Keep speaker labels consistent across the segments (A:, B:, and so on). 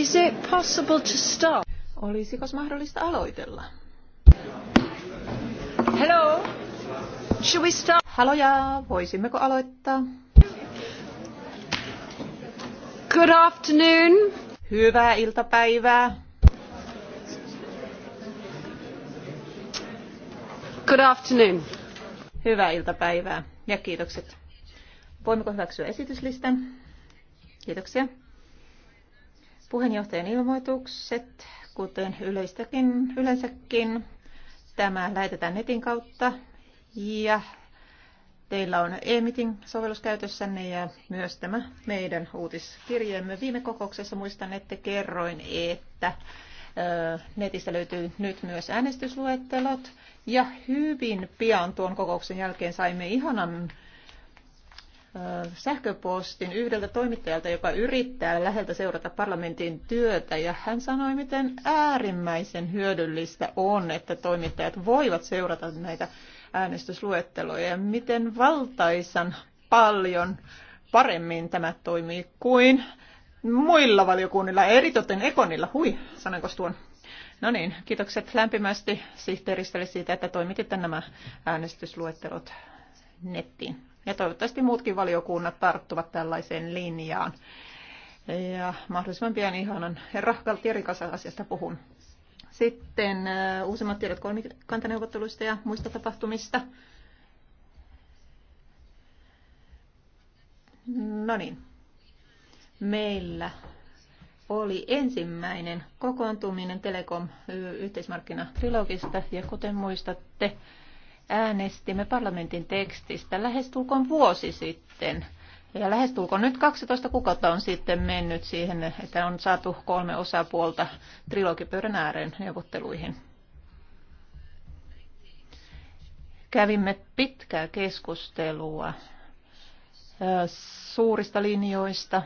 A: Is it possible to stop? Olisiko mahdollista aloitella? Hello? Should we start? Haloja, voisimmeko aloittaa? Good afternoon. Hyvää iltapäivää. Good afternoon. Hyvää iltapäivää ja kiitokset. Voimmeko hyväksyä esityslistan? Kiitoksia. Puheenjohtajan ilmoitukset, kuten yleistäkin, yleensäkin, tämä lähetetään netin kautta ja teillä on e-meeting-sovellus käytössänne ja myös tämä meidän uutiskirjeemme. Viime kokouksessa muistan, että kerroin, että netistä löytyy nyt myös äänestysluettelot ja hyvin pian tuon kokouksen jälkeen saimme ihanan sähköpostin yhdeltä toimittajalta, joka yrittää läheltä seurata parlamentin työtä, ja hän sanoi, miten äärimmäisen hyödyllistä on, että toimittajat voivat seurata näitä äänestysluetteloja, ja miten valtaisan paljon paremmin tämä toimii kuin muilla valiokunnilla, eritoten Ekonilla. Hui, sanonko tuon? No niin, kiitokset lämpimästi sihteeristölle siitä, että toimititte nämä äänestysluettelot nettiin. Ja toivottavasti muutkin valiokunnat tarttuvat tällaiseen linjaan. Ja mahdollisimman pian ihanan herra Galtieri asiasta puhun. Sitten uh, uusimmat tiedot kolmikantaneuvotteluista ja muista tapahtumista. No niin. Meillä oli ensimmäinen kokoontuminen Telekom-yhteismarkkinatrilogista ja kuten muistatte, äänestimme parlamentin tekstistä lähestulkoon vuosi sitten. Ja lähestulkoon nyt 12 kuukautta on sitten mennyt siihen, että on saatu kolme osapuolta trilogipöydän ääreen neuvotteluihin. Kävimme pitkää keskustelua suurista linjoista.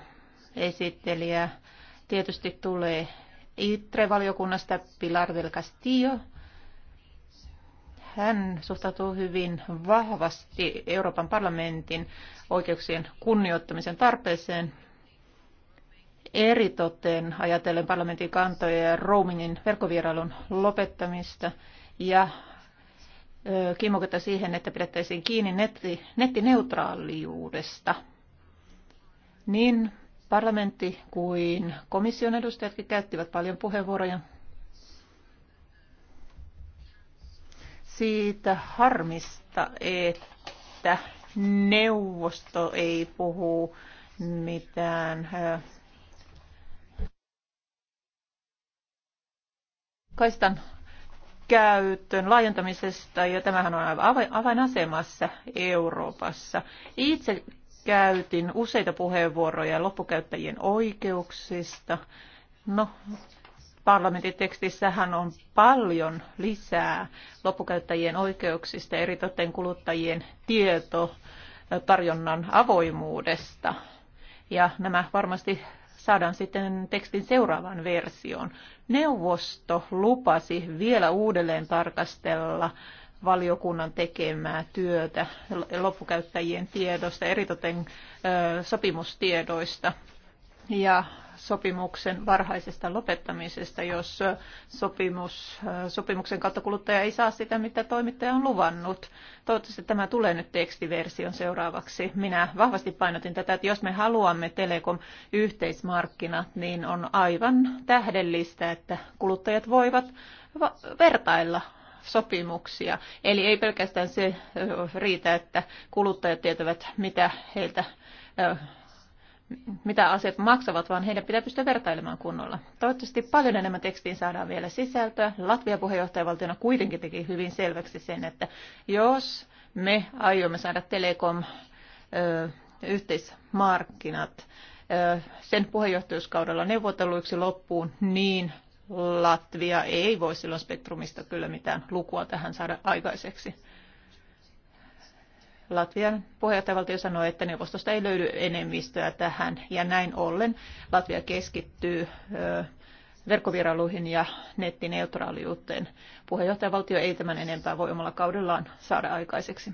A: Esittelijä tietysti tulee ITRE-valiokunnasta Pilar del Castillo – hän suhtautuu hyvin vahvasti Euroopan parlamentin oikeuksien kunnioittamisen tarpeeseen eritoten ajatellen parlamentin kantoja ja roamingin verkkovierailun lopettamista ja kimmoketta siihen, että pidettäisiin kiinni netti, nettineutraaliudesta. Niin parlamentti kuin komission edustajatkin käyttivät paljon puheenvuoroja siitä harmista, että neuvosto ei puhu mitään kaistan käyttöön laajentamisesta, ja tämähän on avainasemassa Euroopassa. Itse käytin useita puheenvuoroja loppukäyttäjien oikeuksista. No, parlamentin tekstissähän on paljon lisää loppukäyttäjien oikeuksista, eritoten kuluttajien tieto tarjonnan avoimuudesta. Ja nämä varmasti saadaan sitten tekstin seuraavaan versioon. Neuvosto lupasi vielä uudelleen tarkastella valiokunnan tekemää työtä loppukäyttäjien tiedosta, eritoten sopimustiedoista. Ja sopimuksen varhaisesta lopettamisesta, jos sopimus, sopimuksen kautta kuluttaja ei saa sitä, mitä toimittaja on luvannut. Toivottavasti tämä tulee nyt tekstiversion seuraavaksi. Minä vahvasti painotin tätä, että jos me haluamme telekom-yhteismarkkinat, niin on aivan tähdellistä, että kuluttajat voivat vertailla sopimuksia. Eli ei pelkästään se riitä, että kuluttajat tietävät, mitä heiltä mitä asiat maksavat, vaan heidän pitää pystyä vertailemaan kunnolla. Toivottavasti paljon enemmän tekstiin saadaan vielä sisältöä. Latvia puheenjohtajavaltiona kuitenkin teki hyvin selväksi sen, että jos me aiomme saada telekom yhteismarkkinat sen puheenjohtajuuskaudella neuvotteluiksi loppuun, niin Latvia ei voi silloin spektrumista kyllä mitään lukua tähän saada aikaiseksi. Latvian puheenjohtajavaltio sanoi, että neuvostosta ei löydy enemmistöä tähän ja näin ollen Latvia keskittyy verkkovierailuihin ja nettineutraaliuteen. Puheenjohtajavaltio ei tämän enempää voi omalla kaudellaan saada aikaiseksi.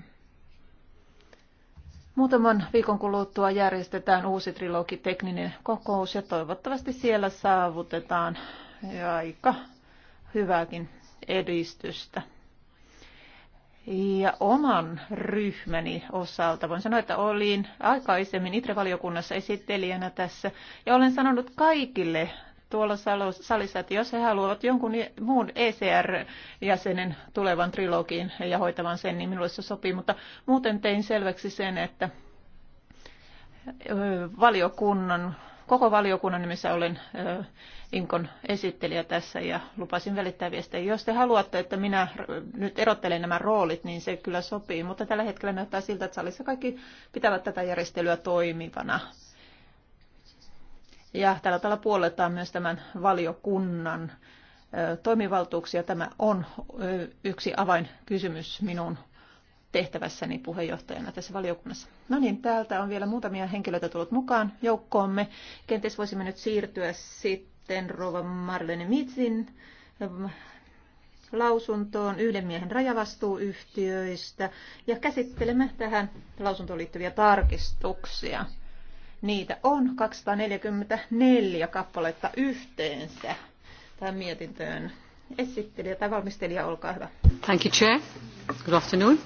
A: Muutaman viikon kuluttua järjestetään uusi trilogi tekninen kokous ja toivottavasti siellä saavutetaan aika hyvääkin edistystä. Ja oman ryhmäni osalta voin sanoa, että olin aikaisemmin ITRE-valiokunnassa esittelijänä tässä ja olen sanonut kaikille tuolla salissa, että jos he haluavat jonkun e-, muun ECR-jäsenen tulevan trilogiin ja hoitavan sen, niin minulle se sopii. Mutta muuten tein selväksi sen, että valiokunnan koko valiokunnan nimissä olen Inkon esittelijä tässä ja lupasin välittää viestejä. Jos te haluatte, että minä nyt erottelen nämä roolit, niin se kyllä sopii, mutta tällä hetkellä näyttää siltä, että salissa kaikki pitävät tätä järjestelyä toimivana. Ja tällä tavalla puoletaan myös tämän valiokunnan toimivaltuuksia. Tämä on yksi avainkysymys minun tehtävässäni puheenjohtajana tässä valiokunnassa. No niin, täältä on vielä muutamia henkilöitä tullut mukaan joukkoomme. Kenties voisimme nyt siirtyä sitten Rova Marlene Mitsin ähm, lausuntoon yhden miehen rajavastuuyhtiöistä ja käsittelemme tähän lausuntoon liittyviä tarkistuksia. Niitä on 244 kappaletta yhteensä tähän mietintöön. Esittelijä tai valmistelija, olkaa hyvä.
B: Thank you, Chair. Good afternoon.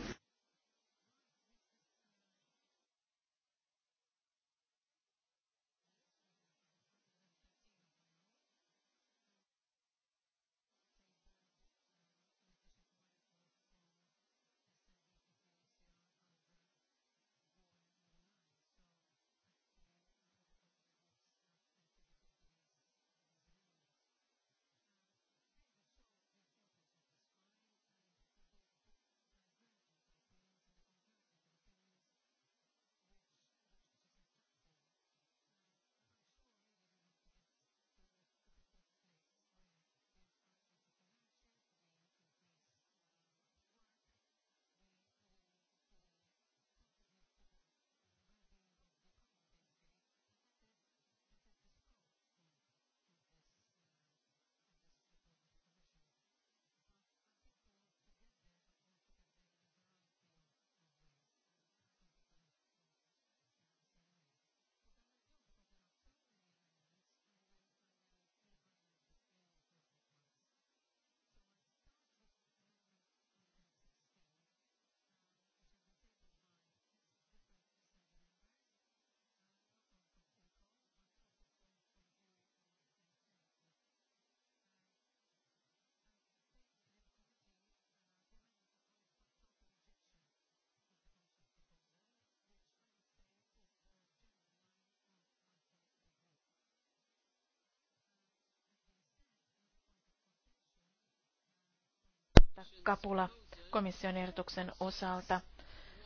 B: kapula komission ehdotuksen osalta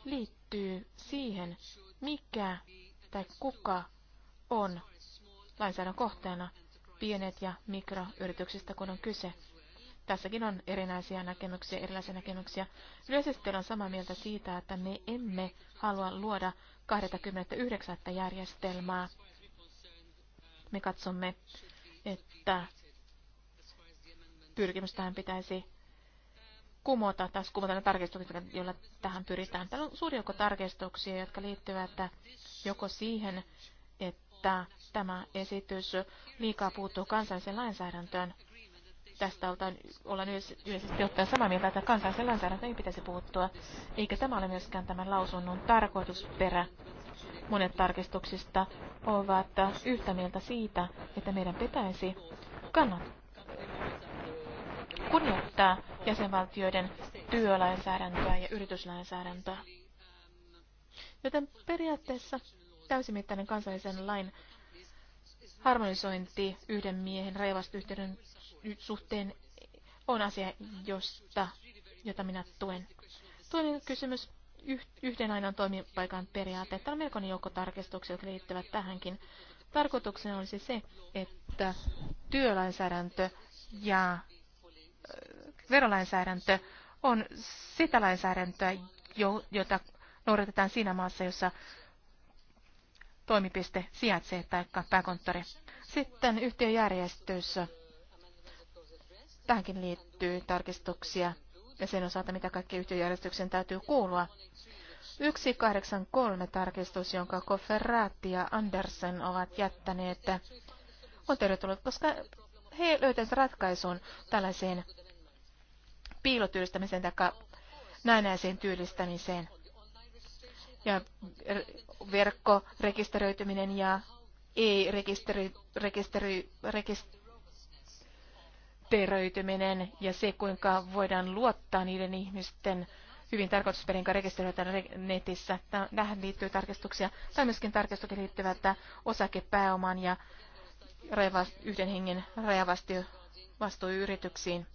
B: liittyy siihen, mikä tai kuka on lainsäädännön kohteena pienet ja mikroyrityksistä, kun on kyse. Tässäkin on erinäisiä näkemyksiä, erilaisia näkemyksiä. Yleisesti on samaa mieltä siitä, että me emme halua luoda 29. järjestelmää. Me katsomme, että pyrkimys tähän pitäisi kumota taas kumota ne tarkistukset, joilla tähän pyritään. Täällä on suuri joukko tarkistuksia, jotka liittyvät joko siihen, että tämä esitys liikaa puuttuu kansalliseen lainsäädäntöön. Tästä oltaan, ollaan yleisesti ottaen samaa mieltä, että kansalliseen lainsäädäntöön ei pitäisi puuttua, eikä tämä ole myöskään tämän lausunnon tarkoitusperä. Monet tarkistuksista ovat yhtä mieltä siitä, että meidän pitäisi kannattaa kunnioittaa jäsenvaltioiden työlainsäädäntöä ja yrityslainsäädäntöä. Joten periaatteessa täysimittainen kansallisen lain harmonisointi yhden miehen rajavastyhteyden suhteen on asia, josta, jota minä tuen. Toinen kysymys, yhden ainoan toimipaikan periaate. Tämä on melkoinen joukko tarkistuksia, jotka liittyvät tähänkin. Tarkoituksena olisi se, että työlainsäädäntö ja verolainsäädäntö on sitä lainsäädäntöä, jota noudatetaan siinä maassa, jossa toimipiste sijaitsee tai pääkonttori. Sitten yhtiöjärjestys. Tähänkin liittyy tarkistuksia ja sen osalta, mitä kaikki yhtiöjärjestyksen täytyy kuulua. 183 tarkistus, jonka Kofferati ja Andersen ovat jättäneet, on tervetullut, koska he löytäisivät ratkaisun tällaiseen piilotyylistämiseen tai näennäiseen työllistämiseen. Ja verkkorekisteröityminen ja ei-rekisteröityminen rekisteri, rekisteri, rekisteröityminen ja se, kuinka voidaan luottaa niiden ihmisten hyvin tarkoitusperin rekisteröitä netissä. Tähän liittyy tarkistuksia on myöskin liittyvä, että osakepääoman ja yhden hengen rajavastuuyrityksiin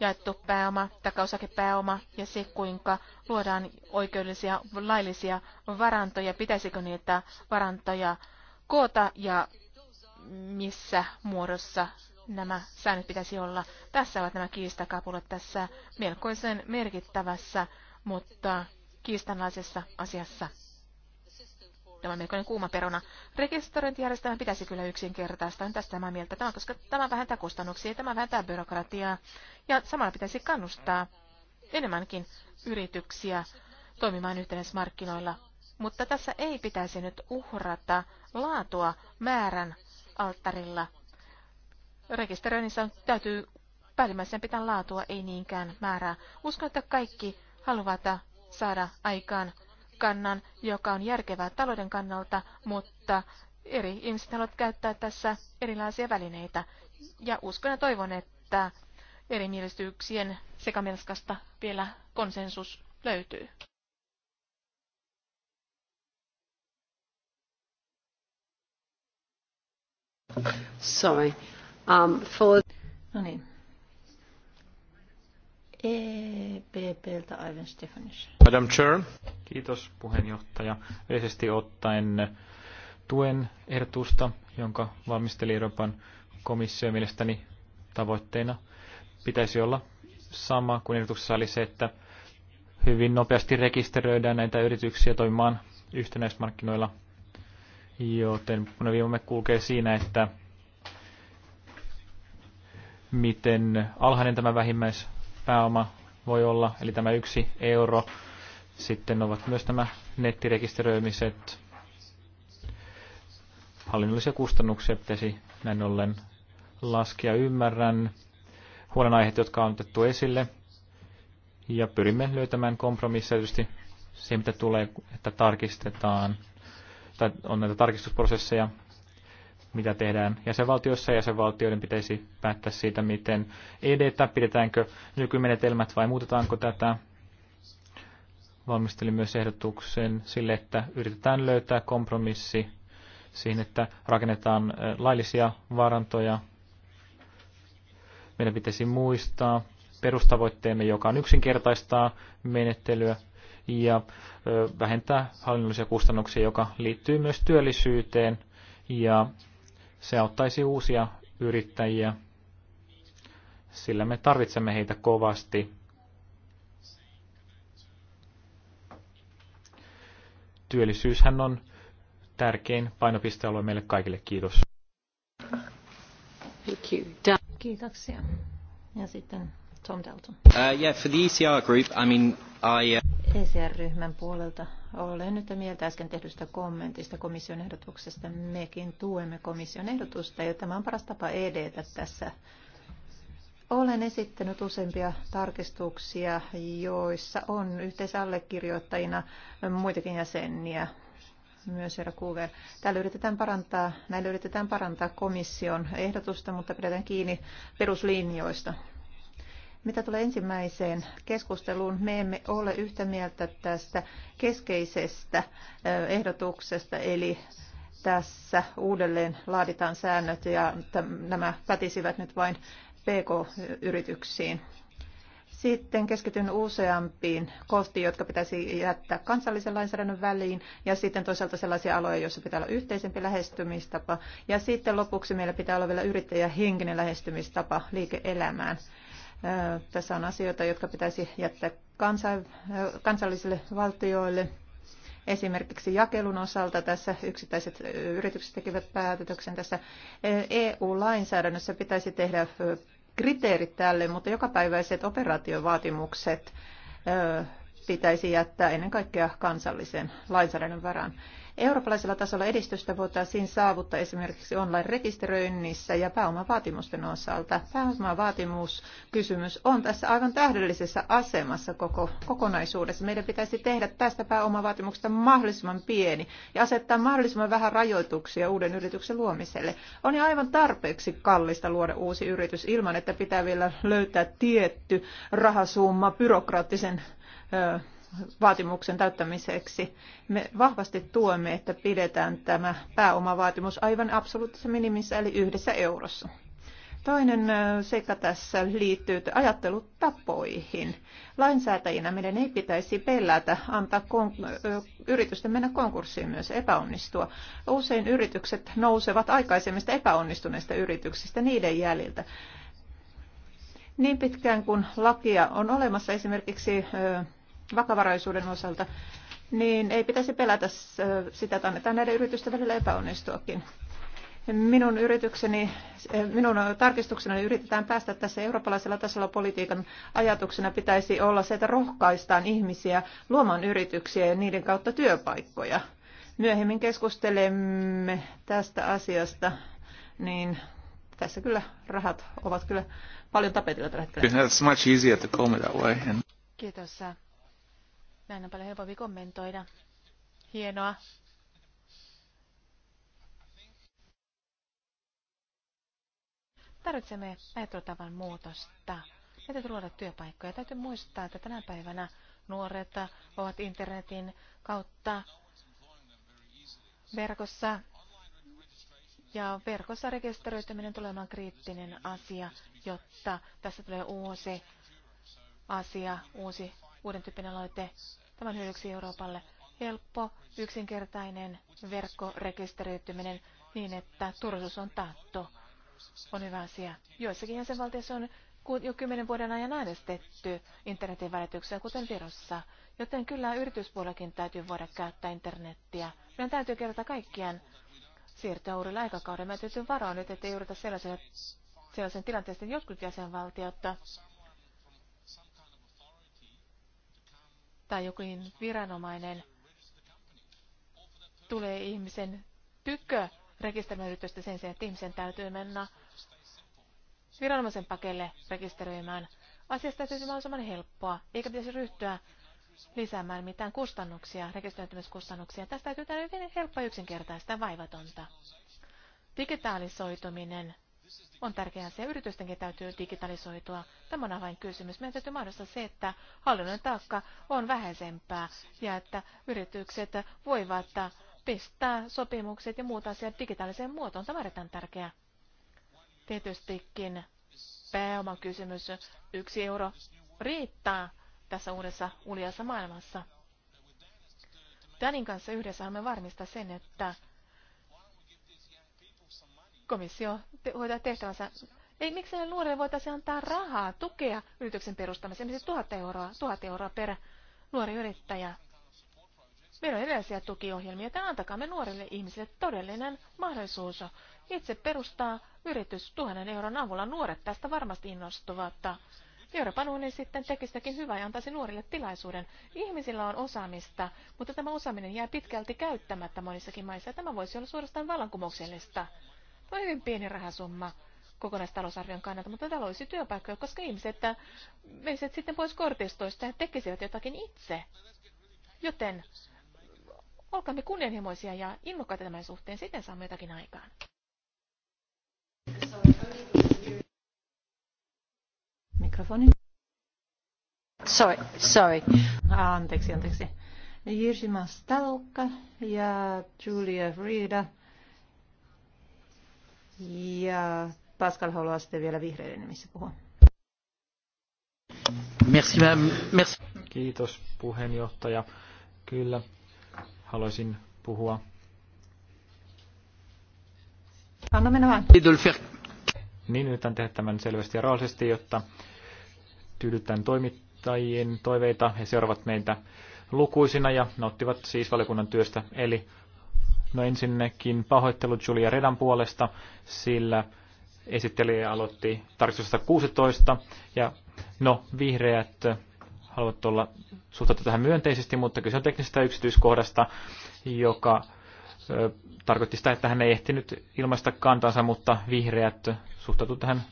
B: jaettu pääoma, takausakepääoma ja se, kuinka luodaan oikeudellisia laillisia varantoja, pitäisikö niitä varantoja koota ja missä muodossa nämä säännöt pitäisi olla. Tässä ovat nämä kiistakapulat tässä melkoisen merkittävässä, mutta kiistanlaisessa asiassa. Tämä on melkoinen kuuma peruna. Rekisteröintijärjestelmä pitäisi kyllä yksinkertaistaa, tästä tämä mieltä. Tämä, koska tämä vähentää kustannuksia, tämä vähentää byrokratiaa ja samalla pitäisi kannustaa enemmänkin yrityksiä toimimaan markkinoilla. Mutta tässä ei pitäisi nyt uhrata laatua määrän alttarilla. Rekisteröinnissä on, täytyy päällimmäisen pitää laatua, ei niinkään määrää. Uskon, että kaikki haluavat saada aikaan kannan, joka on järkevää talouden kannalta, mutta eri ihmiset haluavat käyttää tässä erilaisia välineitä. Ja uskon ja toivon, että erimielisyyksien sekamelskasta vielä konsensus löytyy.
A: Sorry. Um, for... No niin, EPPltä Ivan Stefanis.
C: Madam Chair. Kiitos puheenjohtaja. Yleisesti ottaen tuen ehdotusta, jonka valmisteli Euroopan komissio mielestäni tavoitteena pitäisi olla sama kuin ehdotuksessa oli se, että hyvin nopeasti rekisteröidään näitä yrityksiä toimimaan yhtenäismarkkinoilla, joten viime kulkee siinä, että miten alhainen tämä vähimmäis pääoma voi olla, eli tämä yksi euro. Sitten ovat myös nämä nettirekisteröimiset. Hallinnollisia kustannuksia pitäisi näin ollen laskea. Ymmärrän huolenaiheet, jotka on otettu esille. Ja pyrimme löytämään kompromissia tietysti se, mitä tulee, että tarkistetaan, tai on näitä tarkistusprosesseja, mitä tehdään jäsenvaltiossa. Jäsenvaltioiden pitäisi päättää siitä, miten edetä, pidetäänkö nykymenetelmät vai muutetaanko tätä. Valmistelin myös ehdotuksen sille, että yritetään löytää kompromissi siihen, että rakennetaan laillisia varantoja. Meidän pitäisi muistaa perustavoitteemme, joka on yksinkertaistaa menettelyä ja vähentää hallinnollisia kustannuksia, joka liittyy myös työllisyyteen ja se auttaisi uusia yrittäjiä, sillä me tarvitsemme heitä kovasti. Työllisyyshän on tärkein painopistealue meille kaikille. Kiitos.
B: Thank you.
A: Kiitoksia. Ja sitten Tom Dalton.
C: Uh, yeah, for the ECR group, I mean, I... Uh...
A: ECR-ryhmän puolelta olen nyt mieltä äsken tehdystä kommentista komission ehdotuksesta. Mekin tuemme komission ehdotusta ja tämä on paras tapa edetä tässä. Olen esittänyt useampia tarkistuksia, joissa on yhteisallekirjoittajina muitakin jäseniä, myös herra Kuver. Täällä yritetään parantaa, näillä yritetään parantaa komission ehdotusta, mutta pidetään kiinni peruslinjoista. Mitä tulee ensimmäiseen keskusteluun, me emme ole yhtä mieltä tästä keskeisestä ehdotuksesta, eli tässä uudelleen laaditaan säännöt ja nämä pätisivät nyt vain PK-yrityksiin. Sitten keskityn useampiin kohtiin, jotka pitäisi jättää kansallisen lainsäädännön väliin, ja sitten toisaalta sellaisia aloja, joissa pitää olla yhteisempi lähestymistapa. Ja sitten lopuksi meillä pitää olla vielä yrittäjähenkinen lähestymistapa liike-elämään. Tässä on asioita, jotka pitäisi jättää kansallisille valtioille. Esimerkiksi jakelun osalta tässä yksittäiset yritykset tekevät päätöksen. Tässä EU-lainsäädännössä pitäisi tehdä kriteerit tälle, mutta jokapäiväiset operaatiovaatimukset pitäisi jättää ennen kaikkea kansallisen lainsäädännön varaan. Eurooppalaisella tasolla edistystä voitaisiin saavuttaa esimerkiksi online-rekisteröinnissä ja pääomavaatimusten osalta. Pääomavaatimuskysymys on tässä aivan tähdellisessä asemassa koko kokonaisuudessa. Meidän pitäisi tehdä tästä pääomavaatimuksesta mahdollisimman pieni ja asettaa mahdollisimman vähän rajoituksia uuden yrityksen luomiselle. On jo aivan tarpeeksi kallista luoda uusi yritys ilman, että pitää vielä löytää tietty rahasumma byrokraattisen vaatimuksen täyttämiseksi. Me vahvasti tuemme, että pidetään tämä pääomavaatimus aivan absoluuttisessa minimissä, eli yhdessä eurossa. Toinen seikka tässä liittyy ajattelutapoihin. Lainsäätäjinä meidän ei pitäisi pelätä antaa kon- yritysten mennä konkurssiin myös epäonnistua. Usein yritykset nousevat aikaisemmista epäonnistuneista yrityksistä niiden jäljiltä. Niin pitkään kuin lakia on olemassa esimerkiksi vakavaraisuuden osalta, niin ei pitäisi pelätä sitä, että annetaan näiden yritysten välillä epäonnistuakin. Minun, yritykseni, minun tarkistukseni yritetään päästä tässä eurooppalaisella tasolla politiikan ajatuksena pitäisi olla se, että rohkaistaan ihmisiä luomaan yrityksiä ja niiden kautta työpaikkoja. Myöhemmin keskustelemme tästä asiasta, niin tässä kyllä rahat ovat kyllä paljon tapetilla tällä
B: hetkellä. Kiitos. Näin on paljon helpompi kommentoida. Hienoa. Tarvitsemme ajattelutavan muutosta. Meidän täytyy luoda työpaikkoja. Täytyy muistaa, että tänä päivänä nuoret ovat internetin kautta verkossa ja verkossa rekisteröityminen tulee olemaan kriittinen asia, jotta tässä tulee uusi asia, uusi uuden tyyppinen aloite. tämän hyödyksi Euroopalle. Helppo, yksinkertainen verkkorekisteröityminen niin, että turvallisuus on taattu. On hyvä asia. Joissakin jäsenvaltioissa on jo kymmenen vuoden ajan äänestetty internetin välityksellä, kuten Virossa. Joten kyllä yrityspuolellakin täytyy voida käyttää internettiä. Meidän täytyy kerta kaikkien siirtyä uudelle aikakaudelle. Meidän täytyy varoa nyt, ettei jouduta sellaisen, sellaisen tilanteeseen, että jotkut jäsenvaltiot tai jokin viranomainen tulee ihmisen tykö rekisteröitystä sen sijaan, että ihmisen täytyy mennä viranomaisen pakelle rekisteröimään. Asiasta täytyy mahdollisimman helppoa, eikä pitäisi ryhtyä lisäämään mitään kustannuksia, rekisteröitymiskustannuksia. Tästä täytyy tehdä hyvin helppoa yksinkertaista ja vaivatonta. Digitaalisoituminen on tärkeä asia. Yritystenkin täytyy digitalisoitua. Tämä on avainkysymys. Meidän täytyy mahdollistaa se, että hallinnon taakka on vähäisempää ja että yritykset voivat pistää sopimukset ja muut asiat digitaaliseen muotoon. Tämä on erittäin tärkeää. Tietystikin pääomakysymys. Yksi euro riittää tässä uudessa uljassa maailmassa. Danin kanssa yhdessä haluamme varmistaa sen, että komissio te- hoitaa tehtävänsä. Ei miksi näille nuorille voitaisiin antaa rahaa, tukea yrityksen perustamiseen, esimerkiksi tuhat euroa, tuhat euroa per nuori yrittäjä. Meillä on erilaisia tukiohjelmia, että antakaa me nuorille ihmisille todellinen mahdollisuus itse perustaa yritys tuhannen euron avulla. Nuoret tästä varmasti innostuvat. Euroopan unioni sitten teki sitäkin hyvää ja antaisi nuorille tilaisuuden. Ihmisillä on osaamista, mutta tämä osaaminen jää pitkälti käyttämättä monissakin maissa. Tämä voisi olla suorastaan vallankumouksellista on hyvin pieni rahasumma kokonaistalousarvion kannalta, mutta tällä olisi työpaikkoja, koska ihmiset veisivät äh, sitten pois kortistoista ja tekisivät jotakin itse. Joten olkaamme kunnianhimoisia ja innokkaita tämän suhteen, sitten saamme jotakin aikaan.
A: Mikrofoni. Sorry, sorry. Anteeksi, anteeksi. Jirsi Mastalka ja Julia Frida ja Pascal haluaa sitten vielä vihreiden nimissä puhua.
C: Merci, Merci. Kiitos puheenjohtaja. Kyllä, haluaisin puhua. Anna mennä vaan. Niin, yritän tehdä tämän selvästi ja rauhallisesti, jotta tyydytään toimittajien toiveita. He seuraavat meitä lukuisina ja nauttivat siis valiokunnan työstä. Eli No ensinnäkin pahoittelut Julia Redan puolesta, sillä esittelijä aloitti tarkistusta 16 ja no vihreät haluavat olla suhtautua tähän myönteisesti, mutta kyse on teknisestä yksityiskohdasta, joka ö, tarkoitti sitä, että hän ei ehtinyt ilmaista kantansa, mutta vihreät suhtautuivat tähän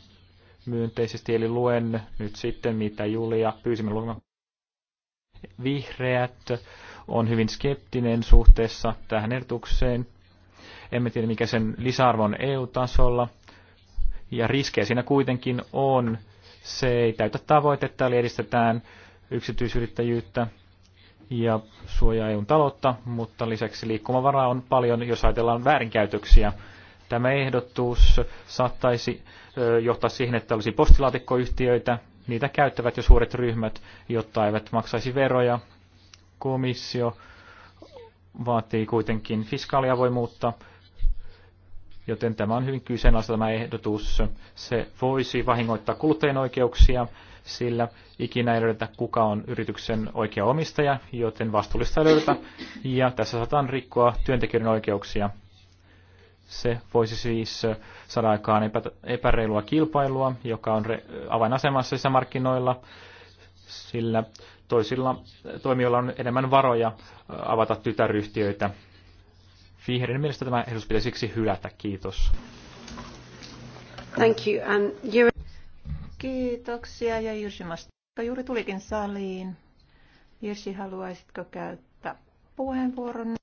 C: myönteisesti, eli luen nyt sitten, mitä Julia pyysimme lukemaan. Vihreät on hyvin skeptinen suhteessa tähän ehdotukseen. Emme tiedä, mikä sen lisäarvo on EU-tasolla. Ja riskejä siinä kuitenkin on. Se ei täytä tavoitetta, eli edistetään yksityisyrittäjyyttä ja suojaa EUn taloutta, mutta lisäksi liikkumavaraa on paljon, jos ajatellaan väärinkäytöksiä. Tämä ehdotus saattaisi johtaa siihen, että olisi postilaatikkoyhtiöitä, niitä käyttävät jo suuret ryhmät, jotta eivät maksaisi veroja Komissio vaatii kuitenkin fiskaaliavoimuutta, joten tämä on hyvin kyseenalaista tämä ehdotus. Se voisi vahingoittaa kuluttajien oikeuksia, sillä ikinä ei löydetä, kuka on yrityksen oikea omistaja, joten vastuullista ei löydetä, ja tässä saataan rikkoa työntekijöiden oikeuksia. Se voisi siis saada aikaan epä, epäreilua kilpailua, joka on re, avainasemassa sisämarkkinoilla, sillä toisilla toimijoilla on enemmän varoja äh, avata tytäryhtiöitä. Vihreiden mielestä tämä ehdotus pitäisi siksi hylätä. Kiitos.
A: Thank you. And um, you... Kiitoksia ja Jyrsi Mastikka juuri tulikin saliin. Jyrsi, haluaisitko käyttää puheenvuoron?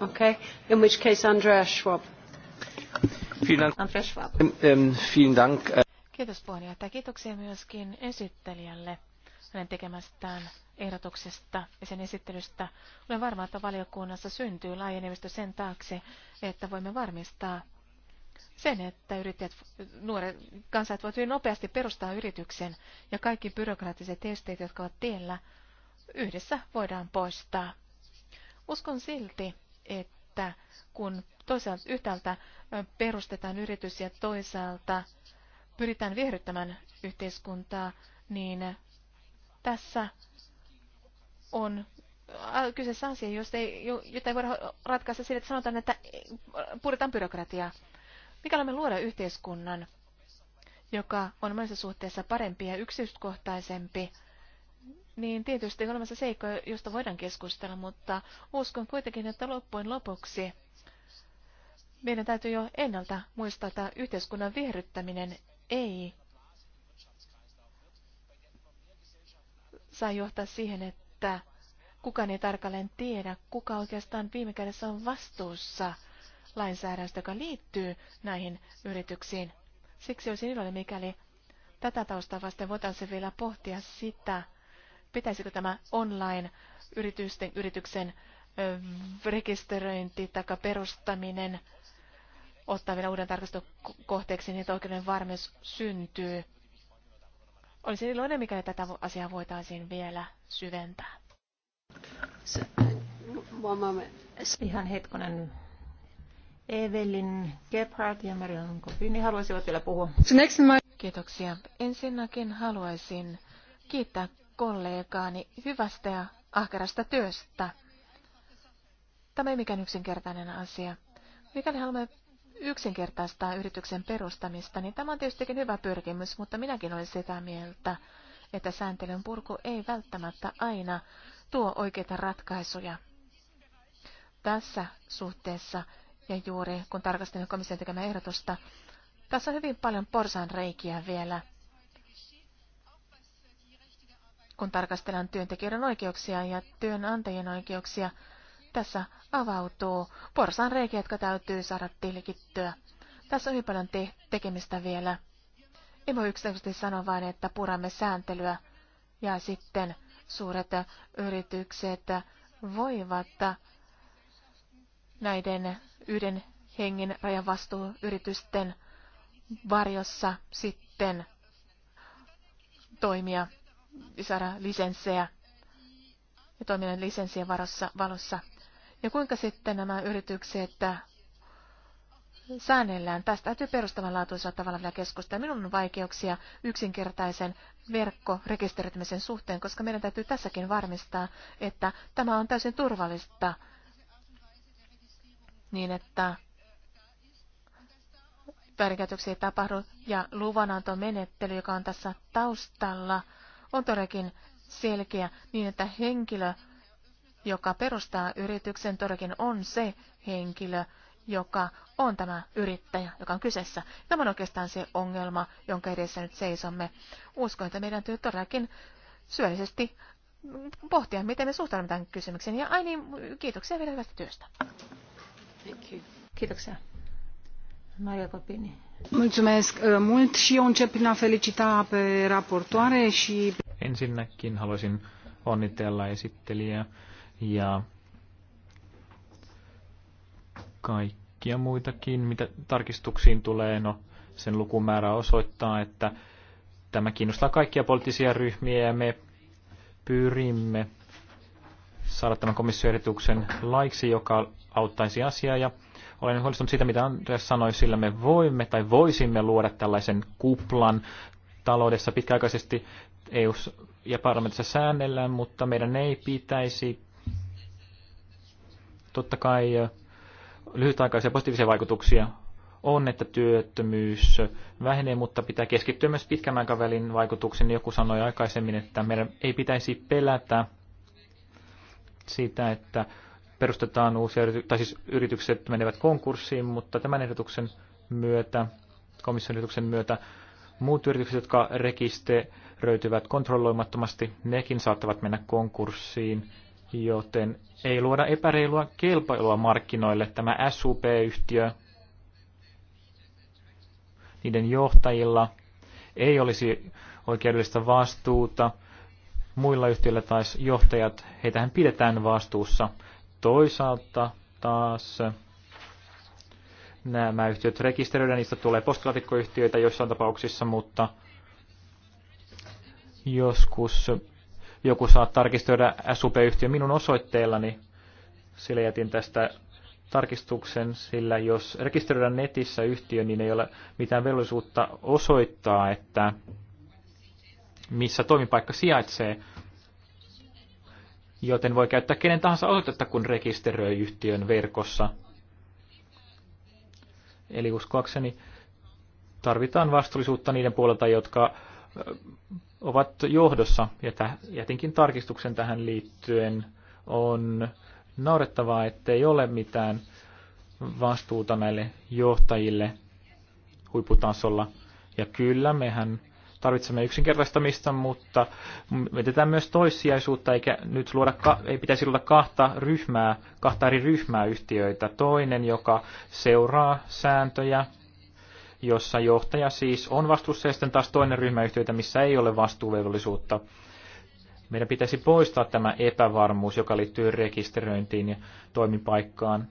B: Okay,
C: in which case Andreas Schwab. Ähm,
B: ähm, äh, Kiitos puheenjohtaja. Kiitoksia myöskin esittelijälle hänen tekemästään ehdotuksesta ja sen esittelystä. Olen varma, että valiokunnassa syntyy laajenemista sen taakse, että voimme varmistaa sen, että yrittäjät, nuoret kansat voivat hyvin nopeasti perustaa yrityksen ja kaikki byrokraattiset esteet, jotka ovat tiellä, yhdessä voidaan poistaa. Uskon silti, että että kun toisaalta yhtäältä perustetaan yritys ja toisaalta pyritään viehdyttämään yhteiskuntaa, niin tässä on kyseessä asia, josta ei, jota ei voida ratkaista sillä, että sanotaan, että puretaan byrokratiaa. Mikäli me luoda yhteiskunnan, joka on monessa suhteessa parempi ja yksityiskohtaisempi, niin tietysti on olemassa seikkoja, josta voidaan keskustella, mutta uskon kuitenkin, että loppujen lopuksi meidän täytyy jo ennalta muistaa, että yhteiskunnan viherryttäminen ei saa johtaa siihen, että kukaan ei tarkalleen tiedä, kuka oikeastaan viime kädessä on vastuussa lainsäädännöstä, joka liittyy näihin yrityksiin. Siksi olisin iloinen, mikäli tätä taustaa vasten voitaisiin vielä pohtia sitä, pitäisikö tämä online-yritysten yrityksen rekisteröinti tai perustaminen ottaa vielä uuden tarkastelun kohteeksi, niin että oikeuden varmuus syntyy. Olisi iloinen, mikäli tätä asiaa voitaisiin vielä syventää.
A: Ihan hetkonen. Evelin Gebhardt ja Marion Kopini haluaisivat vielä puhua.
B: Kiitoksia. Ensinnäkin haluaisin kiittää kollegaani hyvästä ja ahkerasta työstä. Tämä ei mikään yksinkertainen asia. Mikäli haluamme yksinkertaistaa yrityksen perustamista, niin tämä on tietystikin hyvä pyrkimys, mutta minäkin olen sitä mieltä, että sääntelyn purku ei välttämättä aina tuo oikeita ratkaisuja. Tässä suhteessa, ja juuri kun tarkastelin komission tekemää ehdotusta, tässä on hyvin paljon porsan reikiä vielä – kun tarkastellaan työntekijöiden oikeuksia ja työnantajien oikeuksia. Tässä avautuu porsan reikiä, jotka täytyy saada tilkittyä. Tässä on hyvin paljon te- tekemistä vielä. Ei voi yksinkertaisesti sanoa vain, että puramme sääntelyä ja sitten suuret yritykset voivat näiden yhden hengen rajavastuuyritysten varjossa sitten toimia saada lisenssejä ja toimia lisenssien varossa, valossa. Ja kuinka sitten nämä yritykset äh, säännellään. Tästä täytyy perustavanlaatuisella tavalla vielä keskustella. Minun on vaikeuksia yksinkertaisen verkkorekisteröitymisen suhteen, koska meidän täytyy tässäkin varmistaa, että tämä on täysin turvallista niin, että väärinkäytöksiä ei tapahdu ja luvanantomenettely, joka on tässä taustalla – on todellakin selkeä niin, että henkilö, joka perustaa yrityksen, todellakin on se henkilö, joka on tämä yrittäjä, joka on kyseessä. Tämä on oikeastaan se ongelma, jonka edessä nyt seisomme. Uskon, että meidän täytyy todellakin syöllisesti pohtia, miten me suhtaudumme tämän kysymykseen. Ja Aini, niin, kiitoksia vielä hyvästä työstä. Thank you. Kiitoksia. Maria Copini. Mulțumesc uh, mult și eu încep prin a felicita pe raportoare și
C: Ensinnäkin haluaisin onnitella esittelijää ja kaikkia muitakin, mitä tarkistuksiin tulee. No, sen lukumäärä osoittaa, että tämä kiinnostaa kaikkia poliittisia ryhmiä ja me pyrimme saada tämän komissioehdotuksen laiksi, joka auttaisi asiaa. Ja olen huolestunut siitä, mitä Andreas sanoi, sillä me voimme tai voisimme luoda tällaisen kuplan taloudessa pitkäaikaisesti EU ja parlamentissa säännellään, mutta meidän ei pitäisi totta kai lyhytaikaisia positiivisia vaikutuksia on, että työttömyys vähenee, mutta pitää keskittyä myös pitkän aikavälin vaikutuksiin. Joku sanoi aikaisemmin, että meidän ei pitäisi pelätä sitä, että perustetaan uusia yrity- tai siis yritykset menevät konkurssiin, mutta tämän ehdotuksen myötä, komission ehdotuksen myötä, Muut yritykset, jotka rekisteröityvät kontrolloimattomasti, nekin saattavat mennä konkurssiin, joten ei luoda epäreilua kilpailua markkinoille. Tämä SUP-yhtiö, niiden johtajilla ei olisi oikeudellista vastuuta. Muilla yhtiöillä taas johtajat, heitähän pidetään vastuussa. Toisaalta taas nämä yhtiöt rekisteröidään, niistä tulee postilaatikkoyhtiöitä joissain tapauksissa, mutta joskus joku saa tarkistoida SUP-yhtiö minun osoitteellani. Sillä jätin tästä tarkistuksen, sillä jos rekisteröidään netissä yhtiö, niin ei ole mitään velvollisuutta osoittaa, että missä toimipaikka sijaitsee, joten voi käyttää kenen tahansa osoitetta, kun rekisteröi yhtiön verkossa. Eli uskoakseni tarvitaan vastuullisuutta niiden puolelta, jotka ovat johdossa. Ja jotenkin tarkistuksen tähän liittyen on naurettavaa, ettei ole mitään vastuuta näille johtajille huipputasolla. Ja kyllä, mehän tarvitsemme yksinkertaistamista, mutta mietitään myös toissijaisuutta, eikä nyt luoda, ei pitäisi luoda kahta ryhmää, kahta eri ryhmää yhtiöitä. Toinen, joka seuraa sääntöjä, jossa johtaja siis on vastuussa, ja sitten taas toinen ryhmä yhtiöitä, missä ei ole vastuuvelvollisuutta. Meidän pitäisi poistaa tämä epävarmuus, joka liittyy rekisteröintiin ja toimipaikkaan.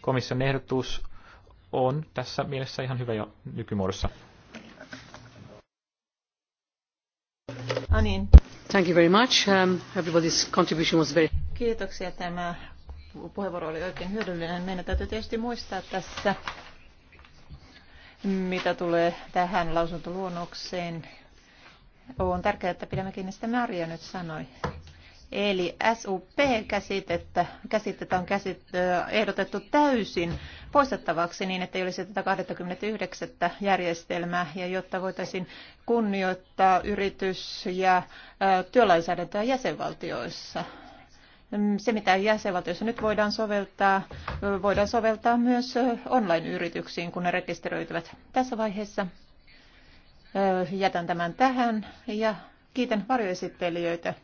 C: Komission ehdotus on tässä mielessä ihan hyvä jo nykymuodossa.
A: Ah, niin. Thank
B: you very much. Um, everybody's contribution was very...
A: Kiitoksia. Tämä puheenvuoro oli oikein hyödyllinen. Meidän täytyy tietysti muistaa tässä, mitä tulee tähän lausuntoluonnokseen. On tärkeää, että pidämme kiinni sitä Maria nyt sanoi. Eli SUP-käsitettä käsitettä on käsit, ehdotettu täysin poistettavaksi niin, että ei olisi tätä 29. järjestelmää ja jotta voitaisiin kunnioittaa yritys- ja työlainsäädäntöä jäsenvaltioissa. Se, mitä jäsenvaltioissa nyt voidaan soveltaa, voidaan soveltaa myös online-yrityksiin, kun ne rekisteröityvät tässä vaiheessa. Jätän tämän tähän ja kiitän varjoesittelijöitä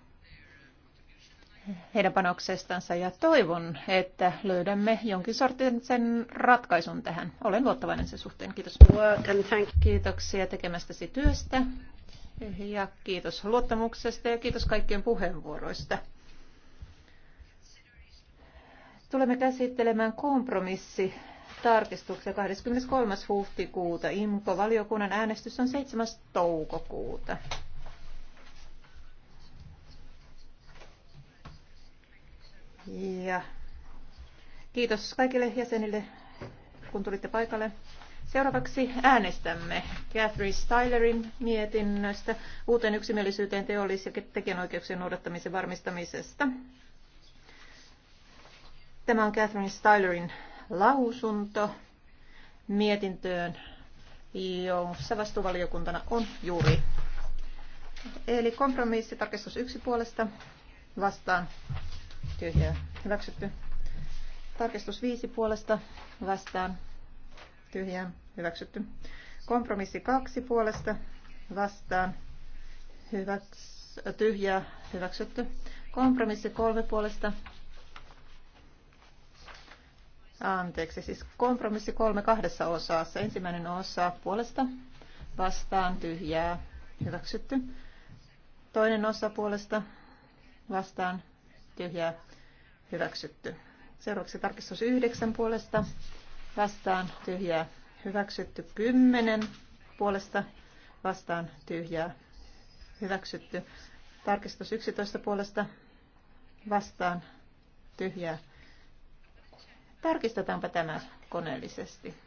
A: heidän panoksestansa ja toivon, että löydämme jonkin sortin sen ratkaisun tähän. Olen luottavainen sen suhteen. Kiitos. Kiitoksia tekemästäsi työstä ja kiitos luottamuksesta ja kiitos kaikkien puheenvuoroista. Tulemme käsittelemään kompromissi tarkistuksia 23. huhtikuuta. IMKO-valiokunnan äänestys on 7. toukokuuta. Ja kiitos kaikille jäsenille, kun tulitte paikalle. Seuraavaksi äänestämme Catherine Stylerin mietinnöstä uuteen yksimielisyyteen teollis- ja tekijänoikeuksien noudattamisen varmistamisesta. Tämä on Catherine Stylerin lausunto mietintöön, jossa vastuuvaliokuntana on juuri. Eli kompromissi tarkistus yksi puolesta vastaan tyhjää hyväksytty. Tarkistus 5 puolesta vastaan tyhjää hyväksytty. Kompromissi 2 puolesta vastaan hyväks, tyhjää hyväksytty. Kompromissi 3 puolesta Anteeksi, siis kompromissi kolme kahdessa osassa. Ensimmäinen osa puolesta vastaan tyhjää hyväksytty. Toinen osa puolesta vastaan tyhjää hyväksytty. Seuraavaksi tarkistus yhdeksän puolesta vastaan tyhjää hyväksytty. kymmenen puolesta vastaan tyhjää hyväksytty. Tarkistus 11 puolesta vastaan tyhjää. Tarkistetaanpa tämä koneellisesti.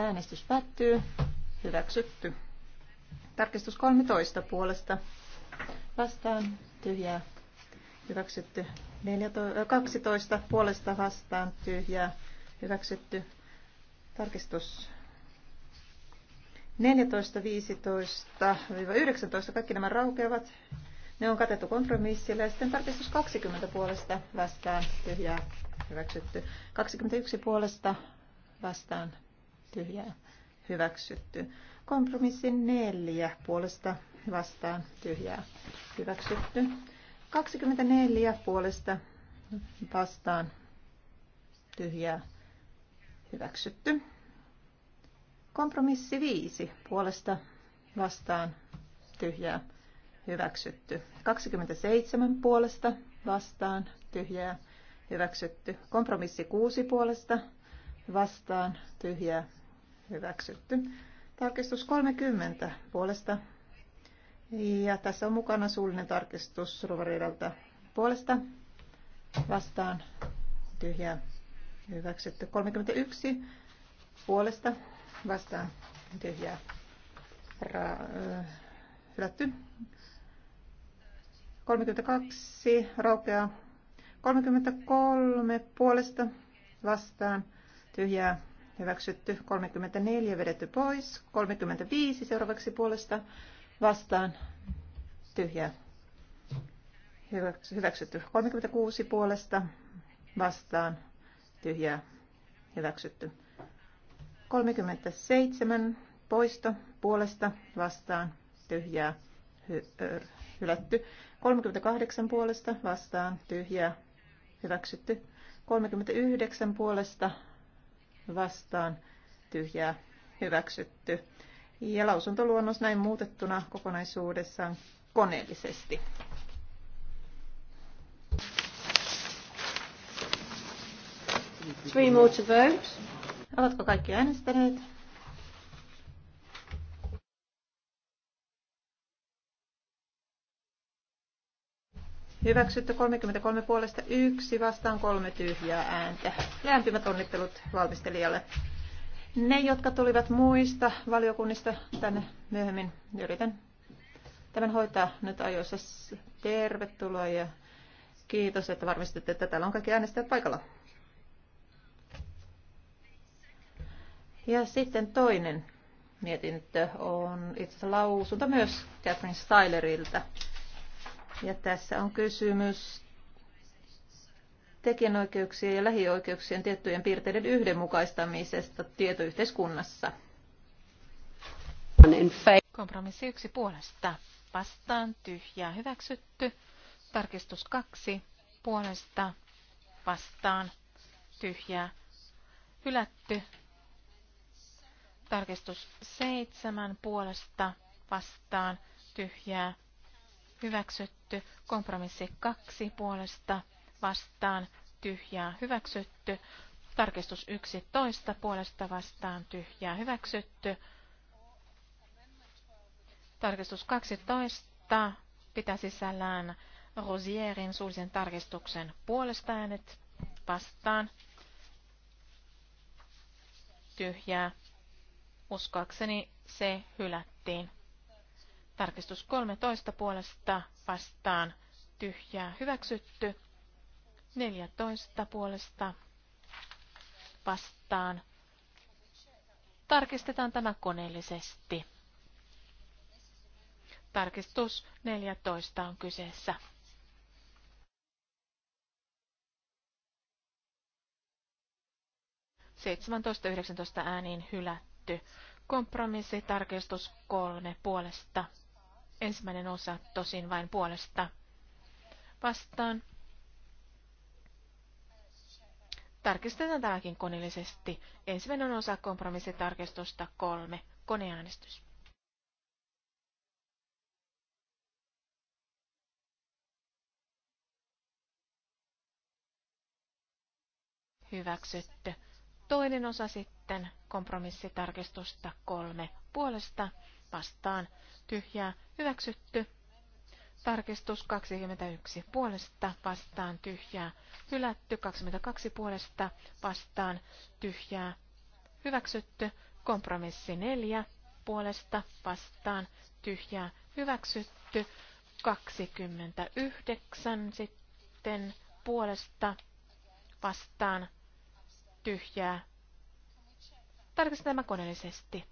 A: Äänestys päättyy. Hyväksytty. Tarkistus 13 puolesta. Vastaan. Tyhjää. Hyväksytty. 14, 12 puolesta vastaan. Tyhjää. Hyväksytty. Tarkistus 14, 15, 19, kaikki nämä raukeavat. Ne on katettu kompromissilla ja sitten tarkistus 20 puolesta vastaan tyhjää hyväksytty. 21 puolesta vastaan tyhjää hyväksytty. Kompromissi neljä puolesta vastaan tyhjää hyväksytty. 24 puolesta vastaan tyhjää hyväksytty. Kompromissi 5 puolesta vastaan tyhjää hyväksytty. 27 puolesta vastaan tyhjää hyväksytty. Kompromissi 6 puolesta vastaan tyhjää Hyväksytty. Tarkistus 30 puolesta. Ja tässä on mukana suullinen tarkistus Rovarilta puolesta. Vastaan tyhjää. Hyväksytty. 31 puolesta. Vastaan tyhjää. Ra- äh, hylätty. 32 raukeaa. 33 puolesta vastaan tyhjää hyväksytty. 34 vedetty pois. 35 seuraavaksi puolesta vastaan tyhjä. hyväksytty. 36 puolesta vastaan tyhjä. hyväksytty. 37 poisto puolesta vastaan tyhjä. hy- hylätty. 38 puolesta vastaan tyhjä. hyväksytty. 39 puolesta vastaan tyhjää hyväksytty. Ja lausuntoluonnos näin muutettuna kokonaisuudessaan koneellisesti. Three more to vote. Oletko kaikki äänestäneet? Hyväksytty 33 puolesta yksi vastaan kolme tyhjää ääntä. Lämpimät onnittelut valmistelijalle. Ne, jotka tulivat muista valiokunnista tänne myöhemmin, yritän tämän hoitaa nyt ajoissa. Tervetuloa ja kiitos, että varmistitte, että täällä on kaikki äänestäjät paikalla. Ja sitten toinen mietintö on itse asiassa lausunto myös Catherine Styleriltä. Ja tässä on kysymys tekijänoikeuksien ja lähioikeuksien tiettyjen piirteiden yhdenmukaistamisesta tietoyhteiskunnassa.
B: Kompromissi yksi puolesta. Vastaan tyhjää hyväksytty. Tarkistus kaksi puolesta. Vastaan tyhjää hylätty. Tarkistus seitsemän puolesta vastaan tyhjää hyväksytty hyväksytty. Kompromissi kaksi puolesta vastaan tyhjää hyväksytty. Tarkistus 11 puolesta vastaan tyhjää hyväksytty. Tarkistus 12 pitää sisällään Rosierin suullisen tarkistuksen puolesta äänet vastaan. Tyhjää. Uskoakseni se hylättiin. Tarkistus 13 puolesta vastaan tyhjää hyväksytty. 14 puolesta vastaan. Tarkistetaan tämä koneellisesti. Tarkistus 14 on kyseessä. Seitsemäntoista yhdeksäntoista ääniin hylätty. Kompromissi tarkistus kolme puolesta Ensimmäinen osa tosin vain puolesta vastaan. Tarkistetaan tämäkin koneellisesti. Ensimmäinen osa kompromissitarkistusta kolme. Koneäänestys. Hyväksytty. Toinen osa sitten kompromissitarkistusta kolme puolesta vastaan tyhjää hyväksytty. Tarkistus 21 puolesta vastaan tyhjää hylätty. 22 puolesta vastaan tyhjää hyväksytty. Kompromissi 4 puolesta vastaan tyhjää hyväksytty. 29 sitten puolesta vastaan tyhjää. Tarkistetaan tämä koneellisesti.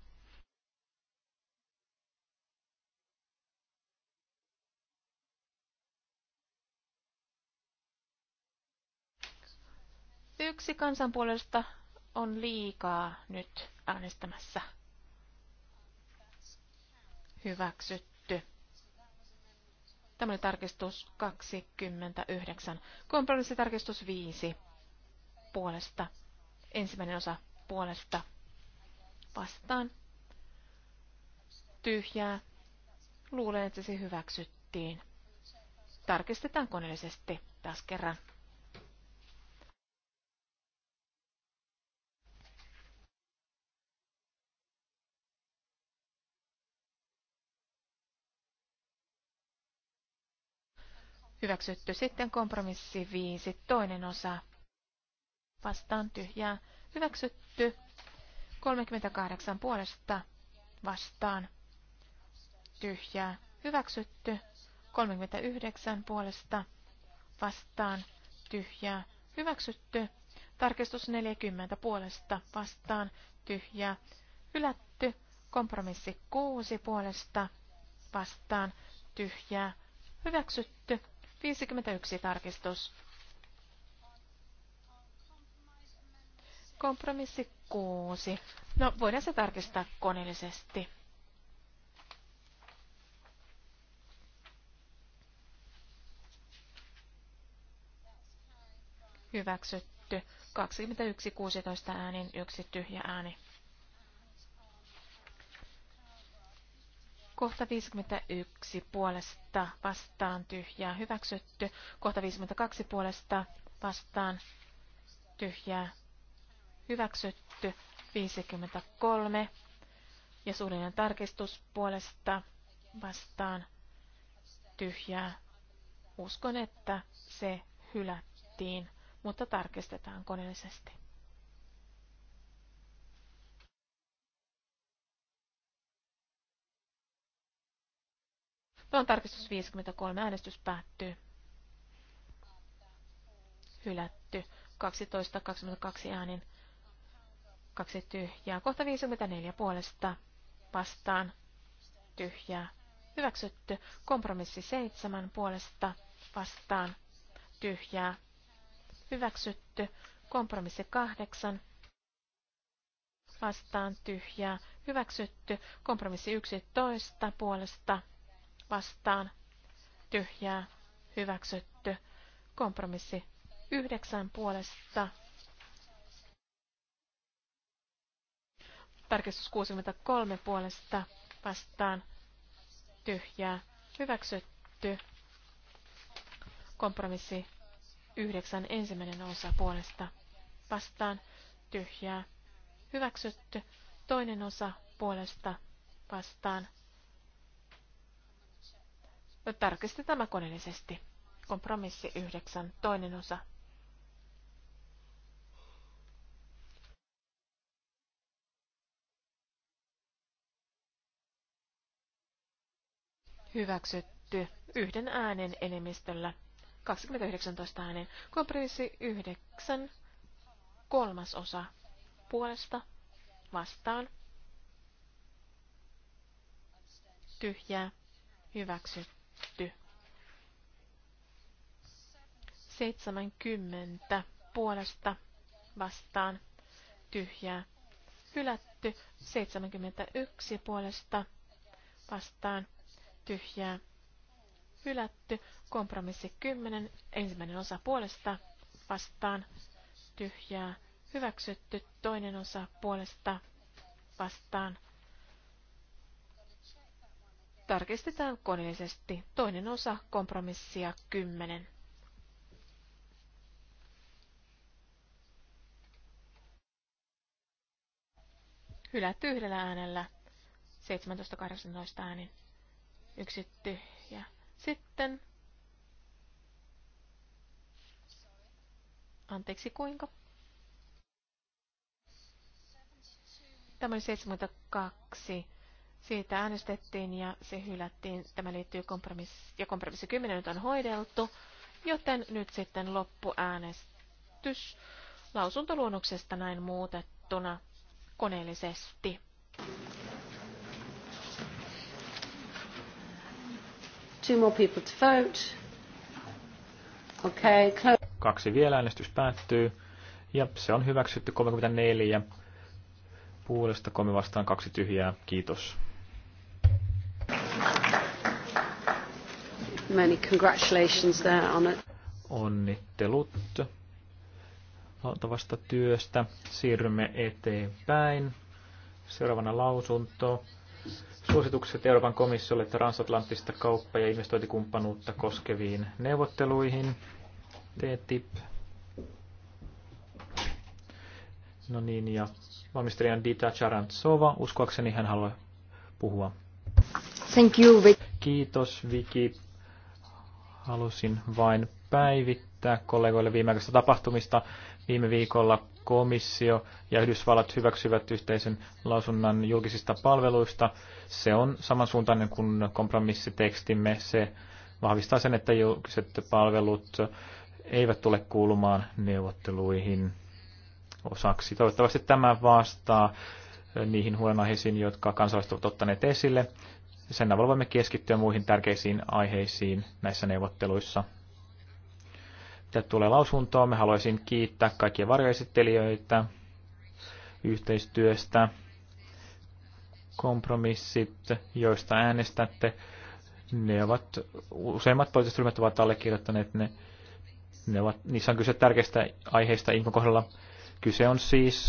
B: Yksi kansanpuolesta on liikaa nyt äänestämässä. Hyväksytty. Tämä oli tarkistus 29. Kompromissitarkistus 5. Puolesta. Ensimmäinen osa puolesta. Vastaan. Tyhjää. Luulen, että se hyväksyttiin. Tarkistetaan koneellisesti taas kerran. Hyväksytty sitten kompromissi 5, toinen osa. Vastaan tyhjää. Hyväksytty. 38 puolesta. Vastaan. Tyhjää. Hyväksytty. 39 puolesta. Vastaan. Tyhjää. Hyväksytty. Tarkistus 40 puolesta. Vastaan. Tyhjää. Hylätty. Kompromissi 6 puolesta. Vastaan. Tyhjää. Hyväksytty 51 tarkistus. Kompromissi 6. No, voidaan se tarkistaa koneellisesti. Hyväksytty. 21.16 äänin, yksi tyhjä ääni. Kohta 51 puolesta vastaan tyhjää hyväksytty. Kohta 52 puolesta vastaan tyhjää hyväksytty. 53 ja suullinen tarkistus puolesta vastaan tyhjää. Uskon, että se hylättiin, mutta tarkistetaan koneellisesti. on tarkistus 53. Äänestys päättyy. Hylätty. 12.22 äänin. Kaksi tyhjää. Kohta 54 puolesta. Vastaan. Tyhjää. Hyväksytty. Kompromissi 7 puolesta. Vastaan. Tyhjää. Hyväksytty. Kompromissi 8 vastaan tyhjää, hyväksytty, kompromissi 11 puolesta vastaan tyhjää hyväksytty. Kompromissi yhdeksän puolesta. Tarkistus 63 puolesta vastaan tyhjää hyväksytty. Kompromissi yhdeksän ensimmäinen osa puolesta vastaan tyhjää hyväksytty. Toinen osa puolesta vastaan Tarkistetaan tämä koneellisesti. Kompromissi 9, toinen osa. Hyväksytty yhden äänen enemmistöllä. 2019 äänen. Kompromissi 9, kolmas osa. Puolesta, vastaan, tyhjää, hyväksytty hylätty. 70 puolesta vastaan tyhjää hylätty. 71 puolesta vastaan tyhjää hylätty. Kompromissi 10 ensimmäinen osa puolesta vastaan tyhjää hyväksytty. Toinen osa puolesta vastaan Tarkistetaan koneellisesti toinen osa kompromissia 10. Hylätty yhdellä äänellä 17-18 äänin. Yksi tyhjä. Sitten Anteeksi, kuinka? Tämä oli 72 siitä äänestettiin ja se hylättiin. Tämä liittyy kompromissi, ja kompromissi 10 nyt on hoideltu, joten nyt sitten loppuäänestys lausuntoluonnoksesta näin muutettuna koneellisesti.
A: Two more people to vote.
C: Okay, close. Kaksi vielä äänestys päättyy. Ja se on hyväksytty 34 puolesta, kolme vastaan, kaksi tyhjää. Kiitos.
A: many congratulations there on
C: it. Onnittelut valtavasta työstä. Siirrymme eteenpäin. Seuraavana lausunto. Suositukset Euroopan komissiolle transatlanttista kauppa- ja investointikumppanuutta koskeviin neuvotteluihin. TTIP. No niin, ja valmistelijan Dita Charantsova. Uskoakseni hän haluaa puhua. Thank you, Vic. Kiitos, Viki. Halusin vain päivittää kollegoille viimeaikaisista tapahtumista. Viime viikolla komissio ja Yhdysvallat hyväksyvät yhteisen lausunnan julkisista palveluista. Se on samansuuntainen kuin kompromissitekstimme. Se vahvistaa sen, että julkiset palvelut eivät tule kuulumaan neuvotteluihin osaksi. Toivottavasti tämä vastaa niihin huolenaiheisiin, jotka kansalaiset ovat ottaneet esille. Sen avulla voimme keskittyä muihin tärkeisiin aiheisiin näissä neuvotteluissa. Mitä tulee lausuntoon, me haluaisin kiittää kaikkia varjoesittelijöitä yhteistyöstä. Kompromissit, joista äänestätte, ne ovat, useimmat poliittiset ryhmät ovat allekirjoittaneet ne. ne ovat, niissä on kyse tärkeistä aiheista ihmisen kohdalla. Kyse on siis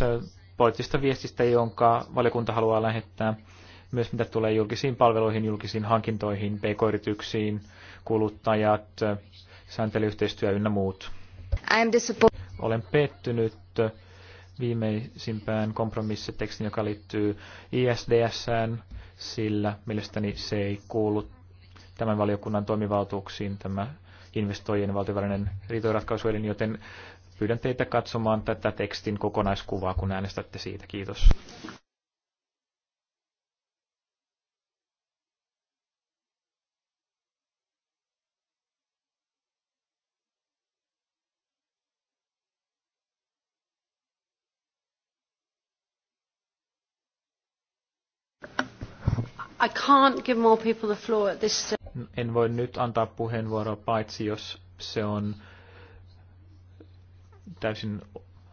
C: poliittisesta viestistä, jonka valiokunta haluaa lähettää myös mitä tulee julkisiin palveluihin, julkisiin hankintoihin, pk-yrityksiin, kuluttajat, sääntelyyhteistyö ynnä muut. Olen pettynyt viimeisimpään kompromissitekstin, joka liittyy ISDSään, sillä mielestäni se ei kuulu tämän valiokunnan toimivaltuuksiin tämä investoijien valtiovälinen riitojenratkaisuelin, joten pyydän teitä katsomaan tätä tekstin kokonaiskuvaa, kun äänestätte siitä. Kiitos.
A: can't give more people the floor at this
C: stage. En voi nyt antaa puheenvuoroa paitsi jos se on täysin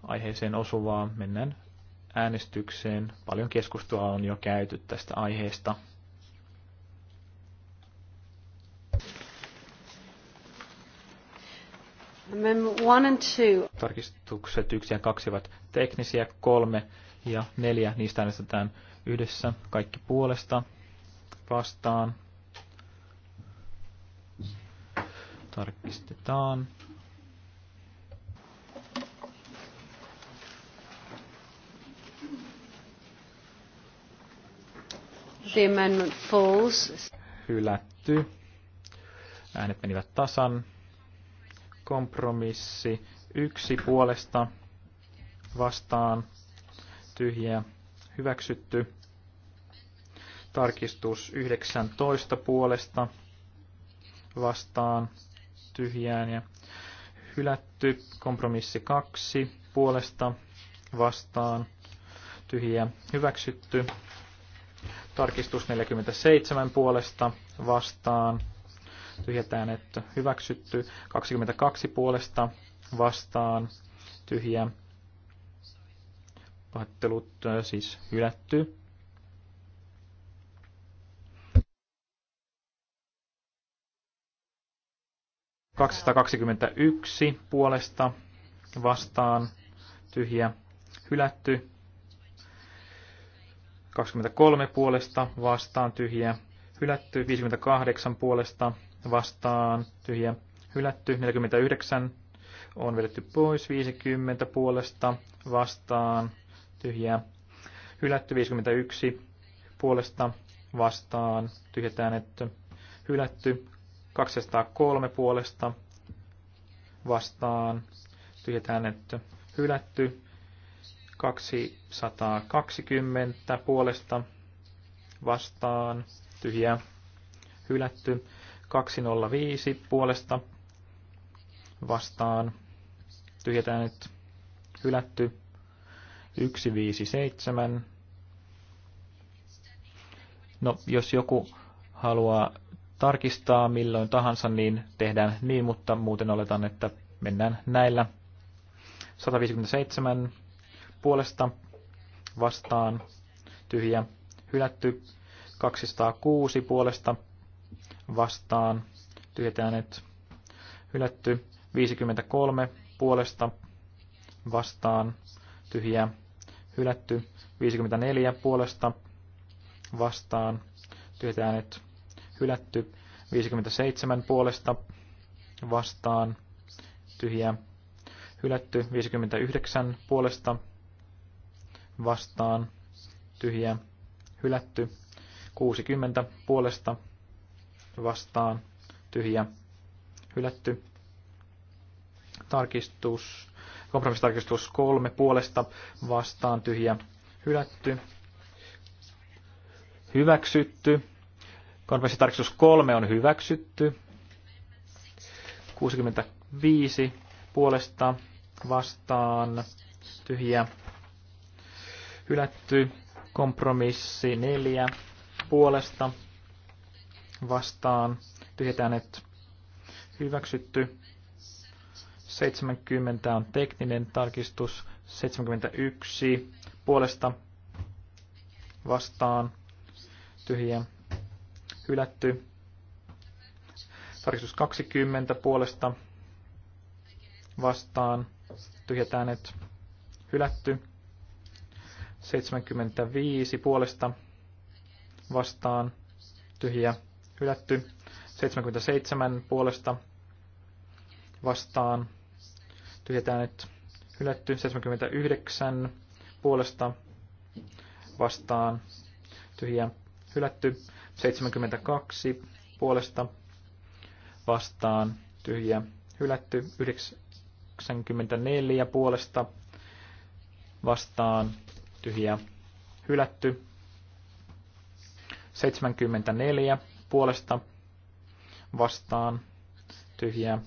C: aiheeseen osuvaa. Mennään äänestykseen. Paljon keskustelua on jo käyty tästä aiheesta. Tarkistukset yksi ja kaksi ovat teknisiä, kolme ja neljä niistä äänestetään yhdessä kaikki puolesta vastaan. Tarkistetaan. The amendment falls. Hylätty. Äänet menivät tasan. Kompromissi. Yksi puolesta vastaan. Tyhjä. Hyväksytty. Tarkistus 19 puolesta vastaan tyhjään ja hylätty. Kompromissi 2 puolesta vastaan tyhjä hyväksytty. Tarkistus 47 puolesta vastaan tyhjätään että hyväksytty. 22 puolesta vastaan tyhjä pahoittelut äh, siis hylätty. 221 puolesta vastaan tyhjä hylätty. 23 puolesta vastaan tyhjä hylätty. 58 puolesta vastaan tyhjä hylätty. 49 on vedetty pois. 50 puolesta vastaan tyhjä hylätty. 51 puolesta vastaan tyhjät äänet hylätty. 203 puolesta vastaan tyhjät äänetty hylätty. 220 puolesta vastaan tyhjä hylätty. 205 puolesta vastaan tyhjät äänet hylätty. 157. No, jos joku haluaa tarkistaa milloin tahansa, niin tehdään niin, mutta muuten oletan, että mennään näillä. 157 puolesta vastaan tyhjä hylätty. 206 puolesta vastaan tyhjät äänet hylätty. 53 puolesta vastaan tyhjä hylätty. 54 puolesta vastaan tyhjät äänet hylätty. 57 puolesta vastaan tyhjä. hylätty. 59 puolesta vastaan tyhjä. hylätty. 60 puolesta vastaan tyhjä hylätty. Tarkistus, kompromissitarkistus 3 puolesta vastaan tyhjä hylätty. Hyväksytty. Konfessitarkistus 3 on hyväksytty. 65 puolesta vastaan tyhjä hylätty. Kompromissi 4 puolesta vastaan tyhjät äänet hyväksytty. 70 on tekninen tarkistus, 71 puolesta vastaan tyhjä hylätty. Tarkistus 20 puolesta vastaan tyhjät äänet hylätty. 75 puolesta vastaan tyhjä hylätty. 77 puolesta vastaan tyhjät äänet hylätty. 79 puolesta vastaan tyhjä hylätty. 72 puolesta vastaan tyhjä hylätty. 94 puolesta vastaan tyhjä hylätty. 74 puolesta vastaan tyhjä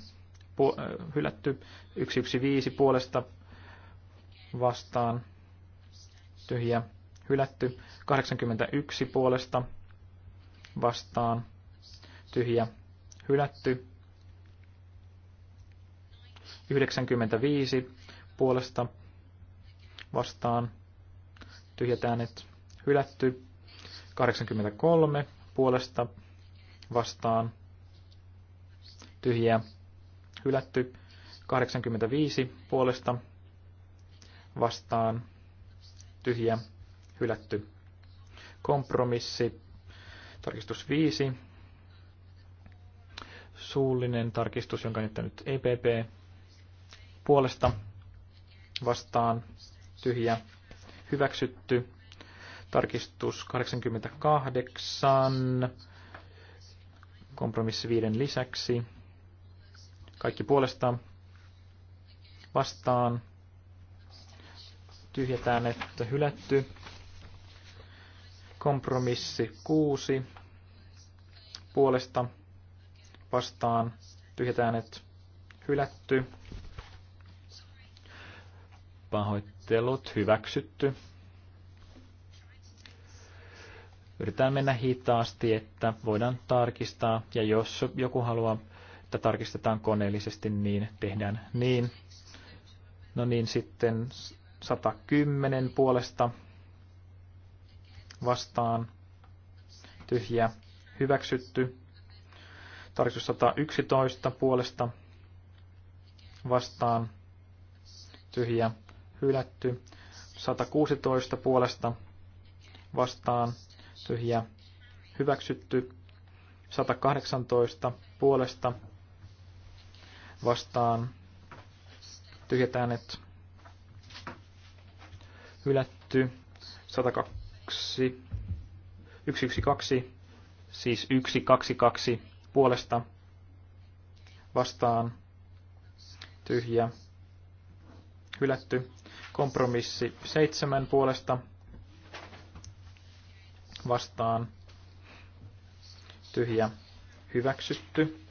C: pu- äh, hylätty. 115 puolesta vastaan tyhjä hylätty. 81 puolesta vastaan, vastaan tyhjä hylätty. 95 puolesta vastaan tyhjät äänet hylätty. 83 puolesta vastaan tyhjä, hylätty. 85 puolesta vastaan tyhjä, hylätty. Kompromissi Tarkistus 5. Suullinen tarkistus, jonka nyt nyt EPP puolesta vastaan tyhjä hyväksytty. Tarkistus 88. Kompromissi 5 lisäksi. Kaikki puolesta vastaan tyhjätään, että hylätty. Kompromissi 6 puolesta vastaan tyhjät äänet hylätty. Pahoittelut hyväksytty. Yritetään mennä hitaasti, että voidaan tarkistaa, ja jos joku haluaa, että tarkistetaan koneellisesti, niin tehdään niin. No niin, sitten 110 puolesta vastaan tyhjä hyväksytty. Tarkistus 111 puolesta vastaan tyhjä hylätty. 116 puolesta vastaan tyhjä hyväksytty. 118 puolesta vastaan tyhjät äänet hylätty. 102 112 Siis 122 puolesta vastaan tyhjä hylätty. Kompromissi 7 puolesta vastaan tyhjä hyväksytty.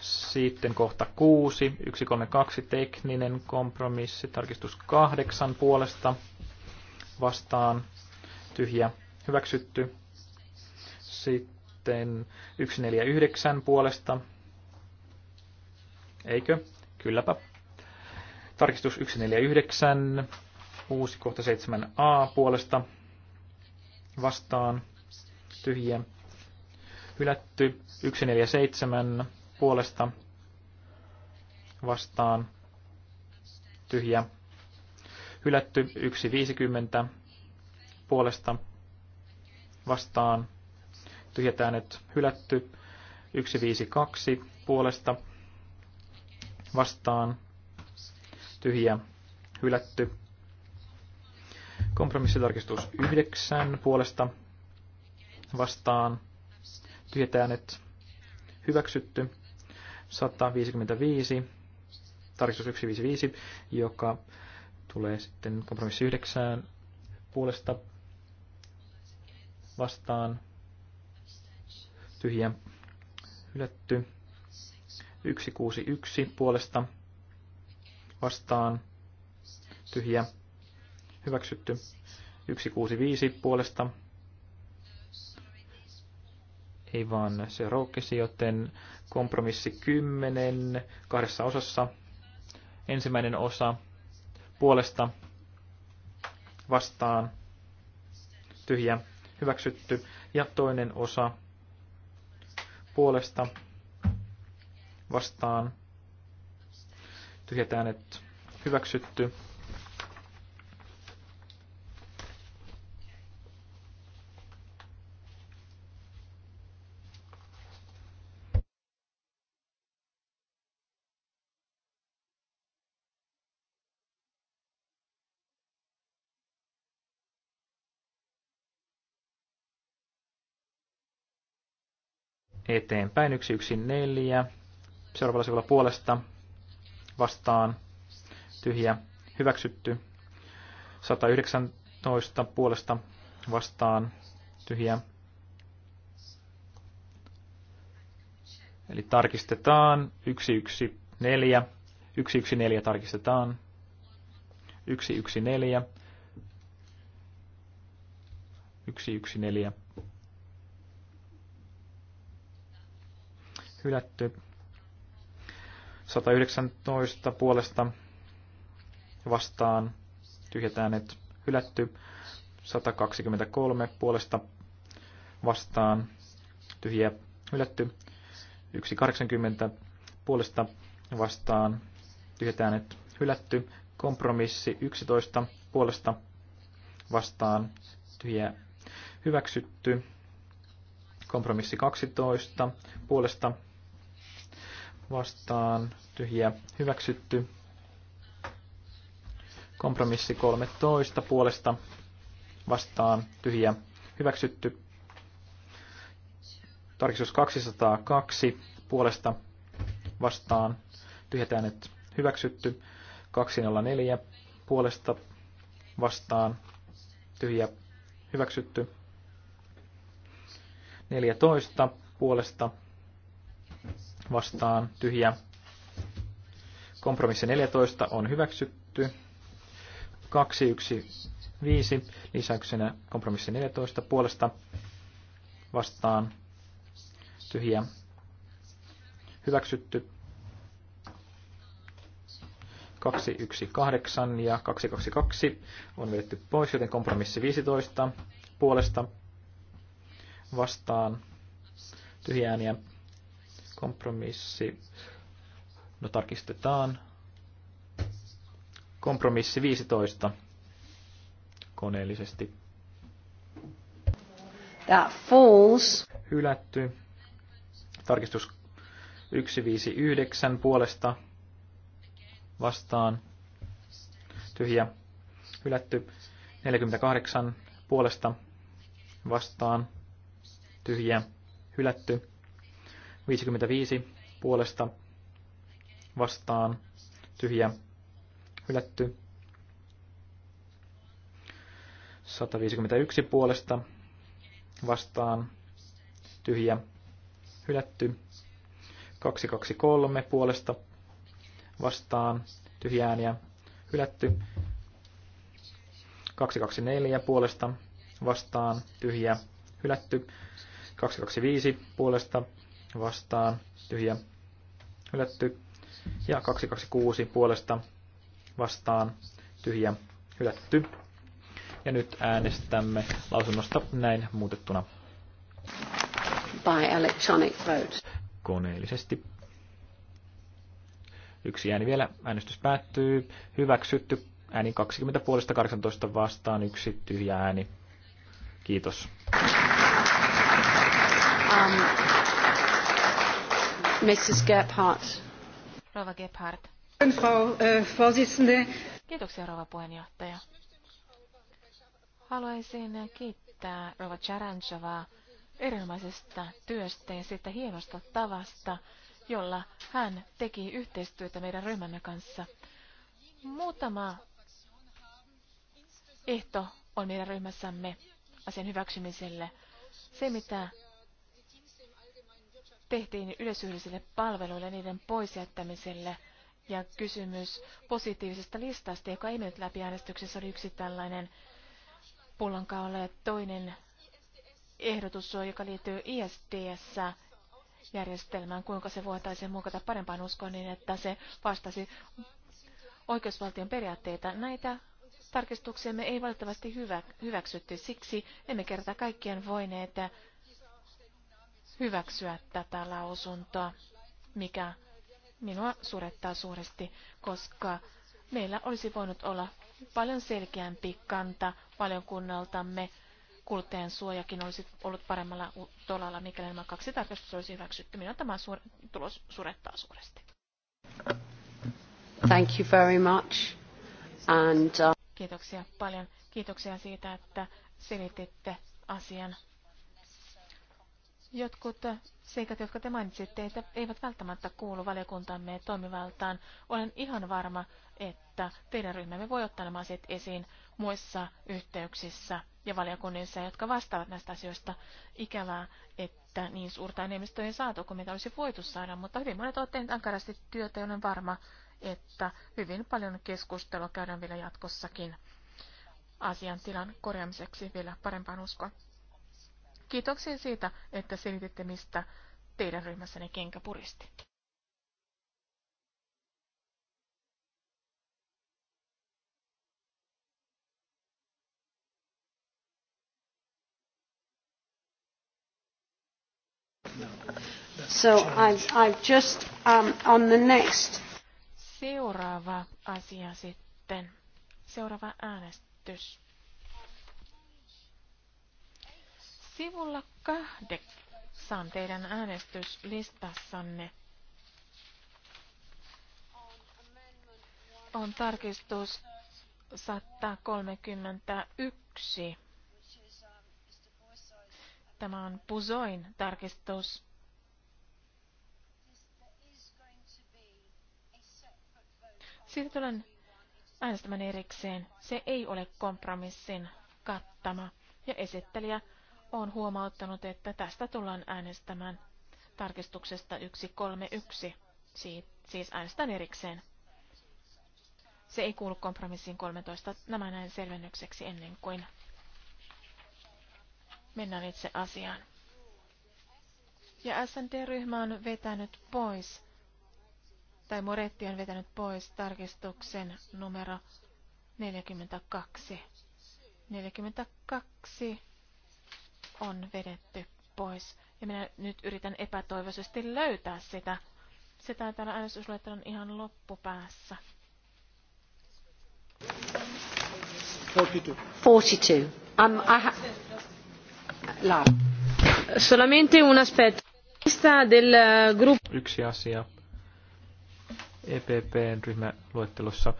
C: Sitten kohta 6, 132 tekninen kompromissi, tarkistus 8 puolesta vastaan tyhjä hyväksytty. Sitten 149 puolesta. Eikö? Kylläpä. Tarkistus 149, uusi kohta 7a puolesta vastaan, tyhjä. Hylätty 147 puolesta vastaan, tyhjä. Hylätty 150 puolesta vastaan, tyhjät äänet hylätty. 152 puolesta vastaan tyhjä hylätty. Kompromissitarkistus 9 puolesta vastaan tyhjät äänet hyväksytty. 155 tarkistus 155, joka tulee sitten kompromissi 9 puolesta vastaan tyhjä hylätty. 161 puolesta vastaan tyhjä hyväksytty. 165 puolesta ei vaan se roukesi, joten kompromissi 10 kahdessa osassa. Ensimmäinen osa puolesta vastaan tyhjä hyväksytty ja toinen osa puolesta vastaan tyhjät äänet hyväksytty. eteenpäin. 4. Seuraavalla sivulla puolesta vastaan tyhjä hyväksytty. 119 puolesta vastaan tyhjä. Eli tarkistetaan 114. 114 tarkistetaan. 114. 114. hylätty. 119 puolesta vastaan tyhjät äänet hylätty. 123 puolesta vastaan tyhjiä hylätty. 180 puolesta vastaan tyhjät äänet hylätty. Kompromissi 11 puolesta vastaan tyhjä hyväksytty. Kompromissi 12 puolesta vastaan tyhjä hyväksytty. Kompromissi 13 puolesta vastaan tyhjä hyväksytty. Tarkistus 202 puolesta vastaan tyhjät äänet hyväksytty. 204 puolesta vastaan tyhjä hyväksytty. 14 puolesta vastaan tyhjä. Kompromissi 14 on hyväksytty. 215 lisäyksenä kompromissi 14 puolesta vastaan tyhjä. Hyväksytty. 218 ja 222 on vedetty pois, joten kompromissi 15 puolesta vastaan tyhjääniä. Kompromissi. No tarkistetaan. Kompromissi 15 koneellisesti. That falls. Hylätty. Tarkistus 159 puolesta vastaan. Tyhjä. Hylätty. 48 puolesta vastaan. Tyhjä. Hylätty. 55 puolesta vastaan tyhjä hylätty. 151 puolesta vastaan tyhjä hylätty. 223 puolesta vastaan tyhjä, ääniä hylätty. 224 puolesta vastaan tyhjä hylätty. 225 puolesta vastaan tyhjä hylätty. Ja 226 puolesta vastaan tyhjä hylätty. Ja nyt äänestämme lausunnosta näin muutettuna.
A: By electronic vote.
C: Koneellisesti. Yksi ääni vielä. Äänestys päättyy. Hyväksytty. Ääni 20 puolesta 18 vastaan. Yksi tyhjä ääni. Kiitos.
A: Um, Mrs. Gebhardt.
B: Rova äh, Kiitoksia, rouva puheenjohtaja. Haluaisin kiittää rouva Charanjovaa erinomaisesta työstä ja siitä hienosta tavasta, jolla hän teki yhteistyötä meidän ryhmämme kanssa. Muutama ehto on meidän ryhmässämme asian hyväksymiselle. Se, mitä tehtiin yleishyödyllisille palveluille niiden poisjättämiselle. Ja kysymys positiivisesta listasta, joka ei mennyt läpi äänestyksessä, oli yksi tällainen pullonkaula ja toinen ehdotus on, joka liittyy ISDS järjestelmään, kuinka se voitaisiin muokata parempaan uskoon niin, että se vastasi oikeusvaltion periaatteita. Näitä me ei valitettavasti hyvä, hyväksytty, siksi emme kerta kaikkien voineet hyväksyä tätä lausuntoa, mikä minua surettaa suuresti, koska meillä olisi voinut olla paljon selkeämpi kanta valiokunnaltamme. kulteen suojakin olisi ollut paremmalla tolalla, mikäli nämä kaksi tarkastusta olisi hyväksytty. Minua tämä suur- tulos surettaa suuresti.
A: Thank you very much. And, uh...
B: Kiitoksia paljon. Kiitoksia siitä, että selititte asian Jotkut seikat, jotka te mainitsitte, eivät välttämättä kuulu valiokuntamme toimivaltaan. Olen ihan varma, että teidän ryhmämme voi ottaa nämä asiat esiin muissa yhteyksissä ja valiokunnissa, jotka vastaavat näistä asioista. Ikävää, että niin suurta enemmistöä ei saatu kuin mitä olisi voitu saada, mutta hyvin monet ovat tehneet ankarasti työtä ja olen varma, että hyvin paljon keskustelua käydään vielä jatkossakin asiantilan korjaamiseksi vielä parempaan uskoon. Kiitoksia siitä, että selititte, mistä teidän ryhmässäni kenkä puristi. So I'm, I'm just um, on the next. Seuraava asia sitten. Seuraava äänestys. Sivulla kahdeksan teidän äänestyslistassanne on tarkistus 131. Tämä on Pusoin tarkistus. Siitä tulen äänestämään erikseen. Se ei ole kompromissin kattama. Ja esittelijä on huomauttanut, että tästä tullaan äänestämään tarkistuksesta 131, siis äänestän erikseen. Se ei kuulu kompromissiin 13. Nämä näin selvennykseksi ennen kuin mennään itse asiaan. Ja SND-ryhmä on vetänyt pois, tai Moretti on vetänyt pois tarkistuksen numero 42. 42 on vedetty pois. Ja minä nyt yritän epätoivoisesti löytää sitä. Se täällä olla äänestysluettelon ihan loppupäässä.
C: 42. 42. Um,
B: Solamente un Del eh,
C: Yksi asia. EPPn ryhmäluettelossa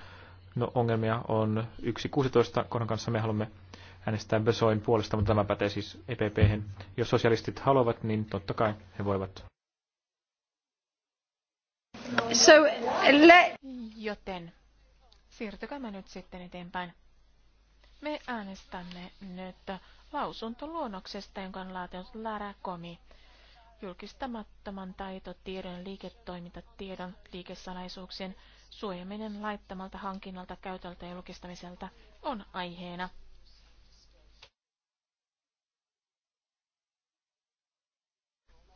C: no, ongelmia on yksi 16, kun kanssa me haluamme äänestää Besoin puolesta, mutta tämä pätee siis epp -hän. Jos sosialistit haluavat, niin totta kai he voivat.
B: So, le- Joten siirtykäämme nyt sitten eteenpäin. Me äänestämme nyt lausuntoluonnoksesta, jonka on laatinut Lara Komi. Julkistamattoman taitotiedon liiketoimintatiedon liikesalaisuuksien suojaminen laittamalta hankinnalta, käytöltä ja julkistamiselta on aiheena.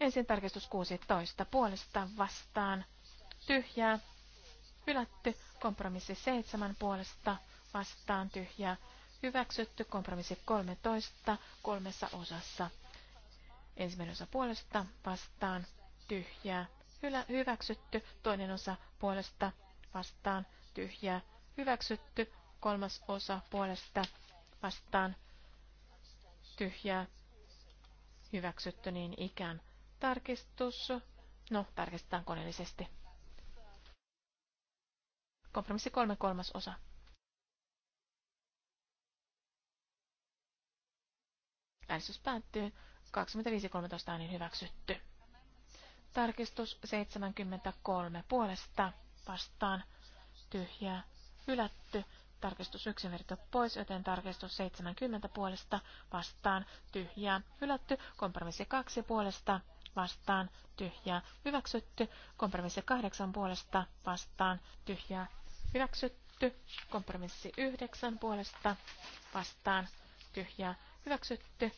B: Ensin tarkistus 16 puolesta vastaan. Tyhjää. Hylätty. Kompromissi 7 puolesta vastaan. Tyhjää. Hyväksytty. Kompromissi 13 kolmessa osassa. Ensimmäinen osa puolesta vastaan. Tyhjää. Hylä, hyväksytty. Toinen osa puolesta vastaan. Tyhjää. Hyväksytty. Kolmas osa puolesta vastaan. Tyhjää. Hyväksytty niin ikään Tarkistus. No, tarkistetaan koneellisesti. Kompromissi kolme kolmas osa. Äänestys päättyy. 25.13 on hyväksytty. Tarkistus 73 puolesta vastaan tyhjää hylätty. Tarkistus 1 merkitty pois, joten tarkistus 70 puolesta vastaan tyhjää hylätty. Kompromissi 2 puolesta vastaan tyhjää hyväksytty. Kompromissi 8 puolesta vastaan tyhjää hyväksytty. Kompromissi 9 puolesta vastaan tyhjää hyväksytty.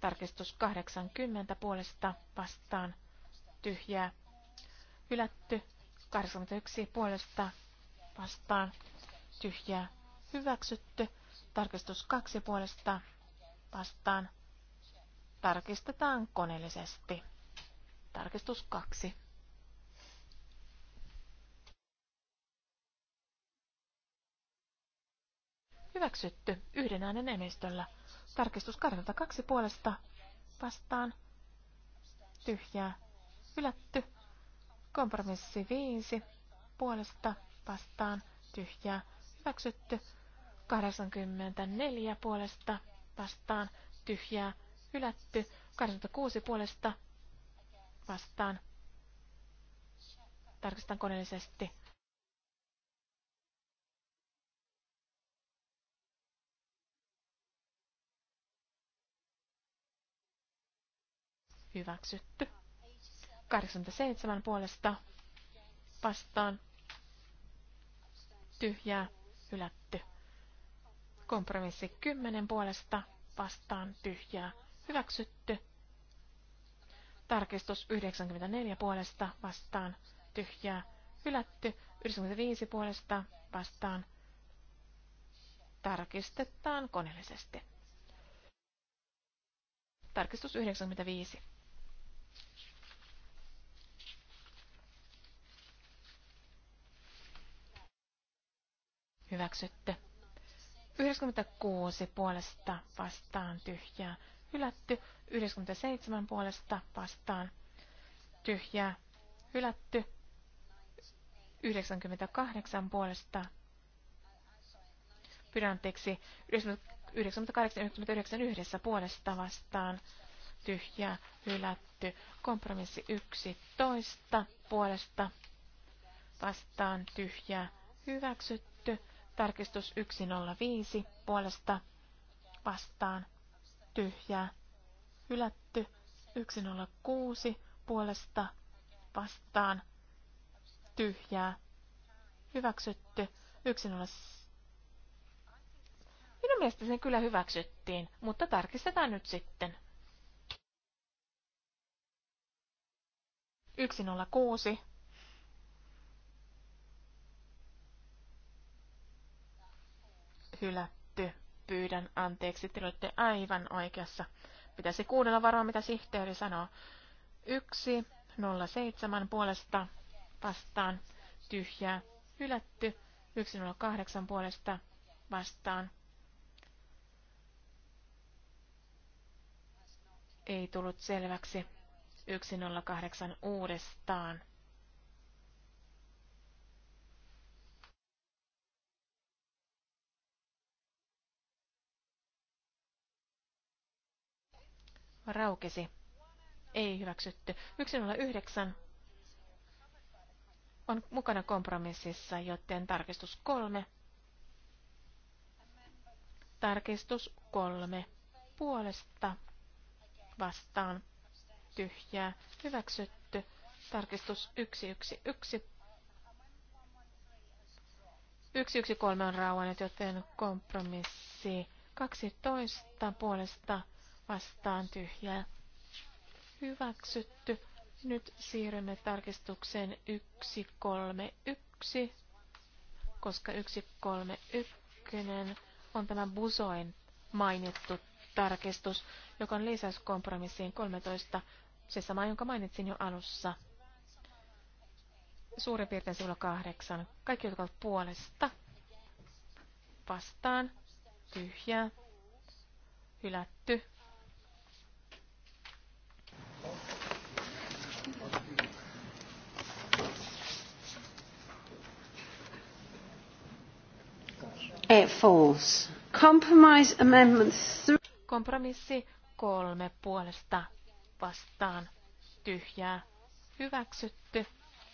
B: Tarkistus 80 puolesta vastaan tyhjää hylätty. 81 puolesta vastaan tyhjää hyväksytty. Tarkistus 2 puolesta vastaan Tarkistetaan koneellisesti. Tarkistus 2. Hyväksytty yhden äänen enemmistöllä. Tarkistus kaksi puolesta vastaan. Tyhjää. Hylätty. Kompromissi 5 puolesta vastaan. Tyhjää. Hyväksytty. 84 puolesta vastaan. Tyhjää hylätty. 86 puolesta vastaan. Tarkistan koneellisesti. Hyväksytty. 87 puolesta vastaan. Tyhjää, hylätty. Kompromissi 10 puolesta vastaan tyhjää, Hyväksytty. Tarkistus 94 puolesta vastaan. Tyhjää. Hylätty. 95 puolesta vastaan. Tarkistetaan koneellisesti. Tarkistus 95. Hyväksytty. 96 puolesta vastaan tyhjää hylätty, 97 puolesta vastaan tyhjää, hylätty, 98 puolesta pyydän anteeksi, 98 99 yhdessä puolesta vastaan tyhjää, hylätty, kompromissi 11 puolesta vastaan tyhjää, hyväksytty, tarkistus 105 puolesta vastaan tyhjää, hylätty, 106 puolesta vastaan, tyhjää, hyväksytty, 106. Minun mielestä sen kyllä hyväksyttiin, mutta tarkistetaan nyt sitten. 106. Hylätty pyydän anteeksi, te olette aivan oikeassa. Pitäisi kuunnella varoa, mitä sihteeri sanoo. 107 puolesta vastaan, tyhjää, hylätty. 108 puolesta vastaan. Ei tullut selväksi. 108 uudestaan. raukesi. Ei hyväksytty. 109 on mukana kompromississa, joten tarkistus kolme. Tarkistus kolme. Puolesta vastaan tyhjää hyväksytty. Tarkistus 111. 113 on rauhanet, joten kompromissi 12 puolesta vastaan tyhjää hyväksytty. Nyt siirrymme tarkistukseen 131, koska 131 on tämä Busoin mainittu tarkistus, joka on lisäys kompromissiin 13, se sama, jonka mainitsin jo alussa. Suurin piirtein sivulla kahdeksan. Kaikki, jotka ovat puolesta, vastaan, tyhjää, hylätty. Kompromissi kolme puolesta vastaan tyhjää hyväksytty.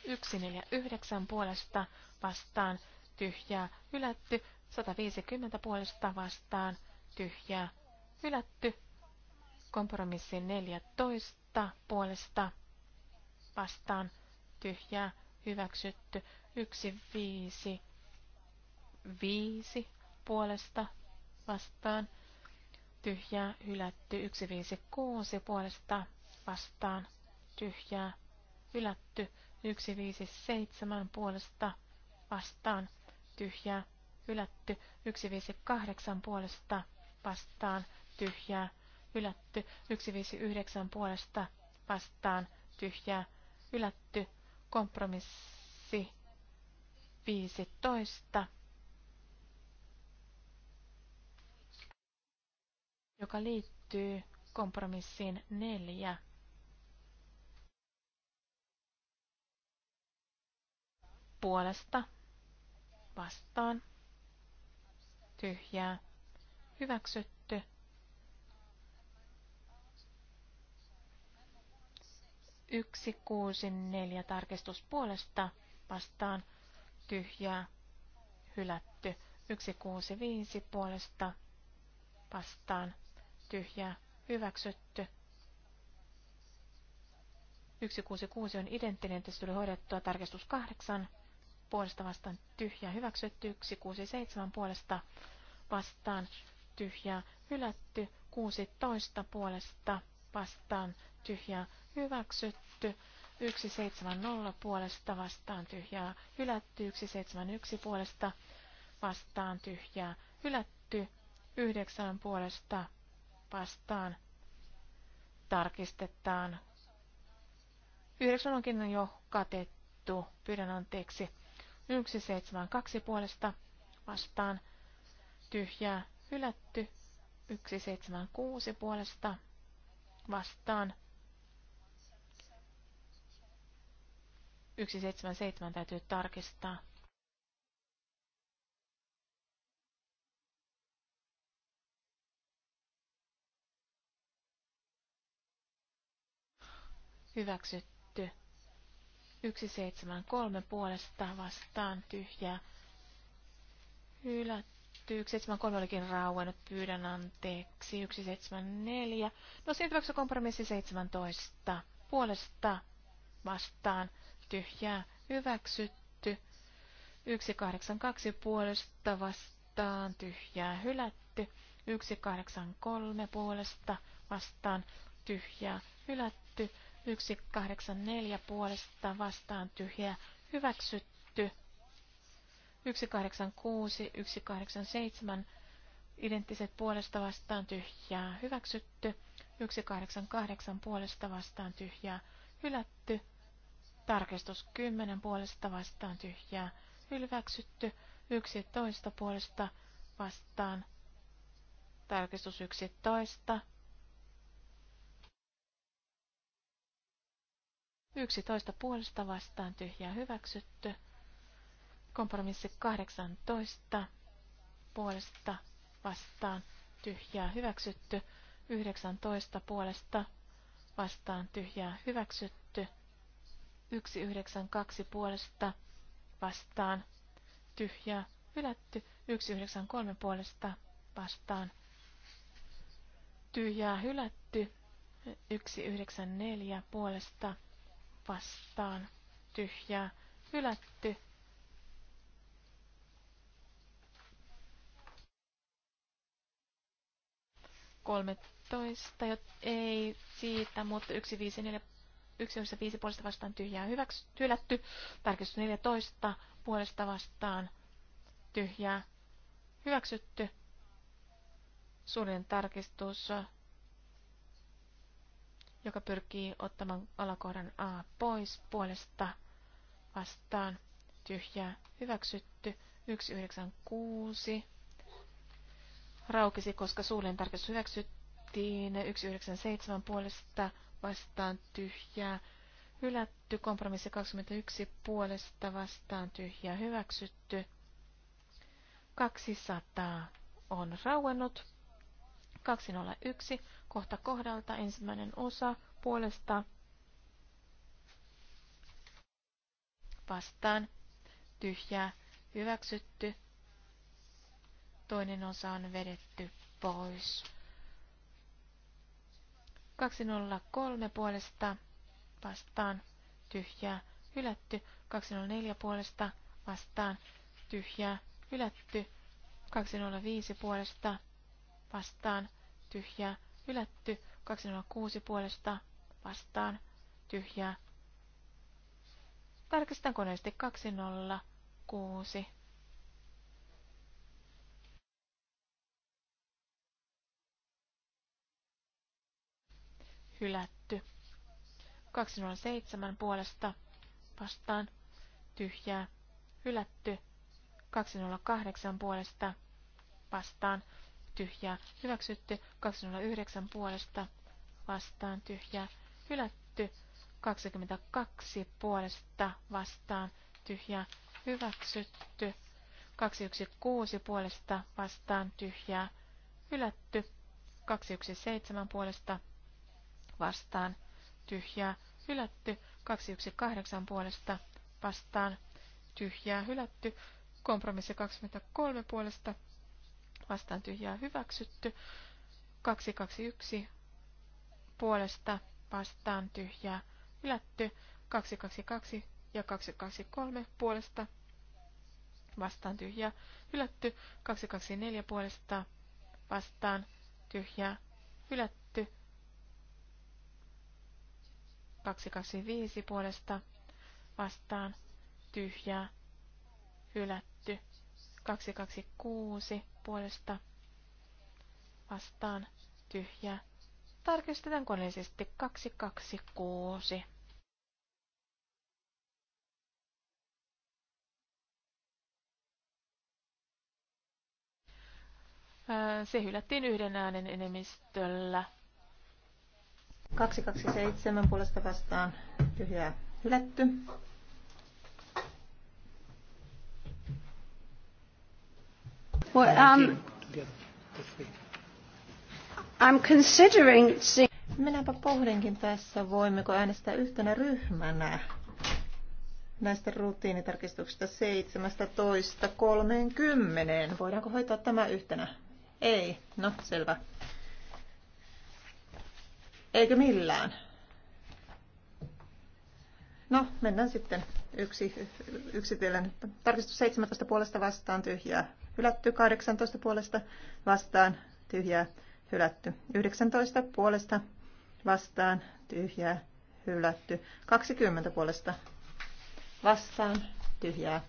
B: 149 puolesta vastaan tyhjää hylätty. 150 puolesta vastaan tyhjää hylätty. Kompromissi 14 puolesta vastaan tyhjää hyväksytty. 1 5 viisi puolesta vastaan. Tyhjää hylätty 156 puolesta vastaan. Tyhjää hylätty 157 puolesta vastaan. Tyhjää hylätty 158 puolesta vastaan. Tyhjää hylätty 159 puolesta vastaan. Tyhjää hylätty kompromissi 15 joka liittyy kompromissiin neljä. Puolesta vastaan tyhjää hyväksytty. Yksi, kuusi, neljä tarkistus puolesta vastaan tyhjää hylätty. Yksi, kuusi, viisi puolesta vastaan tyhjää, hyväksytty. 166 on identtinen, tässä tuli hoidettua tarkistus 8, puolesta vastaan tyhjää, hyväksytty. 167 puolesta vastaan tyhjää, hylätty. 16 puolesta vastaan tyhjää, hyväksytty. 170 puolesta vastaan tyhjää, hylätty. 171 puolesta vastaan tyhjää, hylätty. 9 puolesta vastaan tarkistetaan. Yhdeksän onkin jo katettu. Pyydän anteeksi. 172 puolesta vastaan tyhjää hylätty. 176 puolesta vastaan. 177 täytyy tarkistaa. hyväksytty. 173 puolesta vastaan tyhjää hylätty. 173 olikin rauennut, pyydän anteeksi. 174. No siirtyväksi kompromissi 17. Puolesta vastaan tyhjää hyväksytty. 182 puolesta vastaan tyhjää hylätty. 183 puolesta vastaan tyhjää hylätty. 184 puolesta vastaan tyhjä hyväksytty. 186, 187 identtiset puolesta vastaan tyhjää hyväksytty. 188 puolesta vastaan tyhjää hylätty. Tarkistus 10 puolesta vastaan tyhjää hyväksytty. 11 puolesta vastaan tarkistus 11 11 puolesta vastaan tyhjää hyväksytty. Kompromissi 18 puolesta vastaan tyhjää hyväksytty. 19 puolesta vastaan tyhjää hyväksytty. 192 puolesta vastaan tyhjää hylätty. 193 puolesta vastaan tyhjää hylätty. 194 puolesta vastaan vastaan tyhjää hylätty. toista, ei siitä, mutta yksi viisi neljä viisi puolesta vastaan tyhjää hyväksy, hylätty. Tarkistus 14 puolesta vastaan tyhjää hyväksytty. Suurin tarkistus joka pyrkii ottamaan alakohdan A pois puolesta vastaan tyhjää hyväksytty 196 raukesi, koska suulen tarkistus hyväksyttiin 197 puolesta vastaan tyhjää hylätty, kompromissi 21 puolesta vastaan tyhjää hyväksytty 200 on rauennut 201 kohta kohdalta ensimmäinen osa puolesta vastaan tyhjää hyväksytty. Toinen osa on vedetty pois. 203 puolesta vastaan tyhjää hylätty. 204 puolesta vastaan tyhjää hylätty. 205 puolesta vastaan tyhjää Hylätty 206 puolesta vastaan tyhjää. Tarkistan koneesti 206. Hylätty. 207 puolesta vastaan tyhjää. Hylätty. 208 puolesta vastaan tyhjää, hyväksytty 209 puolesta vastaan tyhjää, hylätty 22 puolesta vastaan tyhjää, hyväksytty 216 puolesta vastaan tyhjää, hylätty 217 puolesta vastaan tyhjää, hylätty 218 puolesta vastaan tyhjää, hylätty kompromissi 23 puolesta vastaan tyhjää hyväksytty. 221 puolesta vastaan tyhjää hylätty. 222 ja 223 puolesta vastaan tyhjää hylätty. 224 puolesta vastaan tyhjää hylätty. 225 puolesta vastaan tyhjää hylätty. 226 puolesta vastaan tyhjä. Tarkistetaan koneellisesti 226. Öö, se hylättiin yhden äänen enemmistöllä. 227
A: puolesta vastaan tyhjää hylätty.
B: Well, um,
A: I'm considering... Minäpä pohdinkin tässä, voimmeko äänestää yhtenä ryhmänä näistä rutiinitarkistuksista 17.30. Voidaanko hoitaa tämä yhtenä? Ei. No, selvä. Eikö millään? No, mennään sitten yksi, yksitellen. Tarkistus 17 puolesta vastaan tyhjää hylätty, 18 puolesta vastaan tyhjää hylätty, 19 puolesta vastaan tyhjää hylätty, 20 puolesta vastaan tyhjää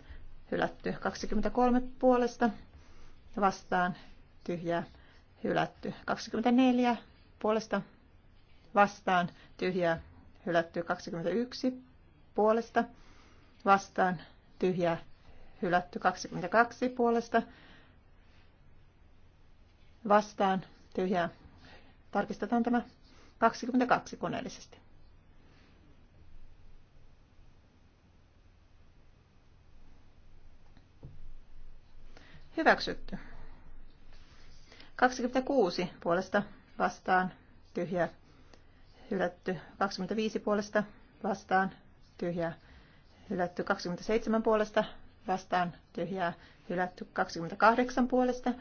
A: hylätty, 23 puolesta vastaan tyhjää hylätty, 24 puolesta vastaan tyhjää hylätty, 21 puolesta vastaan tyhjää hylätty 22 puolesta vastaan tyhjää. Tarkistetaan tämä 22 koneellisesti. Hyväksytty. 26 puolesta vastaan tyhjää. Hylätty 25 puolesta vastaan tyhjää. Hylätty 27 puolesta vastaan tyhjää hylätty 28 puolesta,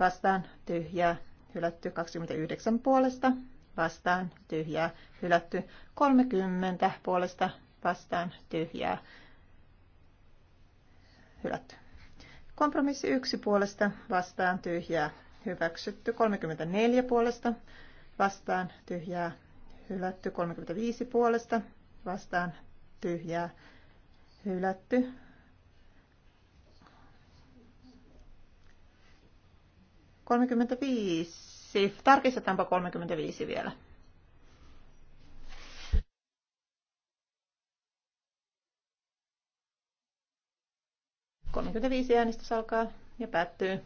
A: vastaan tyhjää hylätty 29 puolesta, vastaan tyhjää hylätty 30 puolesta, vastaan tyhjää hylätty. Kompromissi 1 puolesta, vastaan tyhjää hyväksytty 34 puolesta, vastaan tyhjää hylätty 35 puolesta, vastaan tyhjää hylätty 35. Tarkistetaanpa 35 vielä. Viisi äänestys alkaa ja päättyy.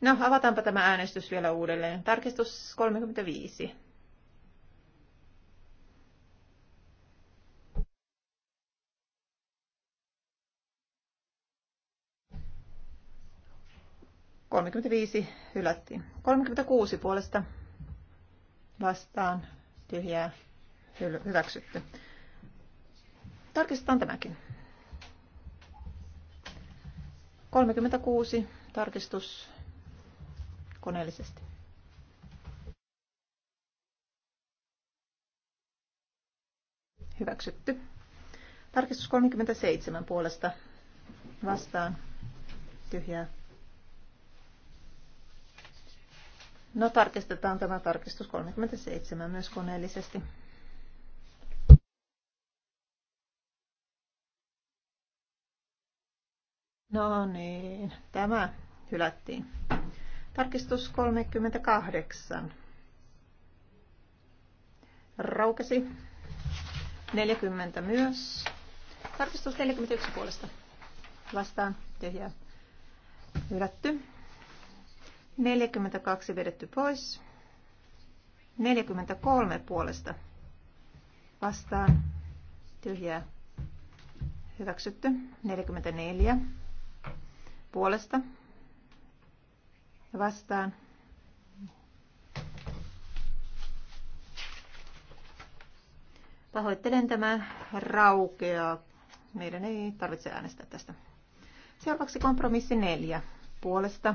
A: No, avataanpa tämä äänestys vielä uudelleen. Tarkistus 35. 35 hylättiin. 36 puolesta vastaan tyhjää hyväksytty. Tarkistetaan tämäkin. 36 tarkistus koneellisesti. Hyväksytty. Tarkistus 37 puolesta vastaan tyhjää No tarkistetaan tämä tarkistus 37 myös koneellisesti. No niin, tämä hylättiin. Tarkistus 38. Raukesi. 40 myös.
B: Tarkistus 41 puolesta.
A: Vastaan tyhjää. Hylätty. 42 vedetty pois. 43 puolesta vastaan tyhjää hyväksytty. 44 puolesta vastaan Pahoittelen tämä raukeaa. Meidän ei tarvitse äänestää tästä. Seuraavaksi kompromissi neljä puolesta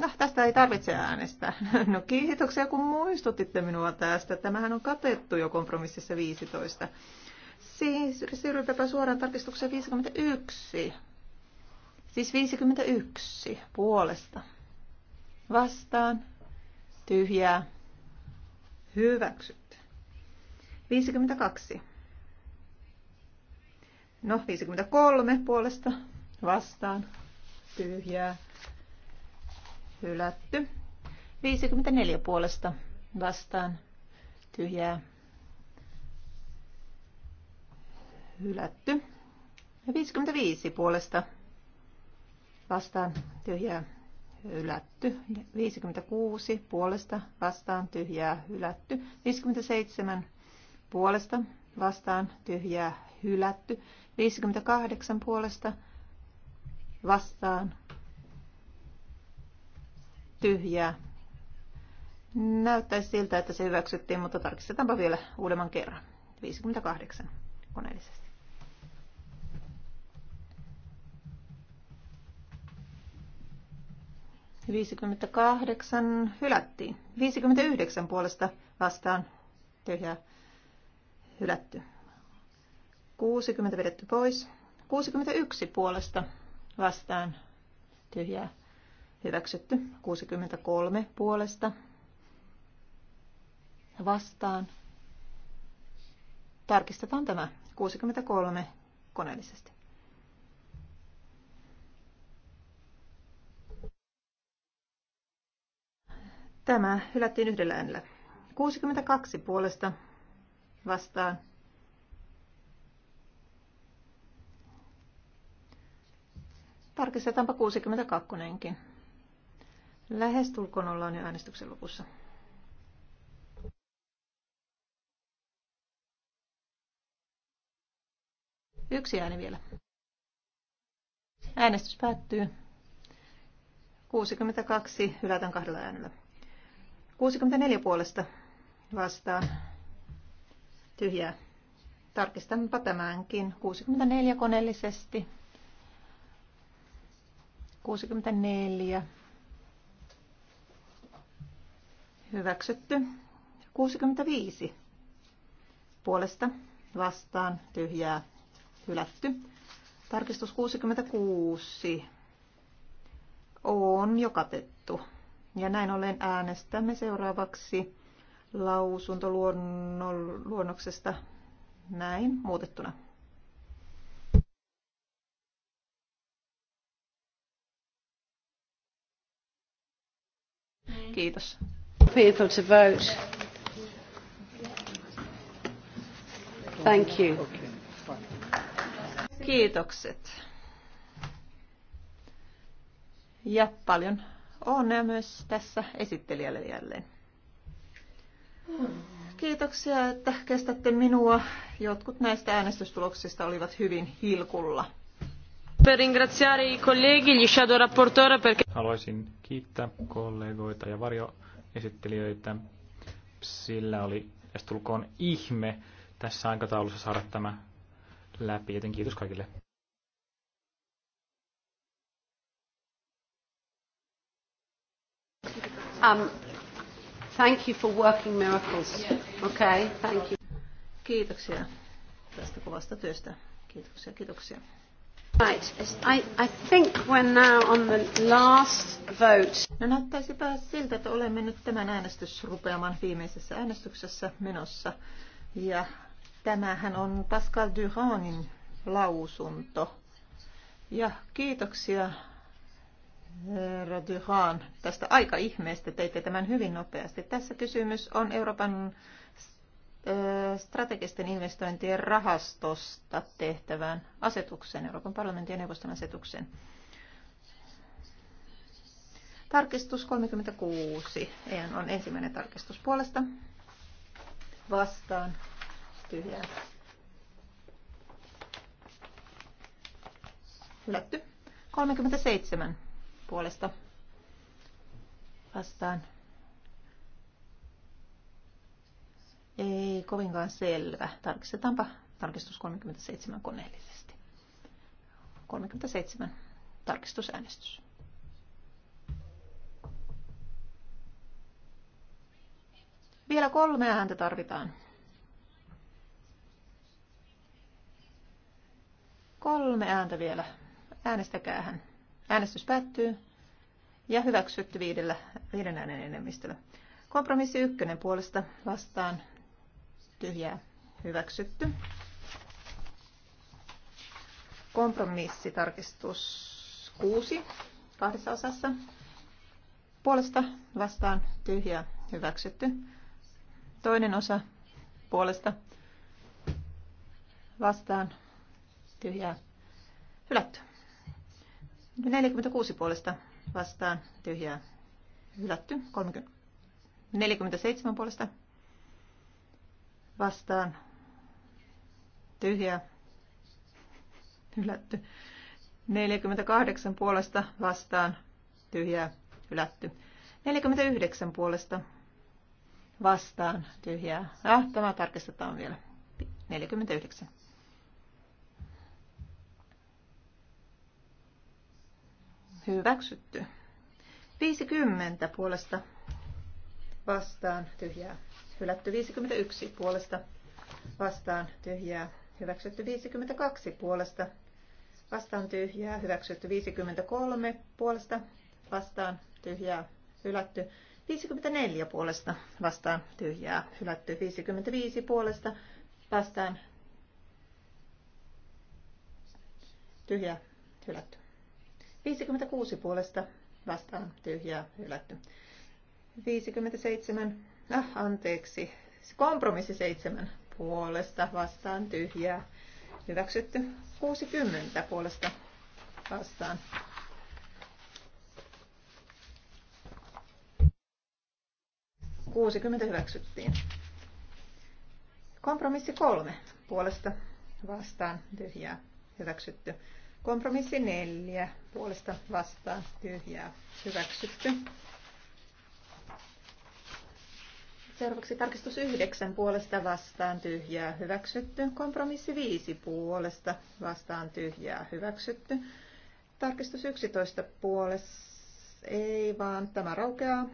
A: No, tästä ei tarvitse äänestää. No kiitoksia, kun muistutitte minua tästä. Tämähän on katettu jo kompromississa 15. Siis siirrytäänpä suoraan tarkistukseen 51. Siis 51 puolesta. Vastaan. Tyhjää. Hyväksytty. 52. No, 53 puolesta. Vastaan. Tyhjää hylätty. 54 puolesta vastaan tyhjää hylätty. Ja 55 puolesta vastaan tyhjää hylätty. 56 puolesta vastaan tyhjää hylätty. 57 puolesta vastaan tyhjää hylätty. 58 puolesta vastaan tyhjää. Näyttäisi siltä, että se hyväksyttiin, mutta tarkistetaanpa vielä uudemman kerran. 58 koneellisesti. Viisikymmentäkahdeksan hylättiin. 59 puolesta vastaan tyhjää hylätty. 60 vedetty pois. 61 puolesta vastaan tyhjää Hyväksytty. 63 puolesta. Vastaan. Tarkistetaan tämä. 63 koneellisesti. Tämä hylättiin yhdellä äänellä. 62 puolesta vastaan. Tarkistetaanpa 62kin. Lähestulkoon ollaan jo äänestyksen lopussa. Yksi ääni vielä. Äänestys päättyy. 62 hylätään kahdella äänellä. 64 puolesta vastaan tyhjää. Tarkistanpa tämänkin. 64 koneellisesti. 64. Hyväksytty. 65. Puolesta vastaan tyhjää hylätty. Tarkistus 66 on jo katettu. Ja näin ollen äänestämme seuraavaksi lausuntoluonnoksesta näin muutettuna.
B: Kiitos people to vote. Thank you.
A: Kiitokset. Ja paljon onnea myös tässä esittelijälle jälleen. Kiitoksia, että kestätte minua. Jotkut näistä äänestystuloksista olivat hyvin hilkulla.
C: Haluaisin kiittää kollegoita ja varjo esittelijöitä. Sillä oli tulkoon ihme tässä aikataulussa saada tämä läpi, joten kiitos kaikille.
A: Um, thank you for working miracles. Okay, thank you. Kiitoksia tästä kovasta työstä. Kiitoksia, kiitoksia. Right. I, I think we're now on the last vote. No näyttäisipä siltä, että olemme nyt tämän äänestysrupeaman viimeisessä äänestyksessä menossa. Ja tämähän on Pascal Duranin lausunto. Ja kiitoksia herra Duran tästä aika ihmeestä. Teitte tämän hyvin nopeasti. Tässä kysymys on Euroopan strategisten investointien rahastosta tehtävään asetukseen, Euroopan parlamentin ja neuvoston asetukseen. Tarkistus 36 EN on ensimmäinen tarkistus puolesta. Vastaan tyhjää. Hylätty. 37 puolesta. Vastaan Ei kovinkaan selvä. Tarkistetaanpa tarkistus 37 koneellisesti. 37 tarkistusäänestys. Vielä kolme ääntä tarvitaan. Kolme ääntä vielä. Äänestäkää hän. Äänestys päättyy ja hyväksytty viidellä, viiden äänen enemmistöllä. Kompromissi ykkönen puolesta vastaan tyhjää hyväksytty. Kompromissitarkistus 6 kahdessa osassa. Puolesta vastaan tyhjää hyväksytty. Toinen osa puolesta vastaan tyhjää hylätty. 46 puolesta vastaan tyhjää hylätty. 47 puolesta vastaan tyhjää hylätty. 48 puolesta vastaan tyhjää hylätty. 49 puolesta vastaan tyhjää. Ah, tämä tarkistetaan vielä. 49. Hyväksytty. 50 puolesta vastaan tyhjää Hylätty 51 puolesta vastaan tyhjää. Hyväksytty 52 puolesta vastaan tyhjää. Hyväksytty 53 puolesta vastaan tyhjää. Hylätty 54 puolesta vastaan tyhjää. Hylätty 55 puolesta vastaan tyhjää. Hylätty. 56 puolesta vastaan tyhjää. Hylätty. 57 äh, anteeksi, kompromissi seitsemän puolesta vastaan tyhjää. Hyväksytty 60 puolesta vastaan. Kuusikymmentä hyväksyttiin. Kompromissi kolme puolesta vastaan tyhjää hyväksytty. Kompromissi neljä puolesta vastaan tyhjää hyväksytty. Seuraavaksi tarkistus 9 puolesta vastaan tyhjää hyväksytty. Kompromissi 5 puolesta vastaan tyhjää hyväksytty. Tarkistus 11 puolesta ei vaan tämä raukeaa.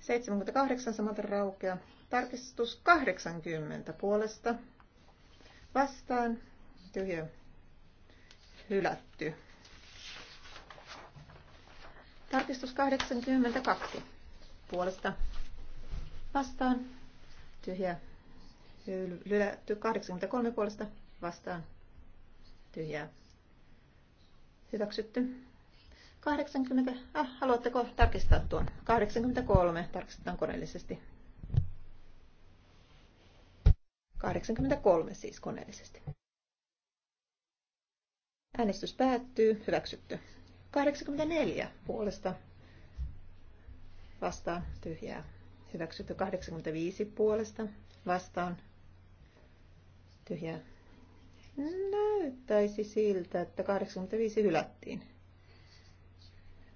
A: 78 samalta raukea. Tarkistus 80 puolesta. Vastaan tyhjä hylätty. Tarkistus 82 puolesta vastaan, tyhjä hylätty 83 puolesta vastaan, tyhjää, hyväksytty. 80, ah, haluatteko tarkistaa tuon? 83 tarkistetaan koneellisesti. 83 siis koneellisesti. Äänestys päättyy. Hyväksytty. 84 puolesta vastaan tyhjää Hyväksytty 85 puolesta vastaan. Tyhjää. Näyttäisi siltä, että 85 hylättiin.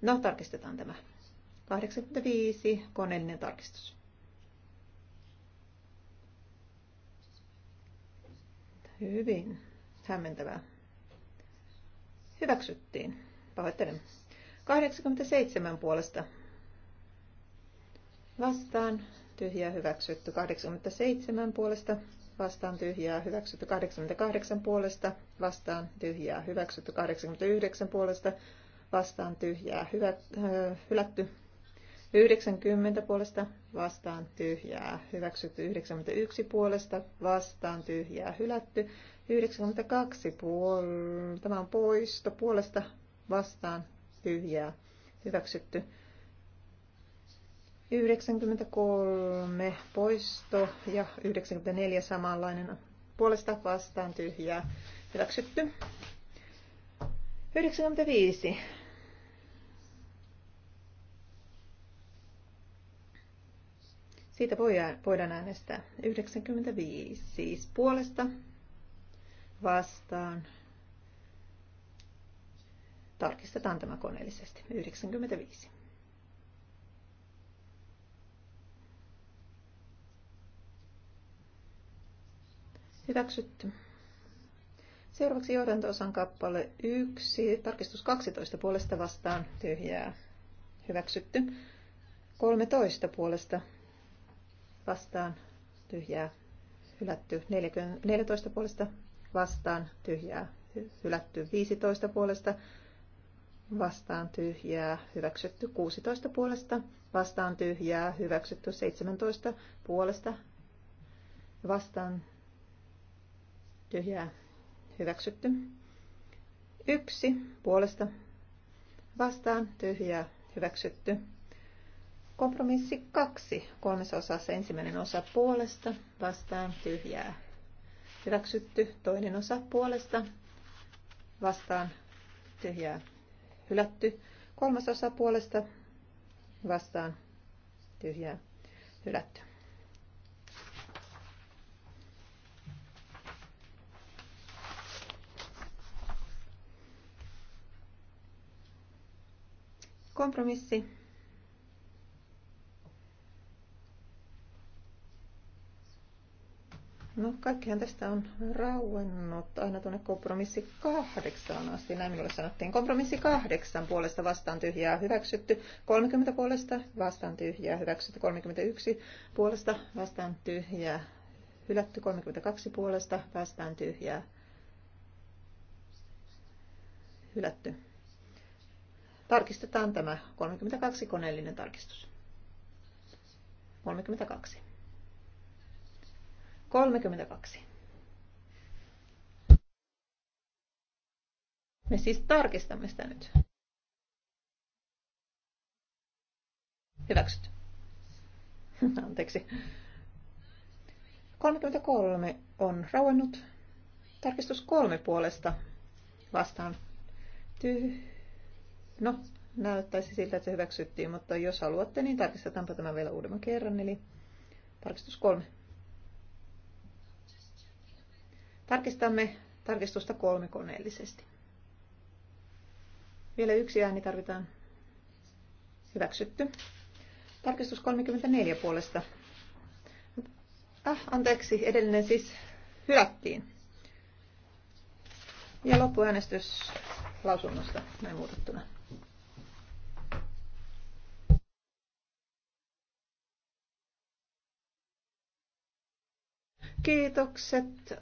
A: No, tarkistetaan tämä. 85, koneellinen tarkistus. Hyvin hämmentävää. Hyväksyttiin. Pahoittelen. 87 puolesta vastaan tyhjää hyväksytty 87 puolesta, vastaan tyhjää hyväksytty 88 puolesta, vastaan tyhjää hyväksytty 89 puolesta, vastaan tyhjää hyvä, äh, hylätty 90 puolesta, vastaan tyhjää hyväksytty 91 puolesta, vastaan tyhjää hylätty 92 puolesta, tämä on poisto puolesta, vastaan tyhjää hyväksytty 93 poisto ja 94 samanlainen puolesta vastaan tyhjää hyväksytty. 95 Siitä voidaan äänestää 95, siis puolesta vastaan. Tarkistetaan tämä koneellisesti. 95. Hyväksytty. Seuraavaksi johdanto-osan kappale 1, tarkistus 12 puolesta vastaan, tyhjää. Hyväksytty. 13 puolesta vastaan, tyhjää. Hylätty. 14 puolesta vastaan, tyhjää. Hylätty. 15 puolesta vastaan tyhjää, hyväksytty 16 puolesta, vastaan tyhjää, hyväksytty 17 puolesta, vastaan tyhjää hyväksytty. Yksi puolesta vastaan tyhjää hyväksytty. Kompromissi kaksi kolmessa osassa ensimmäinen osa puolesta vastaan tyhjää hyväksytty. Toinen osa puolesta vastaan tyhjää hylätty. Kolmas osa puolesta vastaan tyhjää hylätty. Kompromissi. No kaikkihan tästä on rauennut aina tuonne kompromissi kahdeksaan asti, näin minulle sanottiin. Kompromissi kahdeksan puolesta vastaan tyhjää hyväksytty, 30 puolesta vastaan tyhjää hyväksytty, 31 puolesta vastaan tyhjää hylätty, 32 puolesta vastaan tyhjää hylätty. Tarkistetaan tämä 32 koneellinen tarkistus. 32. 32. Me siis tarkistamme sitä nyt. Hyväksyt? Anteeksi. 33 on rauennut. Tarkistus kolme puolesta vastaan. Tyh No, näyttäisi siltä, että se hyväksyttiin, mutta jos haluatte, niin tarkistetaanpa tämä vielä uudemman kerran, eli tarkistus kolme. Tarkistamme tarkistusta kolme koneellisesti. Vielä yksi ääni tarvitaan. Hyväksytty. Tarkistus 34 puolesta. Ah, anteeksi, edellinen siis hylättiin. Ja loppuäänestys lausunnosta näin muutettuna. Kiitokset.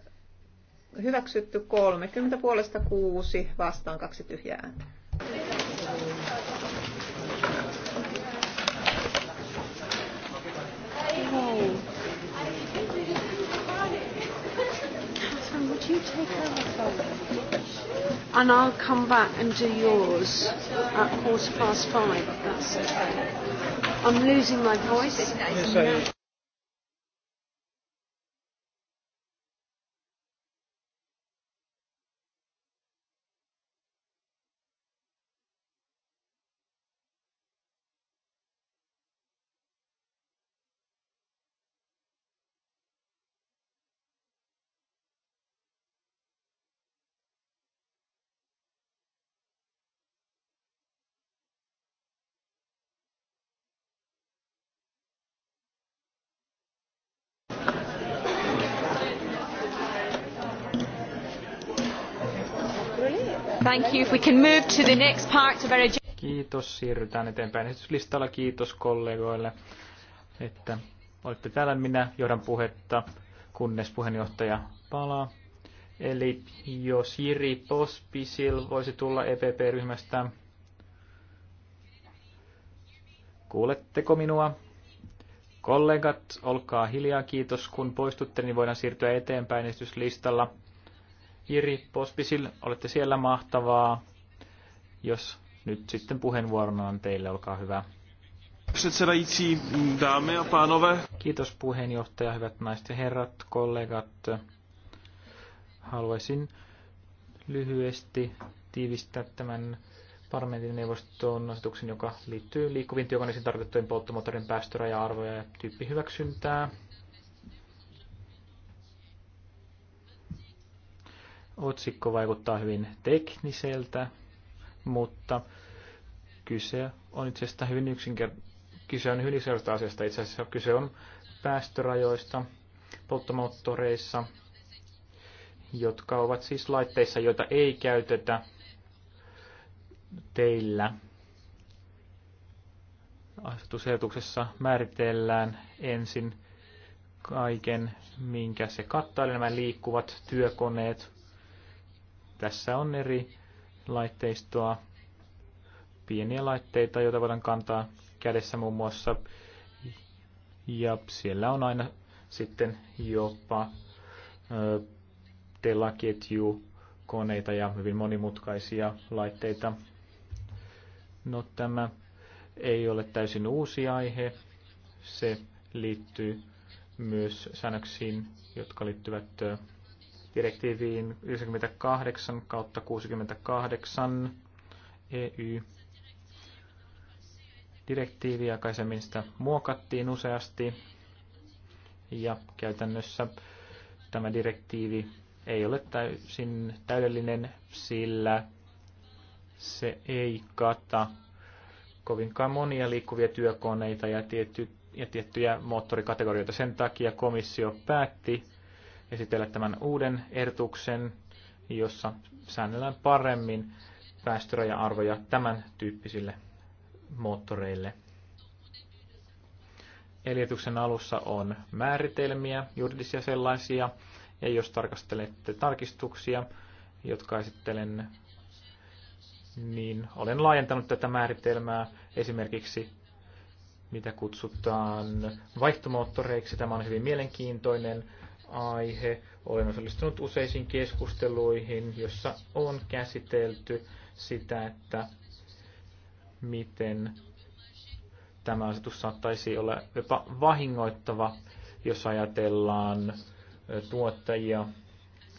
A: Hyväksytty 30 puolesta 6, vastaan kaksi tyhjää ääntä. And I'll come back and do yours at
B: quarter past five, that's okay. I'm losing my voice. Yes, Thank you. If we can move to the next part of our agenda.
C: Kiitos, siirrytään eteenpäin esityslistalla. Kiitos kollegoille, että olette täällä. Minä johdan puhetta, kunnes puheenjohtaja palaa. Eli jos Jiri Pospisil voisi tulla EPP-ryhmästä. Kuuletteko minua? Kollegat, olkaa hiljaa, kiitos kun poistutte, niin voidaan siirtyä eteenpäin esityslistalla. Jiri Pospisil, olette siellä mahtavaa. Jos nyt sitten puheenvuorona on teille, olkaa hyvä. Předsedající, dámy a pánové. Kiitos puheenjohtaja, hyvät naiset ja herrat, kollegat. Haluaisin lyhyesti tiivistää tämän parlamentin neuvoston asetuksen, joka liittyy liikkuviin työkoneisiin tarkoitettujen polttomoottorin päästöraja-arvoja ja tyyppihyväksyntää. Otsikko vaikuttaa hyvin tekniseltä, mutta kyse on itse asiassa hyvin yksinkertaisesta asiasta. Itse asiassa kyse on päästörajoista polttomoottoreissa, jotka ovat siis laitteissa, joita ei käytetä teillä. Asetusehdotuksessa määritellään ensin kaiken, minkä se kattaa, eli nämä liikkuvat työkoneet, tässä on eri laitteistoa, pieniä laitteita, joita voidaan kantaa kädessä muun muassa. Ja siellä on aina sitten jopa telaketju koneita ja hyvin monimutkaisia laitteita. No tämä ei ole täysin uusi aihe. Se liittyy myös säännöksiin, jotka liittyvät direktiiviin 98 kautta 68 EY. Direktiivi aikaisemmin sitä muokattiin useasti ja käytännössä tämä direktiivi ei ole täysin täydellinen, sillä se ei kata kovinkaan monia liikkuvia työkoneita ja, tietty, ja tiettyjä moottorikategorioita. Sen takia komissio päätti esitellä tämän uuden ehdotuksen, jossa säännellään paremmin päästöraja-arvoja tämän tyyppisille moottoreille. Eljetuksen alussa on määritelmiä, juridisia sellaisia, ja jos tarkastelette tarkistuksia, jotka esittelen, niin olen laajentanut tätä määritelmää esimerkiksi mitä kutsutaan vaihtomoottoreiksi. Tämä on hyvin mielenkiintoinen aihe. Olen osallistunut useisiin keskusteluihin, jossa on käsitelty sitä, että miten tämä asetus saattaisi olla jopa vahingoittava, jos ajatellaan tuottajia,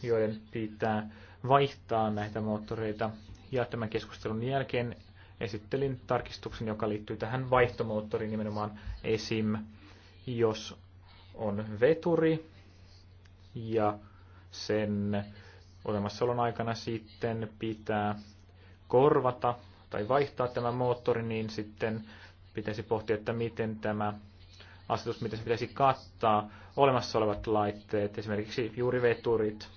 C: joiden pitää vaihtaa näitä moottoreita. Ja tämän keskustelun jälkeen esittelin tarkistuksen, joka liittyy tähän vaihtomoottoriin nimenomaan esim. Jos on veturi, ja sen olemassaolon aikana sitten pitää korvata tai vaihtaa tämä moottori, niin sitten pitäisi pohtia, että miten tämä asetus, miten se pitäisi kattaa olemassa olevat laitteet, esimerkiksi juuri veturit.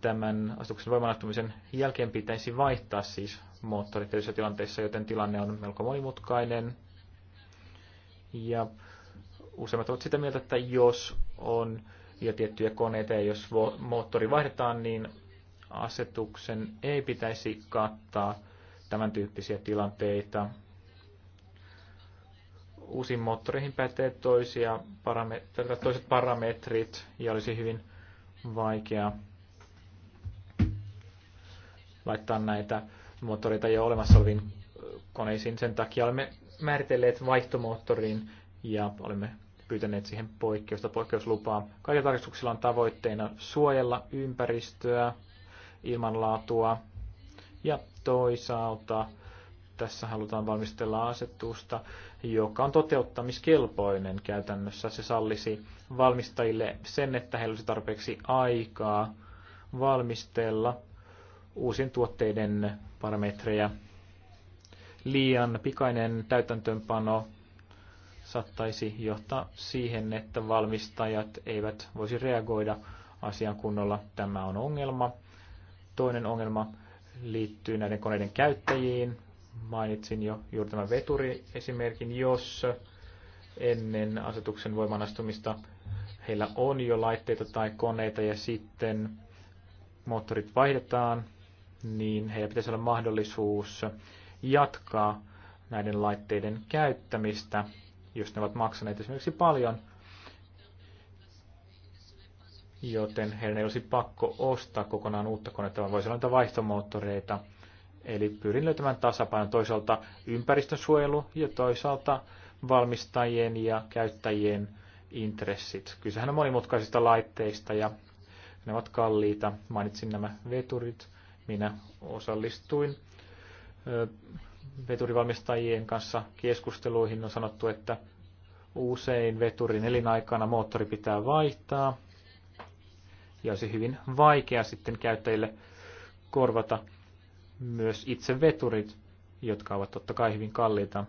C: Tämän asetuksen voimanottamisen jälkeen pitäisi vaihtaa siis moottorit tietyissä tilanteissa, joten tilanne on melko monimutkainen. Ja useimmat ovat sitä mieltä, että jos on ja tiettyjä koneita, ja jos moottori vaihdetaan, niin asetuksen ei pitäisi kattaa tämän tyyppisiä tilanteita. Uusiin moottoreihin pätee toisia paramet- toiset parametrit, ja olisi hyvin vaikea laittaa näitä moottoreita jo olemassa oleviin koneisiin. Sen takia olemme määritelleet vaihtomoottorin ja olemme pyytäneet siihen poikkeusta, poikkeuslupaa. Kaikilla tarkistuksilla on tavoitteena suojella ympäristöä, ilmanlaatua ja toisaalta tässä halutaan valmistella asetusta, joka on toteuttamiskelpoinen käytännössä. Se sallisi valmistajille sen, että heillä olisi tarpeeksi aikaa valmistella uusien tuotteiden parametreja. Liian pikainen täytäntöönpano saattaisi johtaa siihen, että valmistajat eivät voisi reagoida asian kunnolla. Tämä on ongelma. Toinen ongelma liittyy näiden koneiden käyttäjiin. Mainitsin jo juuri tämän veturiesimerkin, jos ennen asetuksen voimanastumista heillä on jo laitteita tai koneita ja sitten moottorit vaihdetaan, niin heillä pitäisi olla mahdollisuus jatkaa näiden laitteiden käyttämistä jos ne ovat maksaneet esimerkiksi paljon, joten heidän ei olisi pakko ostaa kokonaan uutta konetta, vaan voisi olla vaihtomoottoreita. Eli pyrin löytämään tasapainon toisaalta ympäristönsuojelu ja toisaalta valmistajien ja käyttäjien intressit. Kysehän on monimutkaisista laitteista ja ne ovat kalliita. Mainitsin nämä veturit. Minä osallistuin veturivalmistajien kanssa keskusteluihin on sanottu, että usein veturin elinaikana moottori pitää vaihtaa ja olisi hyvin vaikea sitten käyttäjille korvata myös itse veturit, jotka ovat totta kai hyvin kalliita.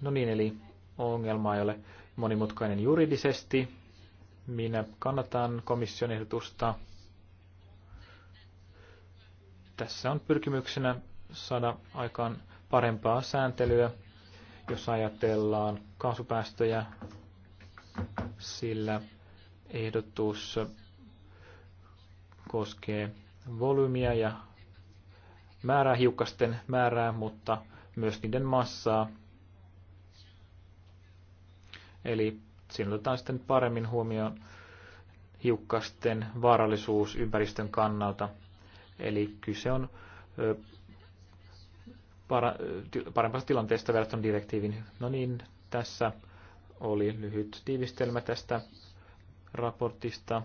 C: No niin, eli ongelma ei ole monimutkainen juridisesti. Minä kannatan komission ehdotusta tässä on pyrkimyksenä saada aikaan parempaa sääntelyä, jos ajatellaan kaasupäästöjä, sillä ehdotus koskee volyymiä ja määrää, hiukkasten määrää, mutta myös niiden massaa. Eli siinä otetaan sitten paremmin huomioon hiukkasten vaarallisuus ympäristön kannalta – Eli kyse on parempasta tilanteesta verrattuna direktiivin. No niin, tässä oli lyhyt tiivistelmä tästä raportista.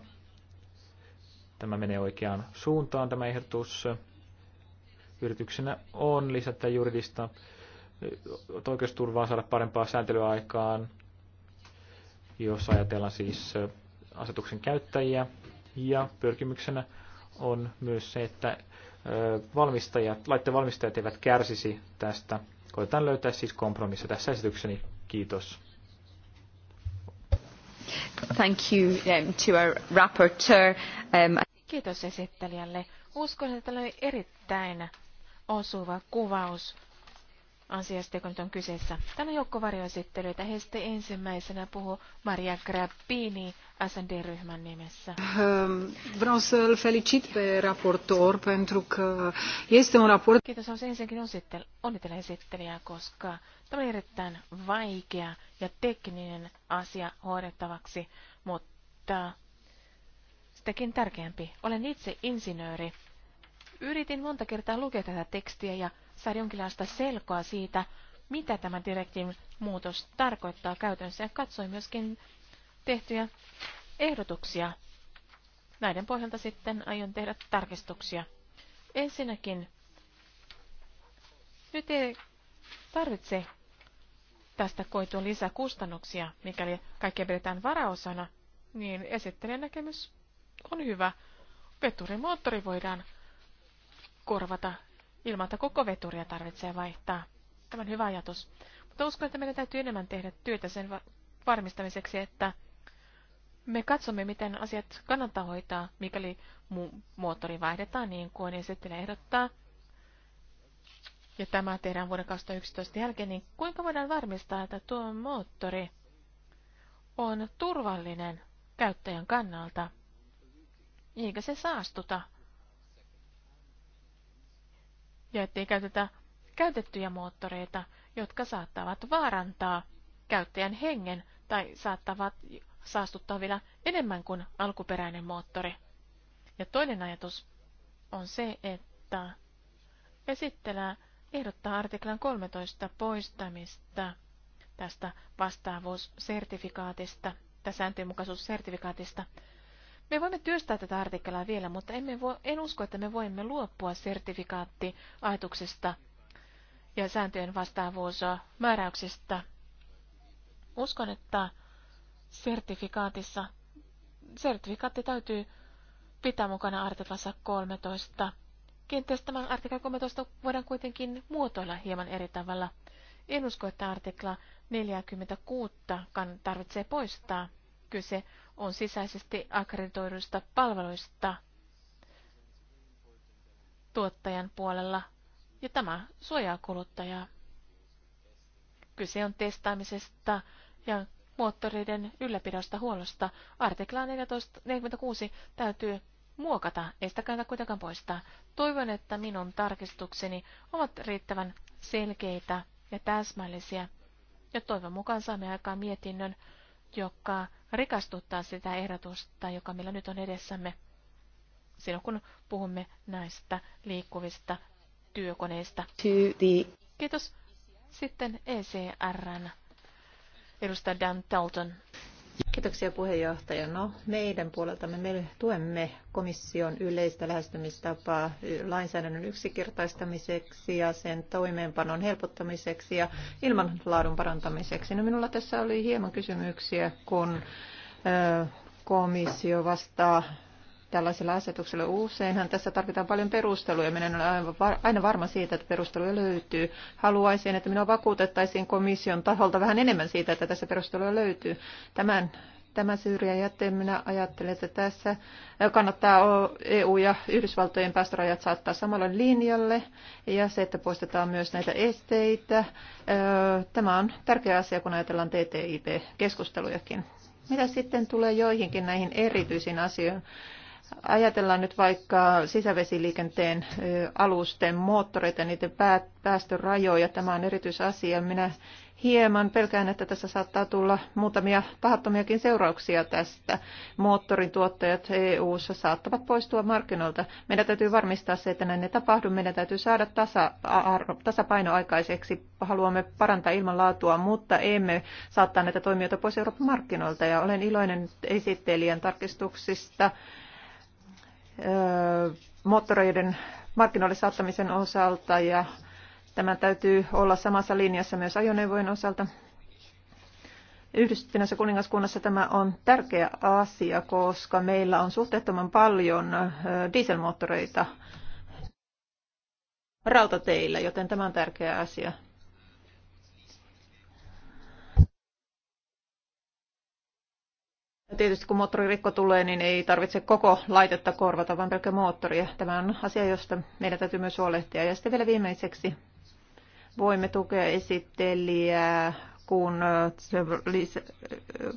C: Tämä menee oikeaan suuntaan tämä ehdotus. Yrityksenä on lisätä juridista oikeusturvaa saada parempaa sääntelyä aikaan, jos ajatellaan siis asetuksen käyttäjiä. Ja pyrkimyksenä on myös se, että valmistajat, laitteen valmistajat eivät kärsisi tästä. Koitetaan löytää siis kompromissi tässä esitykseni. Kiitos.
B: Thank you um, to our rapporteur. Um, Kiitos esittelijälle. Uskon, että oli erittäin osuva kuvaus asiasta, joka nyt on kyseessä. Tänä joukkovarjoesittelyitä heistä ensimmäisenä puhuu Maria Grappini SND-ryhmän nimessä. Ehm, vreau să-l felicit pe raportor pentru că este un raport... Kiitos, on ensinnäkin onnitella onnittelen esittelijää, koska tämä on erittäin vaikea ja tekninen asia hoidettavaksi, mutta sitäkin tärkeämpi. Olen itse insinööri. Yritin monta kertaa lukea tätä tekstiä ja saa jonkinlaista selkoa siitä, mitä tämä direktiivin muutos tarkoittaa käytännössä ja katsoin myöskin tehtyjä ehdotuksia. Näiden pohjalta sitten aion tehdä tarkistuksia. Ensinnäkin, nyt ei tarvitse tästä koitua lisää kustannuksia, mikäli kaikkea pidetään varaosana, niin esittelijän näkemys on hyvä. Veturin moottori voidaan korvata ilman, että koko veturia tarvitsee vaihtaa. Tämä on hyvä ajatus. Mutta uskon, että meidän täytyy enemmän tehdä työtä sen varmistamiseksi, että me katsomme, miten asiat kannattaa hoitaa, mikäli mu- moottori vaihdetaan niin kuin esittelijä ehdottaa. Ja tämä tehdään vuoden 2011 jälkeen, niin kuinka voidaan varmistaa, että tuo moottori on turvallinen käyttäjän kannalta, eikä se saastuta? Ja ettei käytetä käytettyjä moottoreita, jotka saattavat vaarantaa käyttäjän hengen tai saattavat saastuttaa vielä enemmän kuin alkuperäinen moottori. Ja toinen ajatus on se, että esittelää ehdottaa artiklan 13 poistamista tästä vastaavuussertifikaatista tai sääntöjenmukaisuussertifikaatista. Me voimme työstää tätä artikkelaa vielä, mutta emme vo, en usko, että me voimme luopua sertifikaattiajatuksesta ja sääntöjen vastaavuusmääräyksistä. Uskon, että sertifikaatissa, sertifikaatti täytyy pitää mukana artiklassa 13. Kenties tämä artikla 13 voidaan kuitenkin muotoilla hieman eri tavalla. En usko, että artikla 46 tarvitsee poistaa. Kyse on sisäisesti akkreditoiduista palveluista tuottajan puolella, ja tämä suojaa kuluttajaa. Kyse on testaamisesta ja moottoreiden ylläpidosta huollosta. Artiklaa 46 täytyy muokata, ei sitä kannata kuitenkaan poistaa. Toivon, että minun tarkistukseni ovat riittävän selkeitä ja täsmällisiä. Ja toivon mukaan saamme aikaan mietinnön, joka rikastuttaa sitä ehdotusta, joka meillä nyt on edessämme silloin, kun puhumme näistä liikkuvista työkoneista. Kiitos. Sitten ECRn Edustaja Dan Dalton. Kiitoksia puheenjohtaja. No, meidän
A: puoleltamme me tuemme komission yleistä lähestymistapaa lainsäädännön yksinkertaistamiseksi ja sen toimeenpanon helpottamiseksi ja ilmanlaadun parantamiseksi. No, minulla tässä oli hieman kysymyksiä, kun komissio vastaa tällaisella asetuksella. Useinhan tässä tarvitaan paljon perusteluja. Minä en ole aina varma siitä, että perusteluja löytyy. Haluaisin, että minua vakuutettaisiin komission taholta vähän enemmän siitä, että tässä perusteluja löytyy. Tämän tämä syrjäjäte, minä ajattelen, että tässä kannattaa EU ja Yhdysvaltojen päästörajat saattaa samalla linjalle ja se, että poistetaan myös näitä esteitä. Tämä on tärkeä asia, kun ajatellaan TTIP-keskustelujakin. Mitä sitten tulee joihinkin näihin erityisiin asioihin? Ajatellaan nyt vaikka sisävesiliikenteen alusten moottoreita, niiden päästörajoja. Tämä on erityisasia. Minä hieman pelkään, että tässä saattaa tulla muutamia tahattomiakin seurauksia tästä. Moottorin tuottajat EU-ssa saattavat poistua markkinoilta. Meidän täytyy varmistaa se, että näin ei tapahdu. Meidän täytyy saada tasa, tasapaino aikaiseksi. Haluamme parantaa ilmanlaatua, mutta emme saattaa näitä toimijoita pois Euroopan markkinoilta. Ja olen iloinen esittelijän tarkistuksista moottoreiden markkinoille saattamisen osalta ja tämä täytyy olla samassa linjassa myös ajoneuvojen osalta. Yhdistyneessä kuningaskunnassa tämä on tärkeä asia, koska meillä on suhteettoman paljon dieselmoottoreita rautateillä, joten tämä on tärkeä asia. Tietysti kun moottoririkko tulee, niin ei tarvitse koko laitetta korvata, vaan pelkkä moottoria. Tämä on asia, josta meidän täytyy myös huolehtia. Ja sitten vielä viimeiseksi voimme tukea esittelijää, kun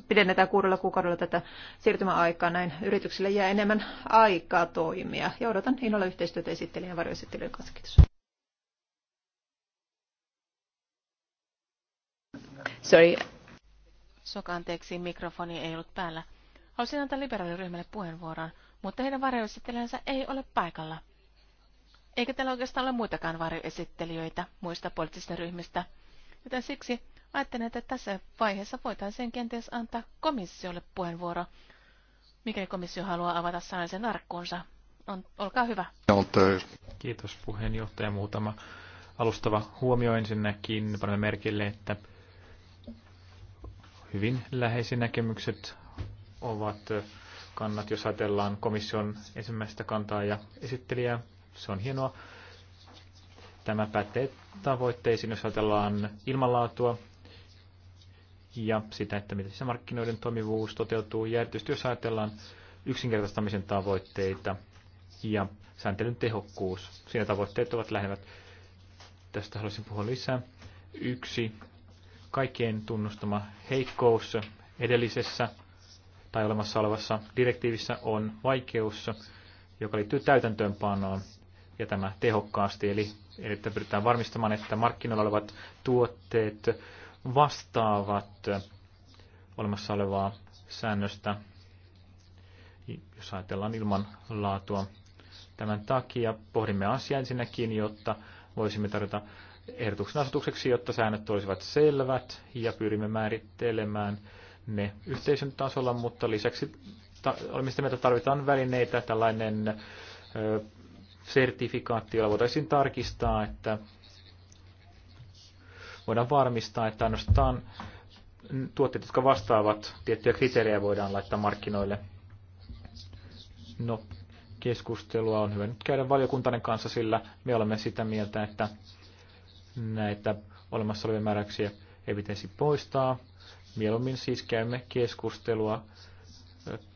A: pidennetään kuudella kuukaudella tätä siirtymäaikaa. Näin yrityksille jää enemmän aikaa toimia. Ja odotan innolla yhteistyötä esittelijän ja varjoesittelijän kanssa. Kiitos.
B: Sorry, Sokanteeksi mikrofoni ei ollut päällä. Haluaisin antaa liberaaliryhmälle puheenvuoron, mutta heidän varjoesittelijänsä ei ole paikalla. Eikä täällä oikeastaan ole muitakaan varjoesittelijöitä muista poliittisista ryhmistä, joten siksi ajattelen, että tässä vaiheessa voitaisiin kenties antaa komissiolle puheenvuoro, mikäli komissio haluaa avata sanallisen arkkuunsa. On, olkaa hyvä.
C: Kiitos puheenjohtaja. Muutama alustava huomio ensinnäkin. Panemme merkille, että hyvin läheiset näkemykset ovat kannat, jos ajatellaan komission ensimmäistä kantaa ja esittelijää. Se on hienoa. Tämä pätee tavoitteisiin, jos ajatellaan ilmanlaatua ja sitä, että miten se markkinoiden toimivuus toteutuu. Ja erityisesti jos ajatellaan yksinkertaistamisen tavoitteita ja sääntelyn tehokkuus. Siinä tavoitteet ovat lähemmät. Tästä haluaisin puhua lisää. Yksi kaikkien tunnustama heikkous edellisessä tai olemassa olevassa direktiivissä on vaikeus, joka liittyy täytäntöönpanoon ja tämä tehokkaasti. Eli, eli että pyritään varmistamaan, että markkinoilla olevat tuotteet vastaavat olemassa olevaa säännöstä, jos ajatellaan ilman laatua. Tämän takia pohdimme asiaa ensinnäkin, jotta voisimme tarjota ehdotuksen asetukseksi, jotta säännöt olisivat selvät ja pyrimme määrittelemään ne yhteisön tasolla, mutta lisäksi ta- olemme sitä mieltä, tarvitaan välineitä, tällainen ö, sertifikaatti, jolla voitaisiin tarkistaa, että voidaan varmistaa, että ainoastaan tuotteet, jotka vastaavat tiettyjä kriteerejä, voidaan laittaa markkinoille. No, keskustelua on hyvä nyt käydä valiokuntainen kanssa, sillä me olemme sitä mieltä, että näitä olemassa olevia määräyksiä ei pitäisi poistaa. Mieluummin siis käymme keskustelua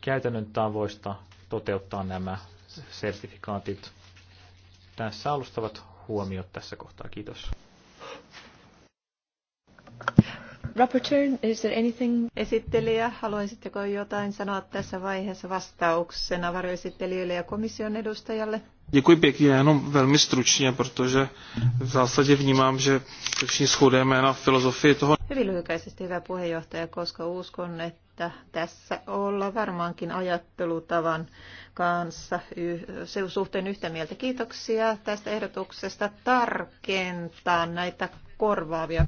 C: käytännön tavoista toteuttaa nämä sertifikaatit. Tässä alustavat huomiot tässä kohtaa. Kiitos.
A: Esittelijä, haluaisitteko jotain sanoa tässä vaiheessa vastauksena varjoesittelijöille ja komission edustajalle?
C: Děkuji pěkně, jenom velmi stručně, protože v zásadě vnímám, že všichni shodujeme na filozofii toho.
A: Hyvin lyhykäisesti, hyvä puheenjohtaja, koska uskon, että tässä olla varmaankin ajattelutavan kanssa suhteen yhtä mieltä. Kiitoksia tästä ehdotuksesta tarkentaa näitä korvaavia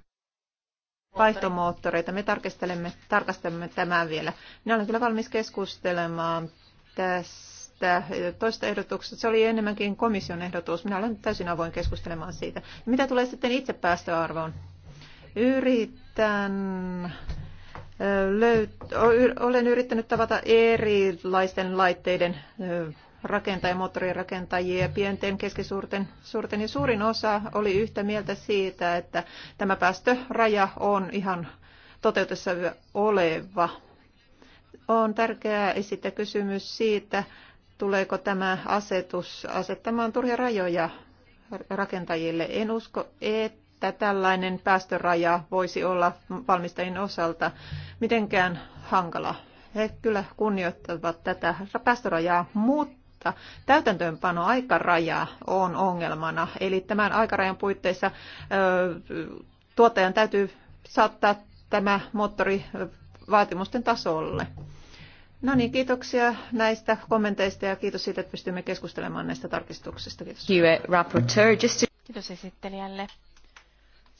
C: vaihtomoottoreita.
A: Me tarkastelemme, tarkastelemme tämän vielä. Minä olen kyllä valmis keskustelemaan tästä toista ehdotuksesta. Se oli enemmänkin komission ehdotus. Minä olen täysin avoin keskustelemaan siitä. Mitä tulee sitten itse päästöarvoon? Yritän löyt, olen yrittänyt tavata erilaisten laitteiden rakentajia, moottorirakentajia ja pienten, keskisuurten suurten ja suurin osa oli yhtä mieltä siitä, että tämä päästöraja on ihan toteutessa oleva. On tärkeää esittää kysymys siitä, tuleeko tämä asetus asettamaan turhia rajoja rakentajille. En usko, että tällainen päästöraja voisi olla valmistajien osalta mitenkään hankala. He kyllä kunnioittavat tätä päästörajaa, mutta mutta täytäntöönpanoaikaraja on ongelmana. Eli tämän aikarajan puitteissa tuottajan täytyy saattaa tämä moottori vaatimusten tasolle. No niin, kiitoksia näistä kommenteista ja kiitos siitä, että pystymme keskustelemaan näistä tarkistuksista. Kiitos. Eh,
B: kiitos esittelijälle.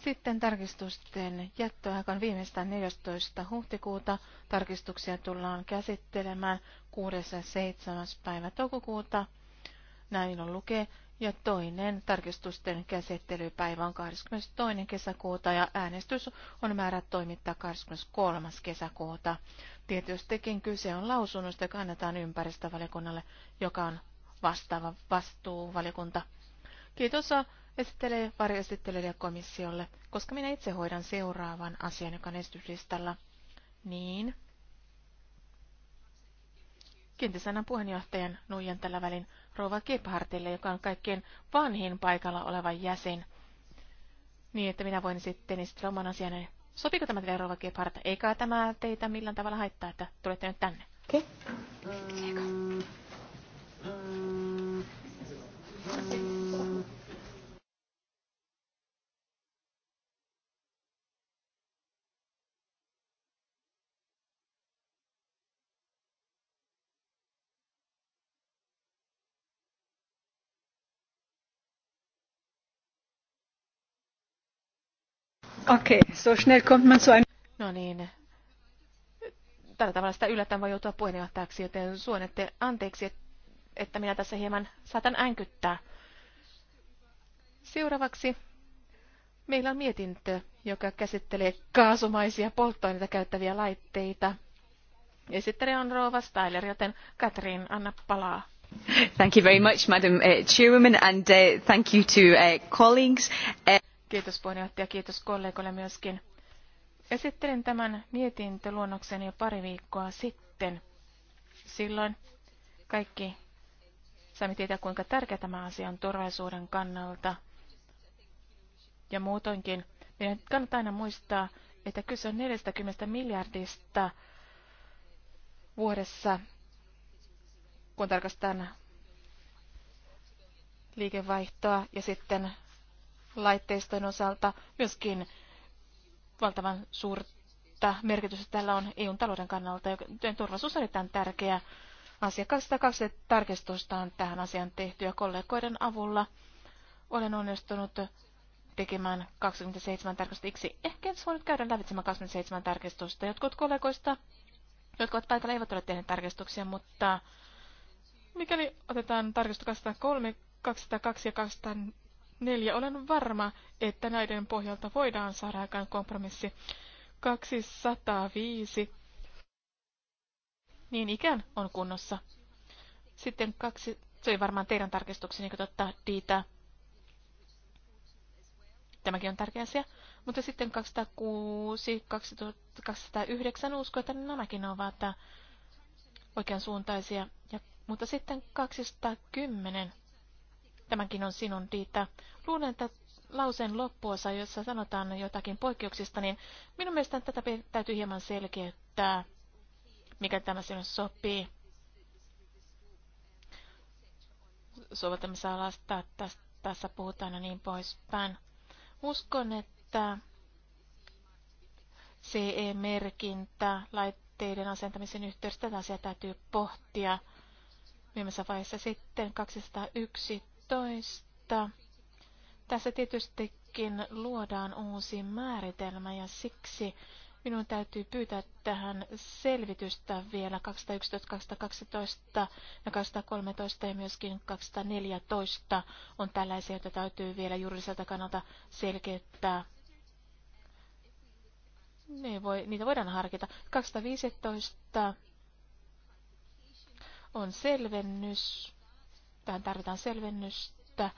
B: Sitten tarkistusten jättöaikaan viimeistään 14. huhtikuuta. Tarkistuksia tullaan käsittelemään 6. ja 7. päivä toukokuuta. Näin on lukee. Ja toinen tarkistusten käsittelypäivä on 22. kesäkuuta ja äänestys on määrä toimittaa 23. kesäkuuta. Tietystikin kyse on lausunnosta, joka annetaan ympäristövaliokunnalle, joka on vastaava vastuuvaliokunta. Kiitos esittelee varjoesittelijä komissiolle, koska minä itse hoidan seuraavan asian, joka on esityslistalla. Niin. Kiintisanan puheenjohtajan nuijan tällä välin Rova Gebhardille, joka on kaikkien vanhin paikalla oleva jäsen. Niin, että minä voin sitten esitellä oman asian. Sopiko tämä teille, Rova Gebhardt? Eikä tämä teitä millään tavalla haittaa, että tulette nyt tänne. Okei. Okay. Mm. Okay. Okei, okay, so schnell kommt man zu einem... No niin. Tällä tavalla sitä yllättäen voi joutua puheenjohtajaksi, joten suonette anteeksi, että minä tässä hieman saatan änkyttää. Seuraavaksi meillä on mietintö, joka käsittelee kaasumaisia polttoaineita käyttäviä laitteita. Esittelijä on Rova Styler, joten Katrin, anna palaa. Thank you very much, Madam uh, Chairwoman, and uh, thank you to uh, colleagues. Uh, Kiitos puheenjohtaja, kiitos kollegoille myöskin. Esittelin tämän mietintöluonnoksen jo pari viikkoa sitten. Silloin kaikki saimme tietää, kuinka tärkeä tämä asia on turvallisuuden kannalta. Ja muutoinkin, meidän kannattaa aina muistaa, että kyse on 40 miljardista vuodessa, kun tarkastetaan liikevaihtoa ja sitten laitteiston osalta myöskin valtavan suurta merkitystä tällä on EUn talouden kannalta. Työn turvallisuus on erittäin tärkeä asia. 202 tarkistusta on tähän asiaan tehty ja kollegoiden avulla olen onnistunut tekemään 27 tarkistusta. Iksi ehkä olisi voinut käydä lävitsemään 27 tarkistusta. Jotkut kollegoista, jotka ovat paikalla, eivät ole tehneet tarkistuksia, mutta mikäli otetaan tarkistus 203, 202 ja 204, neljä. Olen varma, että näiden pohjalta voidaan saada aikaan kompromissi. 205. Niin ikään on kunnossa. Sitten kaksi, se oli varmaan teidän tarkistukseni, niin kun totta, Diita. Tämäkin on tärkeä asia. Mutta sitten 206, 209, uskon, että nämäkin ovat oikean suuntaisia. Ja, mutta sitten 210 Tämäkin on sinun, Diita. Luulen, että lauseen loppuosa, jossa sanotaan jotakin poikkeuksista, niin minun mielestäni tätä täytyy hieman selkeyttää, mikä tämä sinulle sopii. Soveltamisalasta tästä, tässä puhutaan ja niin poispäin. Uskon, että CE-merkintä laitteiden asentamisen yhteydessä tätä asiaa täytyy pohtia. Viimeisessä vaiheessa sitten 201 16. Tässä tietystikin luodaan uusi määritelmä ja siksi minun täytyy pyytää tähän selvitystä vielä 211, 212 ja 213 ja myöskin 214 on tällaisia, joita täytyy vielä juridiselta kannalta selkeyttää. Ne voi, niitä voidaan harkita. 215 on selvennys Tähän tarvitaan selvennystä.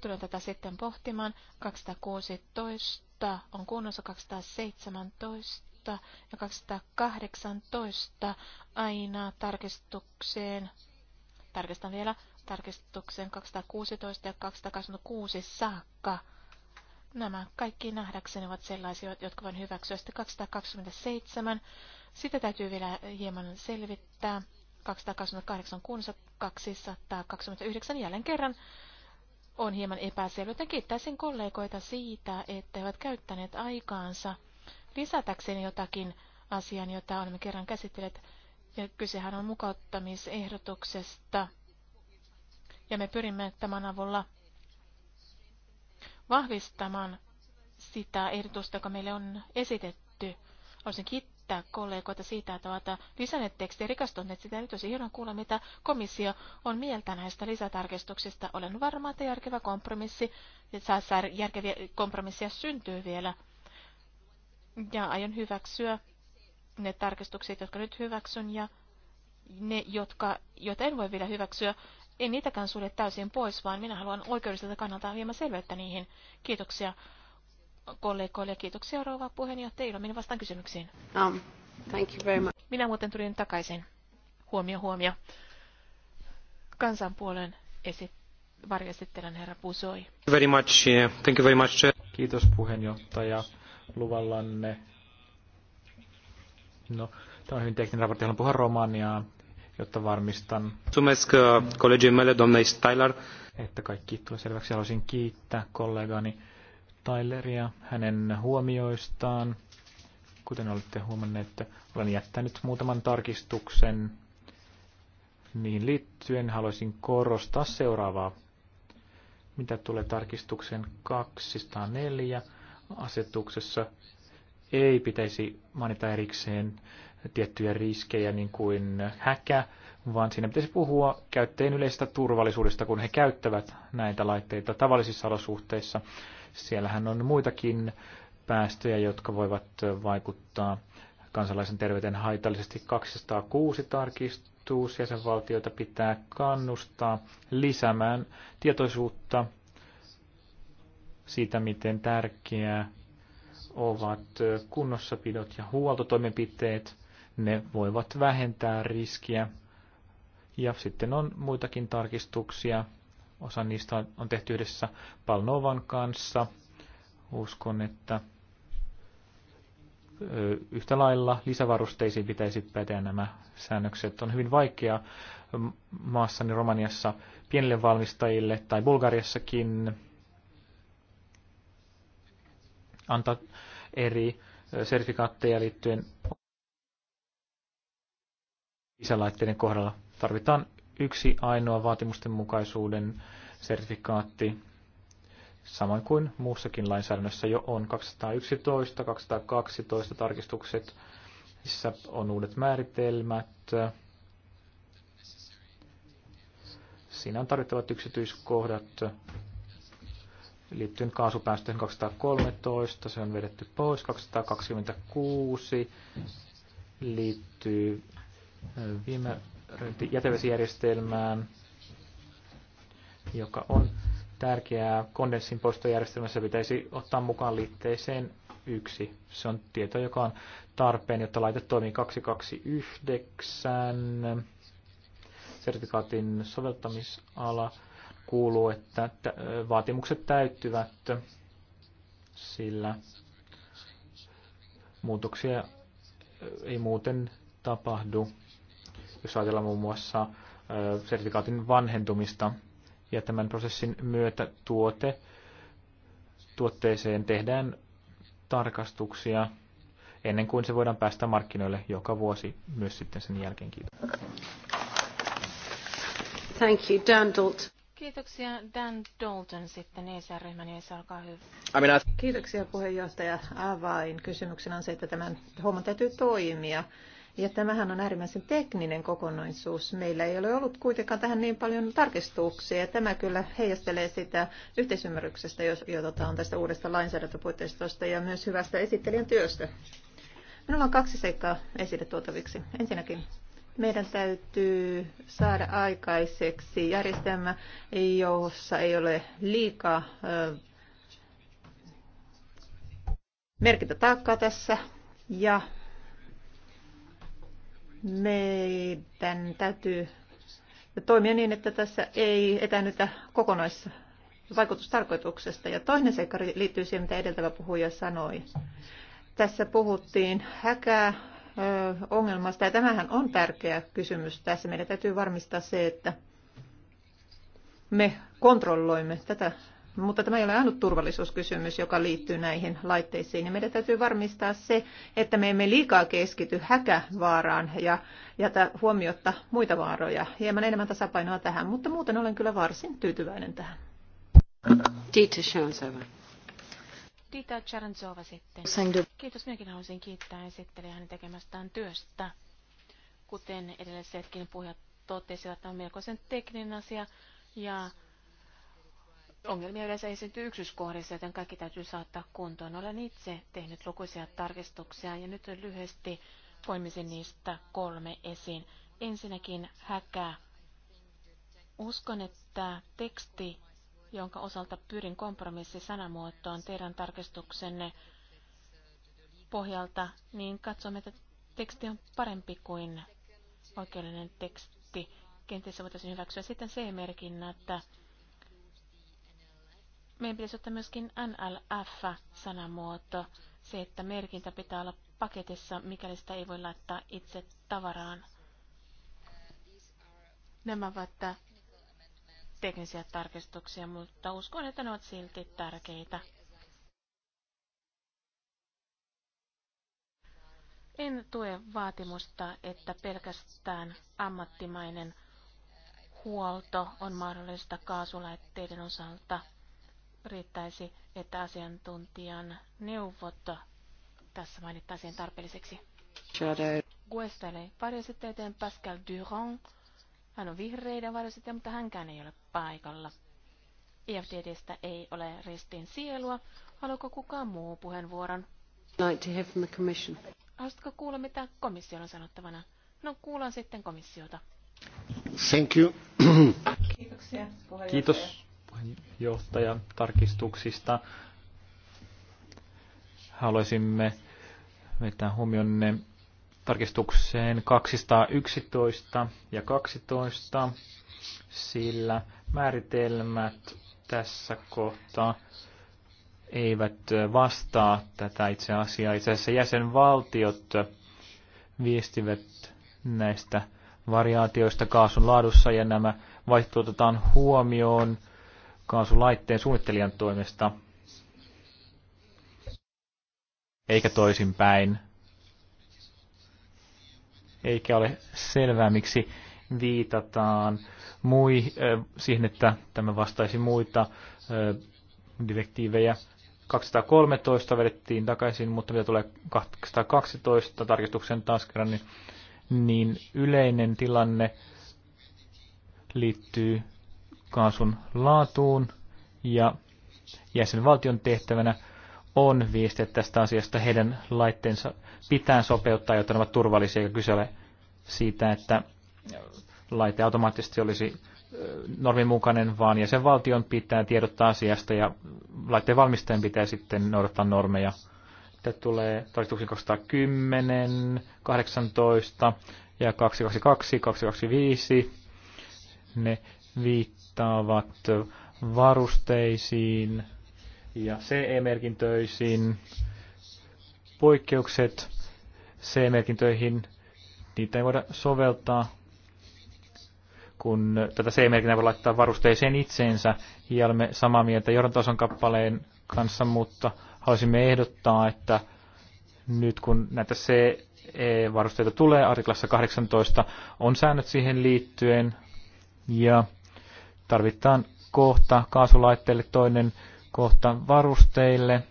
B: Tulen tätä sitten pohtimaan. 216 on kunnossa 217 ja 218 aina tarkistukseen. Tarkistan vielä tarkistukseen 216 ja 226 saakka. Nämä kaikki nähdäkseni ovat sellaisia, jotka voin hyväksyä. Sitten 227. Sitä täytyy vielä hieman selvittää. 228 229 jälleen kerran on hieman epäselvyyttä. Kiittäisin kollegoita siitä, että he ovat käyttäneet aikaansa lisätäkseen jotakin asian, jota olemme kerran käsitelleet. Ja kysehän on mukauttamisehdotuksesta. Ja me pyrimme tämän avulla vahvistamaan sitä ehdotusta, joka meille on esitetty. Olisin kiittää kiittää kollegoita siitä, että ovat lisänneet tekstiä rikastuneet sitä. Nyt olisi hienoa kuulla, mitä komissio on mieltä näistä lisätarkistuksista. Olen varma, että järkevä kompromissi, saa järkeviä kompromisseja syntyy vielä. Ja aion hyväksyä ne tarkistukset, jotka nyt hyväksyn ja ne, jotka, joita en voi vielä hyväksyä, en niitäkään sulje täysin pois, vaan minä haluan oikeudelliselta kannalta hieman selveyttä niihin. Kiitoksia kollegoille ja kiitoksia rouva puheenjohtaja Ilominen vastaan kysymyksiin. Um, thank you very much. Minä muuten tulin takaisin. Huomio, huomio. Kansanpuolen esit, varjoesittelen herra Pusoi.
C: Very much. Thank you very much. Kiitos puheenjohtaja luvallanne. No, tämä on hyvin tekninen raportti, haluan puhua romaniaa, jotta varmistan. Sumesk uh, Että kaikki tulee selväksi. Haluaisin kiittää kollegani Tyleria hänen huomioistaan. Kuten olette huomanneet, että olen jättänyt muutaman tarkistuksen. Niihin liittyen haluaisin korostaa seuraavaa. Mitä tulee tarkistuksen 204 asetuksessa, ei pitäisi mainita erikseen tiettyjä riskejä niin kuin häkä, vaan siinä pitäisi puhua käyttäjien yleisestä turvallisuudesta, kun he käyttävät näitä laitteita tavallisissa olosuhteissa. Siellähän on muitakin päästöjä, jotka voivat vaikuttaa kansalaisen terveyteen haitallisesti. 206 tarkistus jäsenvaltioita pitää kannustaa lisäämään tietoisuutta siitä, miten tärkeää ovat kunnossapidot ja huoltotoimenpiteet. Ne voivat vähentää riskiä. Ja sitten on muitakin tarkistuksia, Osa niistä on tehty yhdessä Palnovan kanssa. Uskon, että yhtä lailla lisävarusteisiin pitäisi päteä nämä säännökset. On hyvin vaikeaa maassani Romaniassa pienille valmistajille tai Bulgariassakin antaa eri sertifikaatteja liittyen lisälaitteiden kohdalla. Tarvitaan yksi ainoa vaatimusten mukaisuuden sertifikaatti, samoin kuin muussakin lainsäädännössä jo on. 211, 212 tarkistukset, missä on uudet määritelmät. Siinä on tarvittavat yksityiskohdat liittyen kaasupäästöihin 213, se on vedetty pois, 226 liittyy viime jätevesijärjestelmään, joka on tärkeää. Kondenssin poistojärjestelmässä pitäisi ottaa mukaan liitteeseen yksi. Se on tieto, joka on tarpeen, jotta laite toimii 229. Sertifikaatin soveltamisala kuuluu, että vaatimukset täyttyvät, sillä muutoksia ei muuten tapahdu jos ajatellaan muun muassa sertifikaatin vanhentumista. Ja tämän prosessin myötä tuote, tuotteeseen tehdään tarkastuksia ennen kuin se voidaan päästä markkinoille joka vuosi myös sitten sen jälkeen. Kiitos. Thank you, Dan Dalton.
B: Kiitoksia Dan Dalton sitten ESR-ryhmän nimessä, olkaa hyvä.
C: Aminat.
A: Kiitoksia puheenjohtaja. Avain kysymyksenä on se, että tämän homman täytyy toimia. Ja tämähän on äärimmäisen tekninen kokonaisuus. Meillä ei ole ollut kuitenkaan tähän niin paljon tarkistuuksia. Ja tämä kyllä heijastelee sitä yhteisymmärryksestä, jota on tästä uudesta lainsäädäntöpuitteistosta ja myös hyvästä esittelijän työstä. Minulla on kaksi seikkaa esille tuotaviksi. Ensinnäkin meidän täytyy saada aikaiseksi järjestelmä, jossa ei ole liikaa merkintätaakkaa tässä ja meidän täytyy toimia niin, että tässä ei etänytä kokonaisessa vaikutustarkoituksesta. Ja toinen seikka liittyy siihen, mitä edeltävä puhuja sanoi. Tässä puhuttiin häkää ongelmasta, ja tämähän on tärkeä kysymys tässä. Meidän täytyy varmistaa se, että me kontrolloimme tätä mutta tämä ei ole ainut turvallisuuskysymys, joka liittyy näihin laitteisiin. Ja meidän täytyy varmistaa se, että me emme liikaa keskity häkävaaraan ja jätä huomiotta muita vaaroja. Hieman enemmän tasapainoa tähän, mutta muuten olen kyllä varsin tyytyväinen tähän.
C: Dieter Schönzova.
B: Dieter Charanzova sitten. Kiitos, minäkin haluaisin kiittää esittelijä hänen tekemästään työstä. Kuten edellisetkin puhujat totesivat, tämä on melkoisen tekninen asia ja Ongelmia yleensä esiintyy yksyskohdissa, joten kaikki täytyy saattaa kuntoon. Olen itse tehnyt lukuisia tarkistuksia ja nyt lyhyesti poimisin niistä kolme esiin. Ensinnäkin häkää. Uskon, että teksti, jonka osalta pyrin kompromissi sanamuotoon teidän tarkistuksenne pohjalta, niin katsomme, että teksti on parempi kuin oikeudellinen teksti. Kenties voitaisiin hyväksyä sitten c että meidän pitäisi ottaa myöskin NLF-sanamuoto, se, että merkintä pitää olla paketissa, mikäli sitä ei voi laittaa itse tavaraan. Nämä ovat teknisiä tarkistuksia, mutta uskon, että ne ovat silti tärkeitä. En tue vaatimusta, että pelkästään ammattimainen huolto on mahdollista kaasulaitteiden osalta – riittäisi, että asiantuntijan neuvot tässä mainittaisiin tarpeelliseksi. Guestele varjosittelijoiden Pascal Durand. Hän on vihreiden varjosittelija, mutta hänkään ei ole paikalla. EFDDstä ei ole ristin sielua. Haluatko kukaan muu puheenvuoron?
C: Like to hear from the commission.
B: Haluaisitko kuulla, mitä komissio on sanottavana? No, kuullaan sitten komissiota. Thank you. Kiitoksia. Kiitos
C: Johtajan tarkistuksista. Haluaisimme vetää huomionne tarkistukseen 211 ja 12, sillä määritelmät tässä kohtaa eivät vastaa tätä itse asiaa. Itse asiassa jäsenvaltiot viestivät näistä variaatioista kaasun laadussa ja nämä vaihtoehtotetaan huomioon kaasulaitteen suunnittelijan toimesta, eikä toisinpäin. Eikä ole selvää, miksi viitataan mui, äh, siihen, että tämä vastaisi muita äh, direktiivejä. 213 vedettiin takaisin, mutta mitä tulee 212 tarkistuksen taas kerran, niin, niin yleinen tilanne liittyy kaasun laatuun ja jäsenvaltion tehtävänä on viestiä tästä asiasta. Heidän laitteensa pitää sopeuttaa, jotta ne ovat turvallisia, ja kysele siitä, että laite automaattisesti olisi normin mukainen, vaan jäsenvaltion pitää tiedottaa asiasta ja laitteen valmistajan pitää sitten noudattaa normeja. Sitten tulee todistuksen 210, 18 ja 222, 225. Ne viittaa vastaavat varusteisiin ja CE-merkintöisiin. Poikkeukset CE-merkintöihin, niitä ei voida soveltaa, kun tätä CE-merkintää voi laittaa varusteeseen itseensä. Ja olemme samaa mieltä Jorantason kappaleen kanssa, mutta haluaisimme ehdottaa, että nyt kun näitä CE-varusteita tulee artiklassa 18, on säännöt siihen liittyen, ja tarvitaan kohta kaasulaitteille, toinen kohta varusteille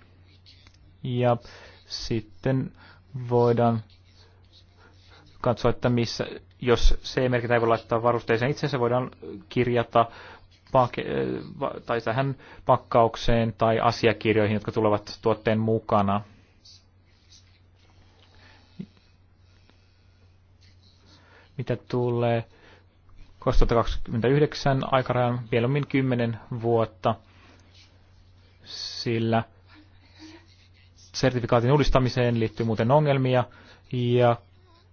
C: ja sitten voidaan katsoa, että missä, jos C-merkintä ei voi laittaa varusteeseen itsensä, voidaan kirjata tai tähän pakkaukseen tai asiakirjoihin, jotka tulevat tuotteen mukana. Mitä tulee 2029 aikarajan mieluummin 10 vuotta, sillä sertifikaatin uudistamiseen liittyy muuten ongelmia ja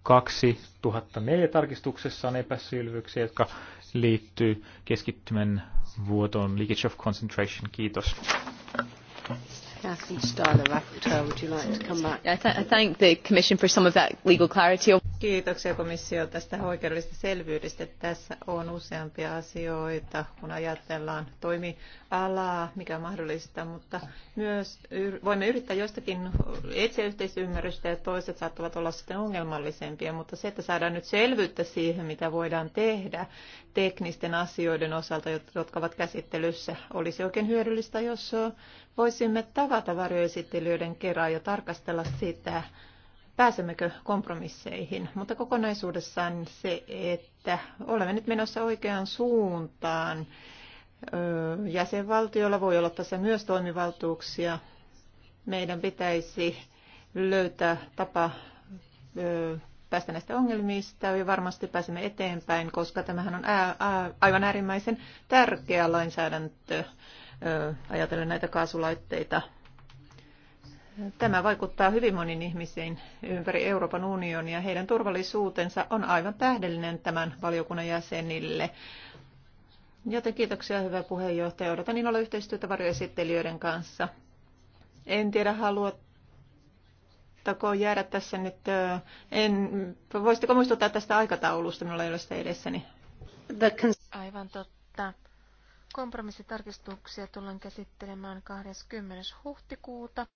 C: 2004 tarkistuksessa on epäselvyyksiä, jotka liittyy keskittymän vuotoon Leakage of Concentration. Kiitos.
B: Cathy Starr, the rapporteur, would you like to come back? I, th I thank the Commission for some of that legal clarity.
A: Kiitoksia komissio tästä oikeudellisesta selvyydestä. Tässä on useampia asioita, kun ajatellaan toimialaa, mikä on mahdollista, mutta myös voimme yrittää jostakin etsiä yhteisymmärrystä ja toiset saattavat olla sitten ongelmallisempia, mutta se, että saadaan nyt selvyyttä siihen, mitä voidaan tehdä teknisten asioiden osalta, jotka ovat käsittelyssä, olisi oikein hyödyllistä, jos voisimme tavata varjoesittelijöiden kerran ja tarkastella sitä, pääsemmekö kompromisseihin, mutta kokonaisuudessaan se, että olemme nyt menossa oikeaan suuntaan. Jäsenvaltiolla voi olla tässä myös toimivaltuuksia. Meidän pitäisi löytää tapa päästä näistä ongelmista ja varmasti pääsemme eteenpäin, koska tämähän on aivan äärimmäisen tärkeä lainsäädäntö ajatellen näitä kaasulaitteita – Tämä vaikuttaa hyvin moniin ihmisiin ympäri Euroopan unionia. Heidän turvallisuutensa on aivan tähdellinen tämän valiokunnan jäsenille. Joten kiitoksia, hyvä puheenjohtaja. Odotan niin olla yhteistyötä varjoesittelijöiden kanssa. En tiedä, haluatko jäädä tässä nyt... En, voisitteko muistuttaa tästä aikataulusta? Minulla ei ole sitä edessäni.
B: Aivan totta. Kompromissitarkistuksia tullaan käsittelemään 20. huhtikuuta.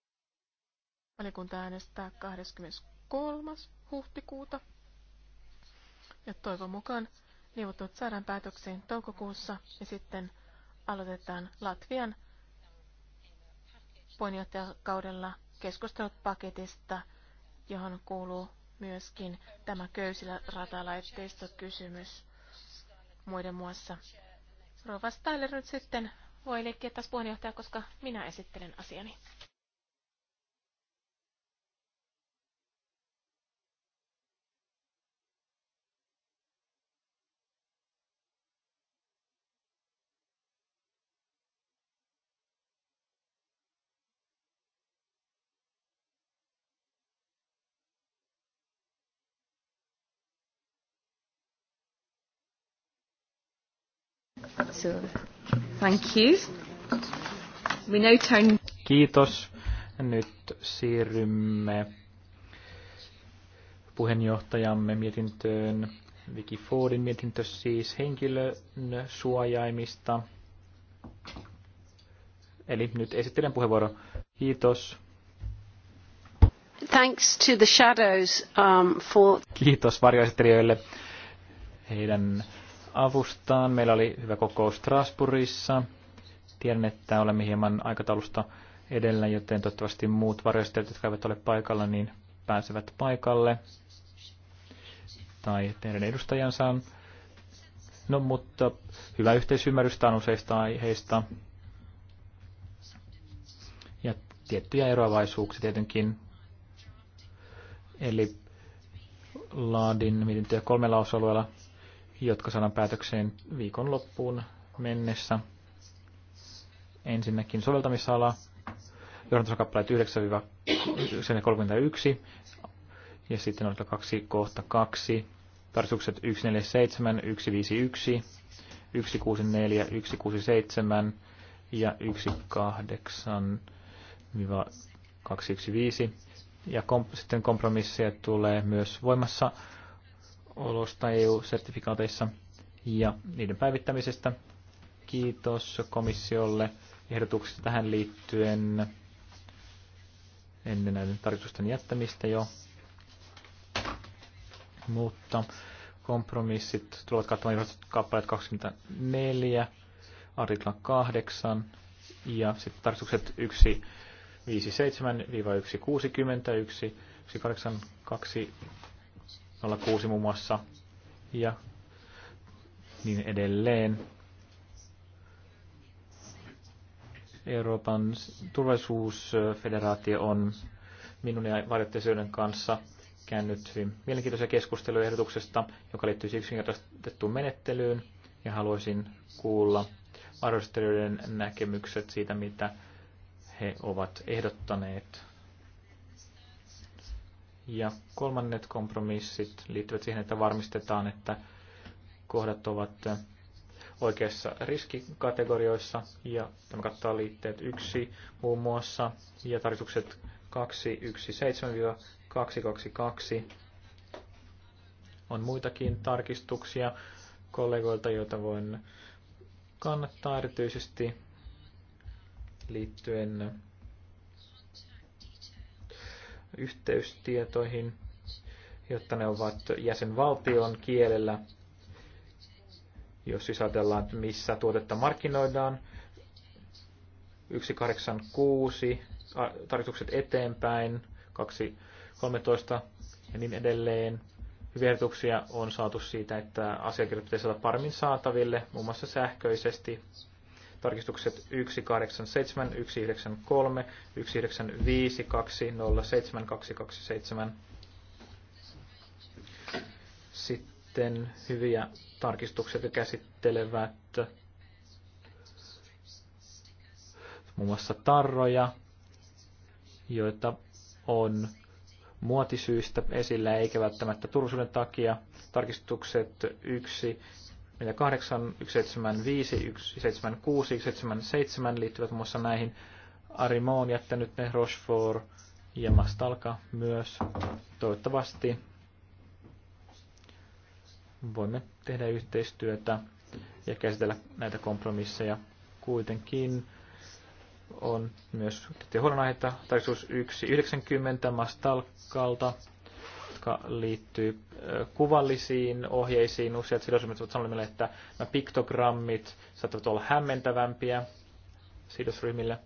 B: Valiokunta äänestää 23. huhtikuuta. Ja toivon mukaan neuvottelut saadaan päätökseen toukokuussa ja sitten aloitetaan Latvian puheenjohtajakaudella keskustelut paketista, johon kuuluu myöskin tämä köysillä ratalaitteistokysymys muiden muassa. Rova Styler nyt sitten voi leikkiä taas puheenjohtaja, koska minä esittelen asiani. So, thank you. We now turn...
C: Kiitos. Nyt siirrymme puheenjohtajamme mietintöön, Vicky Fordin mietintö siis henkilön suojaimista. Eli nyt esittelen puheenvuoro. Kiitos. Thanks to the shadows, um, for... Kiitos varjoesittelijöille heidän avustaan. Meillä oli hyvä kokous Strasbourgissa. Tiedän, että olemme hieman aikataulusta edellä, joten toivottavasti muut varjostajat, jotka eivät ole paikalla, niin pääsevät paikalle. Tai teidän edustajansa on. No, mutta hyvä yhteisymmärrystä on useista aiheista. Ja tiettyjä eroavaisuuksia tietenkin. Eli laadin mietintöjä kolmella osa-alueella jotka saadaan päätökseen viikonloppuun mennessä. Ensinnäkin soveltamisala, johdantosakappaleet 9-31 ja sitten on 2 kohta 2, tarkistukset 147, 151, 164, 167 ja 18-215. Ja kom- sitten kompromisseja tulee myös voimassa olosta EU-sertifikaateissa ja niiden päivittämisestä. Kiitos komissiolle ehdotuksista tähän liittyen ennen näiden tarkistusten jättämistä jo. Mutta kompromissit tulevat katsomaan kappaleet 24, artikla 8 ja sitten tarkistukset 1, 57-160, 1, 1, 8, 2, 06 muun muassa ja niin edelleen. Euroopan turvallisuusfederaatio on minun ja varjoittajien kanssa käynyt hyvin mielenkiintoisia keskusteluja ehdotuksesta, joka liittyy siis yksinkertaistettuun menettelyyn, ja haluaisin kuulla varjoittajien näkemykset siitä, mitä he ovat ehdottaneet ja kolmannet kompromissit liittyvät siihen, että varmistetaan, että kohdat ovat oikeissa riskikategorioissa, ja tämä kattaa liitteet 1 muun muassa, ja tarkistukset 217-222. On muitakin tarkistuksia kollegoilta, joita voin kannattaa erityisesti liittyen yhteystietoihin, jotta ne ovat jäsenvaltion kielellä, jos siis ajatellaan, että missä tuotetta markkinoidaan. 186, tarkoitukset eteenpäin, 213 ja niin edelleen. Hyviä ehdotuksia on saatu siitä, että asiakirjat pitäisi olla paremmin saataville, muun muassa sähköisesti Tarkistukset 187, 193, 195, 207, 227. Sitten hyviä tarkistukset käsittelevät muun muassa tarroja, joita on muotisyistä esillä eikä välttämättä turvallisuuden takia. Tarkistukset 1, 48, 175, 176, 177 liittyvät muun muassa näihin. Arimo on jättänyt ne, Rochefort ja Mastalka myös. Toivottavasti voimme tehdä yhteistyötä ja käsitellä näitä kompromisseja. Kuitenkin on myös huolenaiheita, tarkistus 1.90 Mastalkalta jotka liittyy kuvallisiin ohjeisiin. Useat sidosryhmät ovat sanoneet meille, että nämä no, piktogrammit saattavat olla hämmentävämpiä sidosryhmille,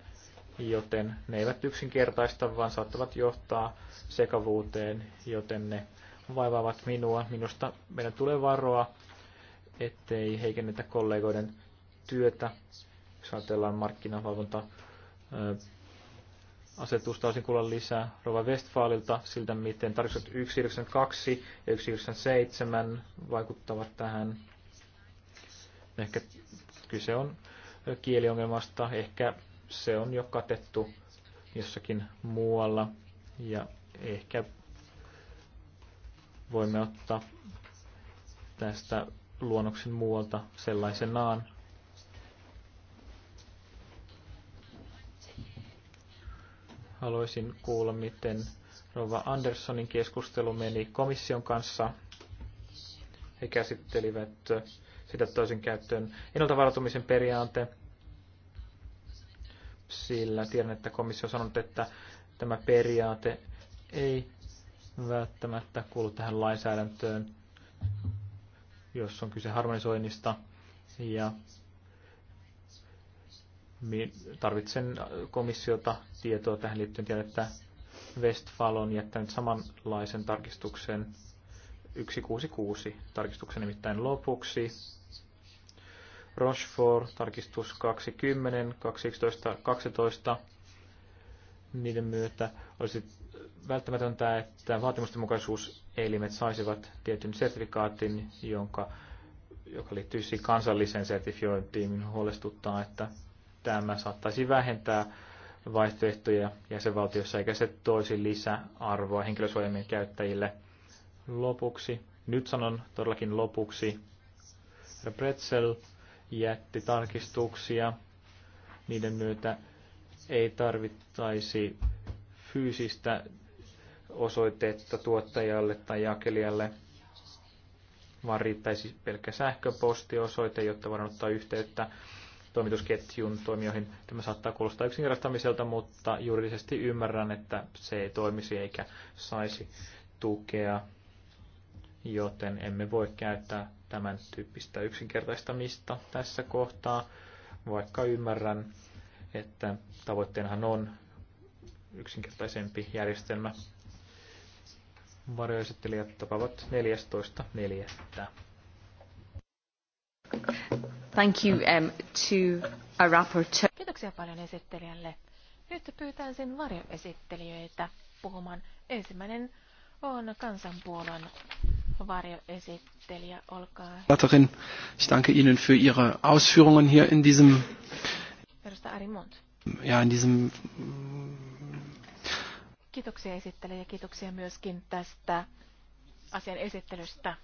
C: joten ne eivät yksinkertaista, vaan saattavat johtaa sekavuuteen, joten ne vaivaavat minua. Minusta meidän tulee varoa, ettei heikennetä kollegoiden työtä, jos ajatellaan markkinavalvonta asetusta olisin kuulla lisää Rova Westfaalilta siltä, miten tarkistukset 192 ja 197 vaikuttavat tähän. Ehkä kyse on kieliongelmasta, ehkä se on jo katettu jossakin muualla ja ehkä voimme ottaa tästä luonnoksen muualta sellaisenaan Haluaisin kuulla, miten Rova Anderssonin keskustelu meni komission kanssa. He käsittelivät sitä toisen käyttöön ennaltavaratumisen varautumisen periaate, sillä tiedän, että komissio on sanonut, että tämä periaate ei välttämättä kuulu tähän lainsäädäntöön, jos on kyse harmonisoinnista. Ja tarvitsen komissiota tietoa tähän liittyen. Tiedän, että Westfall on jättänyt samanlaisen tarkistuksen 166 tarkistuksen nimittäin lopuksi. Rochefort, tarkistus 20, 12, 12. Niiden myötä olisi välttämätöntä, että vaatimusten mukaisuuselimet saisivat tietyn sertifikaatin, jonka, joka liittyisi kansalliseen sertifiointiin. Minun huolestuttaa, että tämä saattaisi vähentää vaihtoehtoja jäsenvaltiossa, eikä se toisi lisäarvoa henkilösuojelmien käyttäjille. Lopuksi, nyt sanon todellakin lopuksi, Pretzel jätti tarkistuksia. Niiden myötä ei tarvittaisi fyysistä osoitetta tuottajalle tai jakelijalle, vaan riittäisi pelkkä sähköpostiosoite, jotta voidaan ottaa yhteyttä toimitusketjun toimijoihin. Tämä saattaa kuulostaa yksinkertaistamiselta, mutta juridisesti ymmärrän, että se ei toimisi eikä saisi tukea, joten emme voi käyttää tämän tyyppistä yksinkertaistamista tässä kohtaa, vaikka ymmärrän, että tavoitteenahan on yksinkertaisempi järjestelmä. Varjoesittelijät tapaavat 14.4.
B: Um, kiitoksia paljon esittelijälle. Nyt pyytään sen varjoesittelijöitä puhumaan. Ensimmäinen on kansanpuolueen varjoesittelijä. Olkaa
C: hyvä. Ich danke Ihnen für Ihre
B: Ausführungen hier in diesem, ja, in diesem Kiitoksia esittelijä ja kiitoksia myöskin tästä asian esittelystä.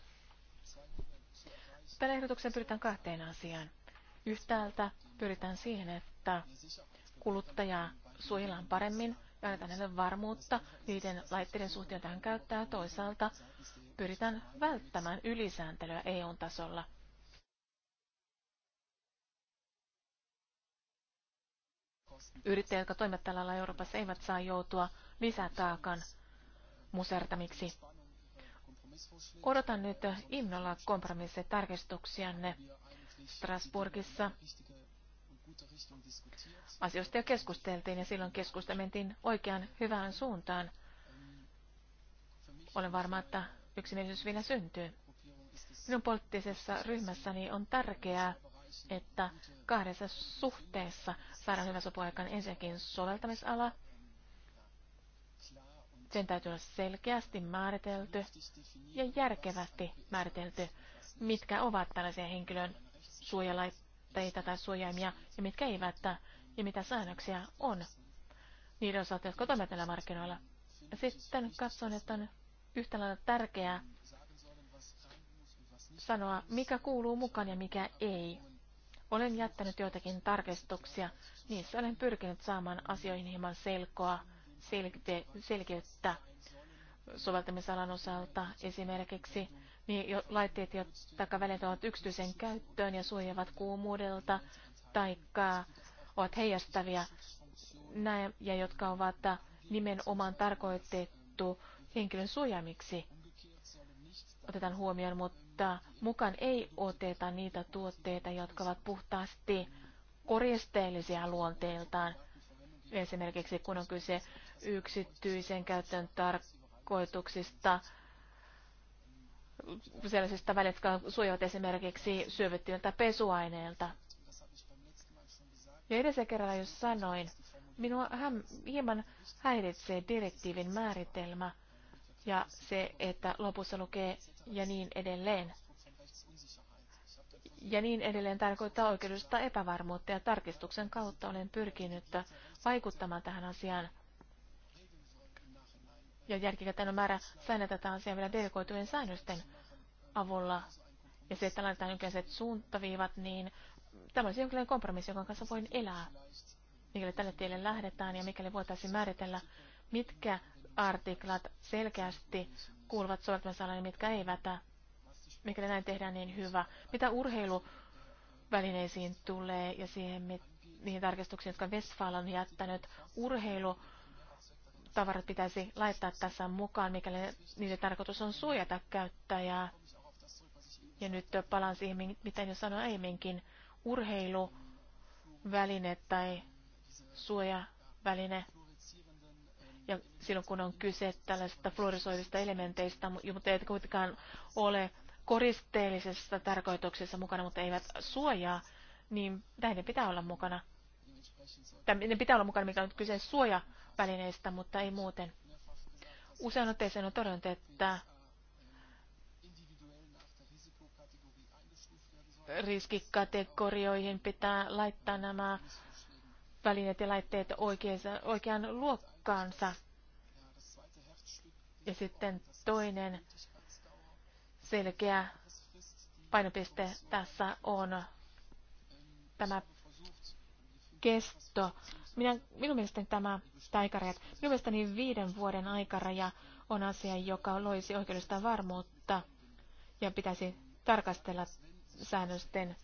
B: Tällä ehdotuksen pyritään kahteen asiaan. Yhtäältä pyritään siihen, että kuluttajaa suojellaan paremmin ja annetaan hänelle varmuutta niiden laitteiden suhteen, joita hän käyttää. Toisaalta pyritään välttämään ylisääntelyä eu tasolla. Yrittäjät, jotka toimivat tällä lailla Euroopassa, eivät saa joutua lisätaakan musertamiksi Odotan nyt innolla kompromissitarkistuksianne Strasburgissa. Asioista jo keskusteltiin ja silloin keskusta mentiin oikeaan hyvään suuntaan. Olen varma, että yksimielisyys vielä syntyy. Minun poliittisessa ryhmässäni on tärkeää, että kahdessa suhteessa saadaan hyvä sopuaikaan ensinnäkin soveltamisala – sen täytyy olla selkeästi määritelty ja järkevästi määritelty, mitkä ovat tällaisia henkilön suojalaitteita tai suojaimia ja mitkä eivät ja mitä säännöksiä on niiden osalta, jotka toimivat näillä markkinoilla. Sitten katson, että on yhtä lailla tärkeää sanoa, mikä kuuluu mukaan ja mikä ei. Olen jättänyt joitakin tarkistuksia. Niissä olen pyrkinyt saamaan asioihin hieman selkoa selke- selkeyttä soveltamisalan osalta esimerkiksi niin laitteet jotka välineet ovat yksityisen käyttöön ja suojaavat kuumuudelta tai ovat heijastavia näin, ja jotka ovat nimenomaan tarkoitettu henkilön suojaamiksi otetaan huomioon, mutta mukaan ei oteta niitä tuotteita, jotka ovat puhtaasti koristeellisia luonteeltaan. Esimerkiksi kun on kyse yksityisen käytön tarkoituksista sellaisista välineistä, jotka suojaavat esimerkiksi syövyttyiltä pesuaineilta. Ja edes kerralla, jos sanoin, minua hän, hieman häiritsee direktiivin määritelmä ja se, että lopussa lukee ja niin edelleen. Ja niin edelleen tarkoittaa oikeudellista epävarmuutta ja tarkistuksen kautta olen pyrkinyt vaikuttamaan tähän asiaan ja järkikäteen on määrä säännä siellä asiaa vielä delegoitujen säännösten avulla. Ja se, että laitetaan jonkinlaiset suuntaviivat, niin tämä olisi jonkinlainen kompromissi, jonka kanssa voin elää. Mikäli tälle tielle lähdetään ja mikäli voitaisiin määritellä, mitkä artiklat selkeästi kuuluvat soveltamisalaan ja mitkä eivät. Mikäli näin tehdään, niin hyvä. Mitä urheiluvälineisiin tulee ja siihen, niihin tarkistuksiin, jotka Westfalen on jättänyt, urheilu tavarat pitäisi laittaa tässä mukaan, mikäli niiden tarkoitus on suojata käyttäjää. Ja nyt palaan siihen, mitä jo sanoin aiemminkin. Urheiluväline tai suojaväline. Ja silloin kun on kyse tällaisista fluorisoivista elementeistä, mutta ei kuitenkaan ole koristeellisessa tarkoituksessa mukana, mutta eivät suojaa, niin näiden pitää olla mukana. Tai ne pitää olla mukana, mikä on kyse suoja välineistä, mutta ei muuten. Usein otteeseen on todennut, että riskikategorioihin pitää laittaa nämä välineet ja laitteet oikeaan luokkaansa. Ja sitten toinen selkeä painopiste tässä on tämä kesto. Minä, minun mielestäni tämä, aikaraja, aikarajat, minun mielestäni viiden vuoden aikaraja on asia, joka loisi oikeudellista varmuutta ja pitäisi tarkastella säännösten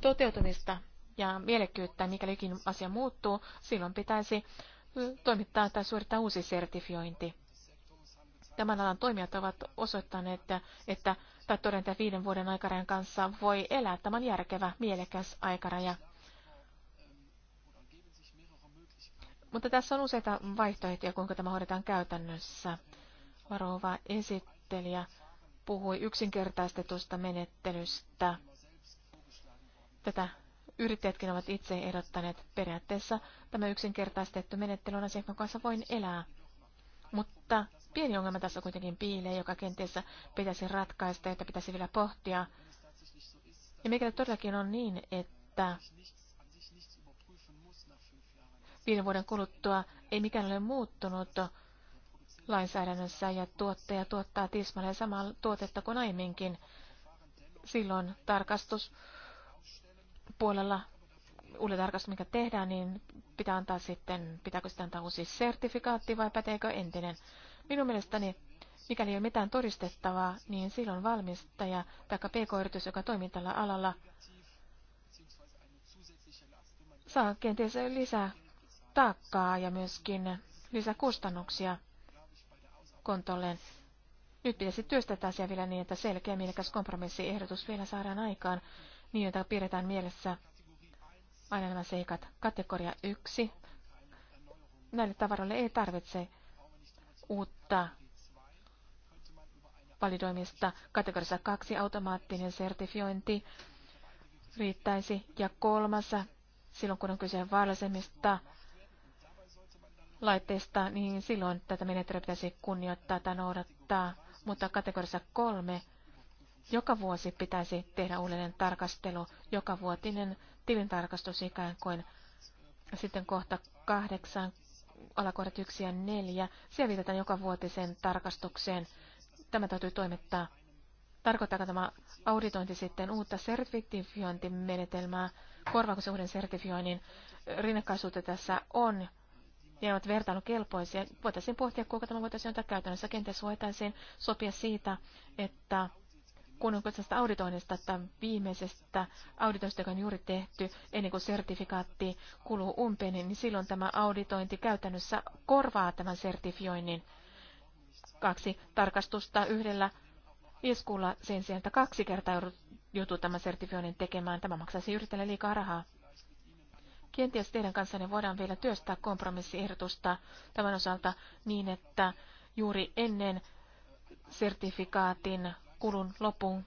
B: toteutumista ja mielekkyyttä, mikälikin asia muuttuu, silloin pitäisi toimittaa tai suorittaa uusi sertifiointi. Tämän alan toimijat ovat osoittaneet, että, että todennäköisesti viiden vuoden aikarajan kanssa voi elää tämän järkevä, mielekäs aikaraja. Mutta tässä on useita vaihtoehtoja, kuinka tämä hoidetaan käytännössä. Varova esittelijä puhui yksinkertaistetusta menettelystä. Tätä yrittäjätkin ovat itse ehdottaneet. Periaatteessa tämä yksinkertaistettu menettely on asiakkaan kanssa voin elää. Mutta pieni ongelma tässä kuitenkin piilee, joka kenties pitäisi ratkaista, jota pitäisi vielä pohtia. Ja mikä todellakin on niin, että viiden vuoden kuluttua ei mikään ole muuttunut lainsäädännössä ja tuottaja tuottaa tismalleen samaa tuotetta kuin aiemminkin. Silloin tarkastuspuolella tarkastus mikä tehdään, niin pitää antaa sitten, pitääkö sitä antaa uusi sertifikaatti vai päteekö entinen. Minun mielestäni, mikäli ei ole mitään todistettavaa, niin silloin valmistaja tai pk-yritys, joka toimii tällä alalla, saa kenties lisää taakkaa ja myöskin lisäkustannuksia kontolleen. Nyt pitäisi työstää tätä asiaa vielä niin, että selkeä mielekäs kompromissiehdotus vielä saadaan aikaan, niin että pidetään mielessä aina nämä seikat. Kategoria 1. Näille tavaroille ei tarvitse uutta validoimista. Kategoriassa 2 automaattinen sertifiointi riittäisi. Ja kolmas, silloin kun on kyse vaarallisemmista laitteesta, niin silloin tätä menettelyä pitäisi kunnioittaa tai noudattaa. Mutta kategoriassa kolme, joka vuosi pitäisi tehdä uudelleen tarkastelu, joka vuotinen tilintarkastus ikään kuin. Sitten kohta kahdeksan, alakohdat yksi ja neljä, siellä viitataan joka vuotiseen tarkastukseen. Tämä täytyy toimittaa. Tarkoittaako tämä auditointi sitten uutta sertifiointimenetelmää? Korvaako se uuden sertifioinnin? Rinnakkaisuutta tässä on ja ovat vertailukelpoisia. Voitaisiin pohtia, kuinka tämä voitaisiin ottaa käytännössä. Kenties voitaisiin sopia siitä, että kun tästä auditoinnista että viimeisestä auditoista, joka on juuri tehty, ennen kuin sertifikaatti kuluu umpeen, niin silloin tämä auditointi käytännössä korvaa tämän sertifioinnin. Kaksi tarkastusta yhdellä iskulla sen sijaan, että kaksi kertaa joutuu tämän sertifioinnin tekemään. Tämä maksaisi yrittäjälle liikaa rahaa. Kenties teidän kanssanne voidaan vielä työstää kompromissiehdotusta tämän osalta niin, että juuri ennen sertifikaatin kulun lopun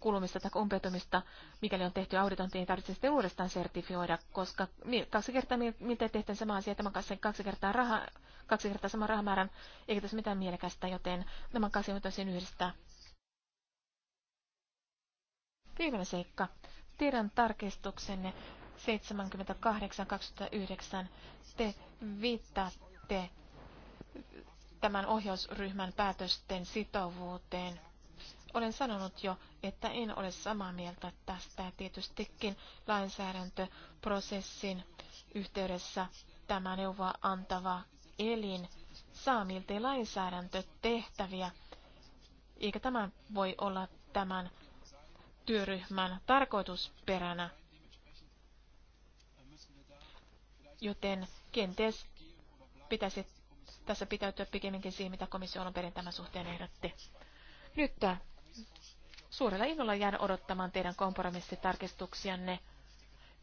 B: kulumista tai umpeutumista, mikäli on tehty auditointi, ei tarvitse sitten uudestaan sertifioida, koska kaksi kertaa miltei tehtiin sama asia, tämän kanssa kaksi kertaa, raha, kaksi kertaa saman rahamäärän, eikä tässä mitään mielekästä, joten nämä kaksi voitaisiin yhdistää. Viimeinen seikka. Tiedän tarkistuksenne 78-2009 te viittaatte tämän ohjausryhmän päätösten sitovuuteen. Olen sanonut jo, että en ole samaa mieltä tästä. Tietystikin lainsäädäntöprosessin yhteydessä tämä neuvoa antava elin saa miltei lainsäädäntötehtäviä, eikä tämä voi olla tämän työryhmän tarkoitusperänä. joten kenties pitäisi tässä pitäytyä pikemminkin siihen, mitä komissio on perin tämän suhteen ehdotti. Nyt äh, suurella innolla jään odottamaan teidän kompromissitarkistuksianne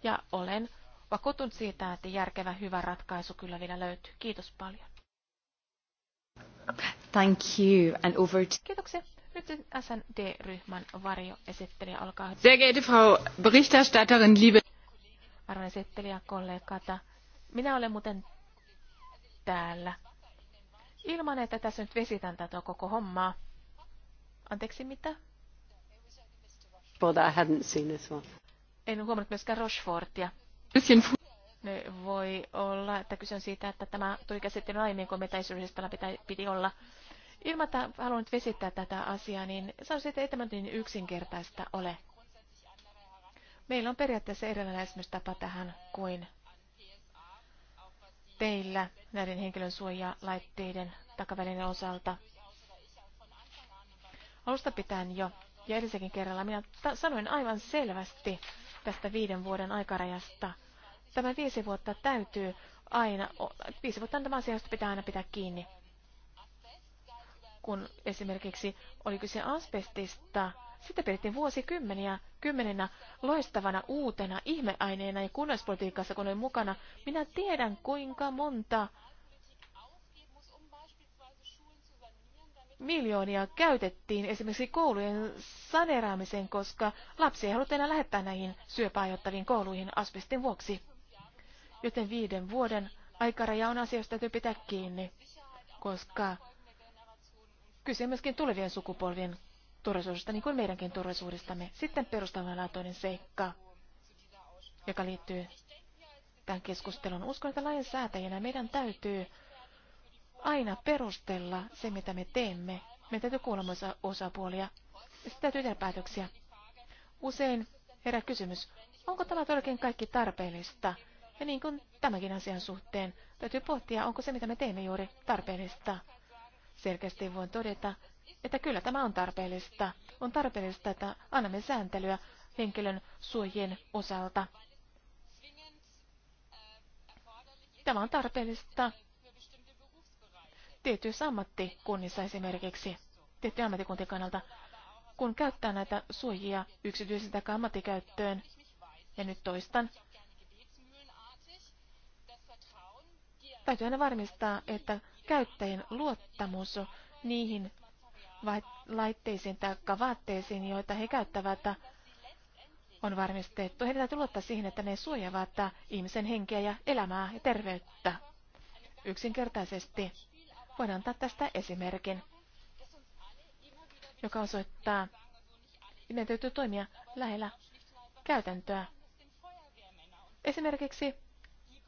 B: ja olen vakuutunut siitä, että järkevä hyvä ratkaisu kyllä vielä löytyy. Kiitos paljon. Thank you and over to... Kiitoksia. Nyt SND-ryhmän varjo esittelijä alkaa. Sehr geehrte Frau Berichterstatterin, liebe... Arvon esittelijä, kollegata. Minä olen muuten täällä. Ilman, että tässä nyt vesitän tätä koko hommaa. Anteeksi, mitä?
A: I hadn't seen this one.
B: En huomannut myöskään Rochefortia. Ne voi olla, että kyse on siitä, että tämä tuli käsittely aiemmin, kun metäisyydestana piti olla. Ilman, että haluan nyt vesittää tätä asiaa, niin sanoisin, että ei tämä niin yksinkertaista ole. Meillä on periaatteessa erilainen esimerkiksi tapa tähän kuin teillä näiden henkilön suojalaitteiden takavälinen osalta? Alusta pitäen jo, ja edellisenkin kerralla minä sanoin aivan selvästi tästä viiden vuoden aikarajasta. Tämä viisi vuotta täytyy aina, viisi vuotta tämä asiasta pitää aina pitää kiinni. Kun esimerkiksi oli kyse asbestista, sitä pidettiin vuosikymmeniä kymmeninä loistavana uutena ihmeaineena ja kunnallispolitiikassa, kun olin mukana. Minä tiedän, kuinka monta miljoonia käytettiin esimerkiksi koulujen saneraamiseen, koska lapsia ei haluttu enää lähettää näihin syöpäajoittaviin kouluihin asbestin vuoksi. Joten viiden vuoden aikaraja on asioista täytyy pitää kiinni, koska kyse myöskin tulevien sukupolvien turvallisuudesta, niin kuin meidänkin turvallisuudestamme. Sitten perustavanlaatuinen seikka, joka liittyy tämän keskustelun. Uskon, että lainsäätäjänä meidän täytyy aina perustella se, mitä me teemme. me täytyy kuulla myös osapuolia. Sitten täytyy tehdä päätöksiä. Usein herää kysymys, onko tämä todellakin kaikki tarpeellista? Ja niin kuin tämäkin asian suhteen, täytyy pohtia, onko se, mitä me teemme juuri, tarpeellista. Selkeästi voin todeta, että kyllä tämä on tarpeellista. On tarpeellista, että annamme sääntelyä henkilön suojien osalta. Tämä on tarpeellista tietyissä ammattikunnissa esimerkiksi, tiettyjen ammattikuntien kannalta, kun käyttää näitä suojia yksityisiltä ammattikäyttöön, ja nyt toistan, täytyy aina varmistaa, että käyttäjien luottamus niihin laitteisiin tai vaatteisiin, joita he käyttävät, on varmistettu. Heidän täytyy luottaa siihen, että ne suojaavat ihmisen henkeä ja elämää ja terveyttä. Yksinkertaisesti voin antaa tästä esimerkin, joka osoittaa, että meidän täytyy toimia lähellä käytäntöä. Esimerkiksi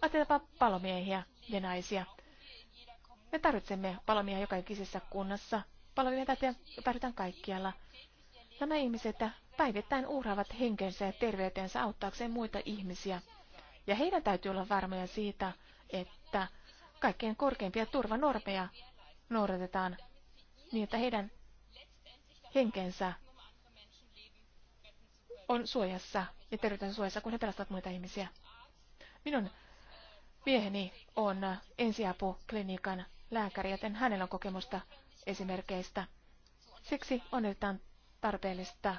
B: ajatellaanpa palomiehiä ja naisia. Me tarvitsemme palomia joka ikisessä kunnassa, palvelujen täyteen tarvitaan kaikkialla. Nämä ihmiset päivittäin uhraavat henkensä ja terveytensä auttaakseen muita ihmisiä. Ja heidän täytyy olla varmoja siitä, että kaikkein korkeimpia turvanormeja noudatetaan niin, että heidän henkensä on suojassa ja terveytensä suojassa, kun he pelastavat muita ihmisiä. Minun mieheni on ensiapuklinikan lääkäri, joten hänellä on kokemusta esimerkkeistä. Siksi on erittäin tarpeellista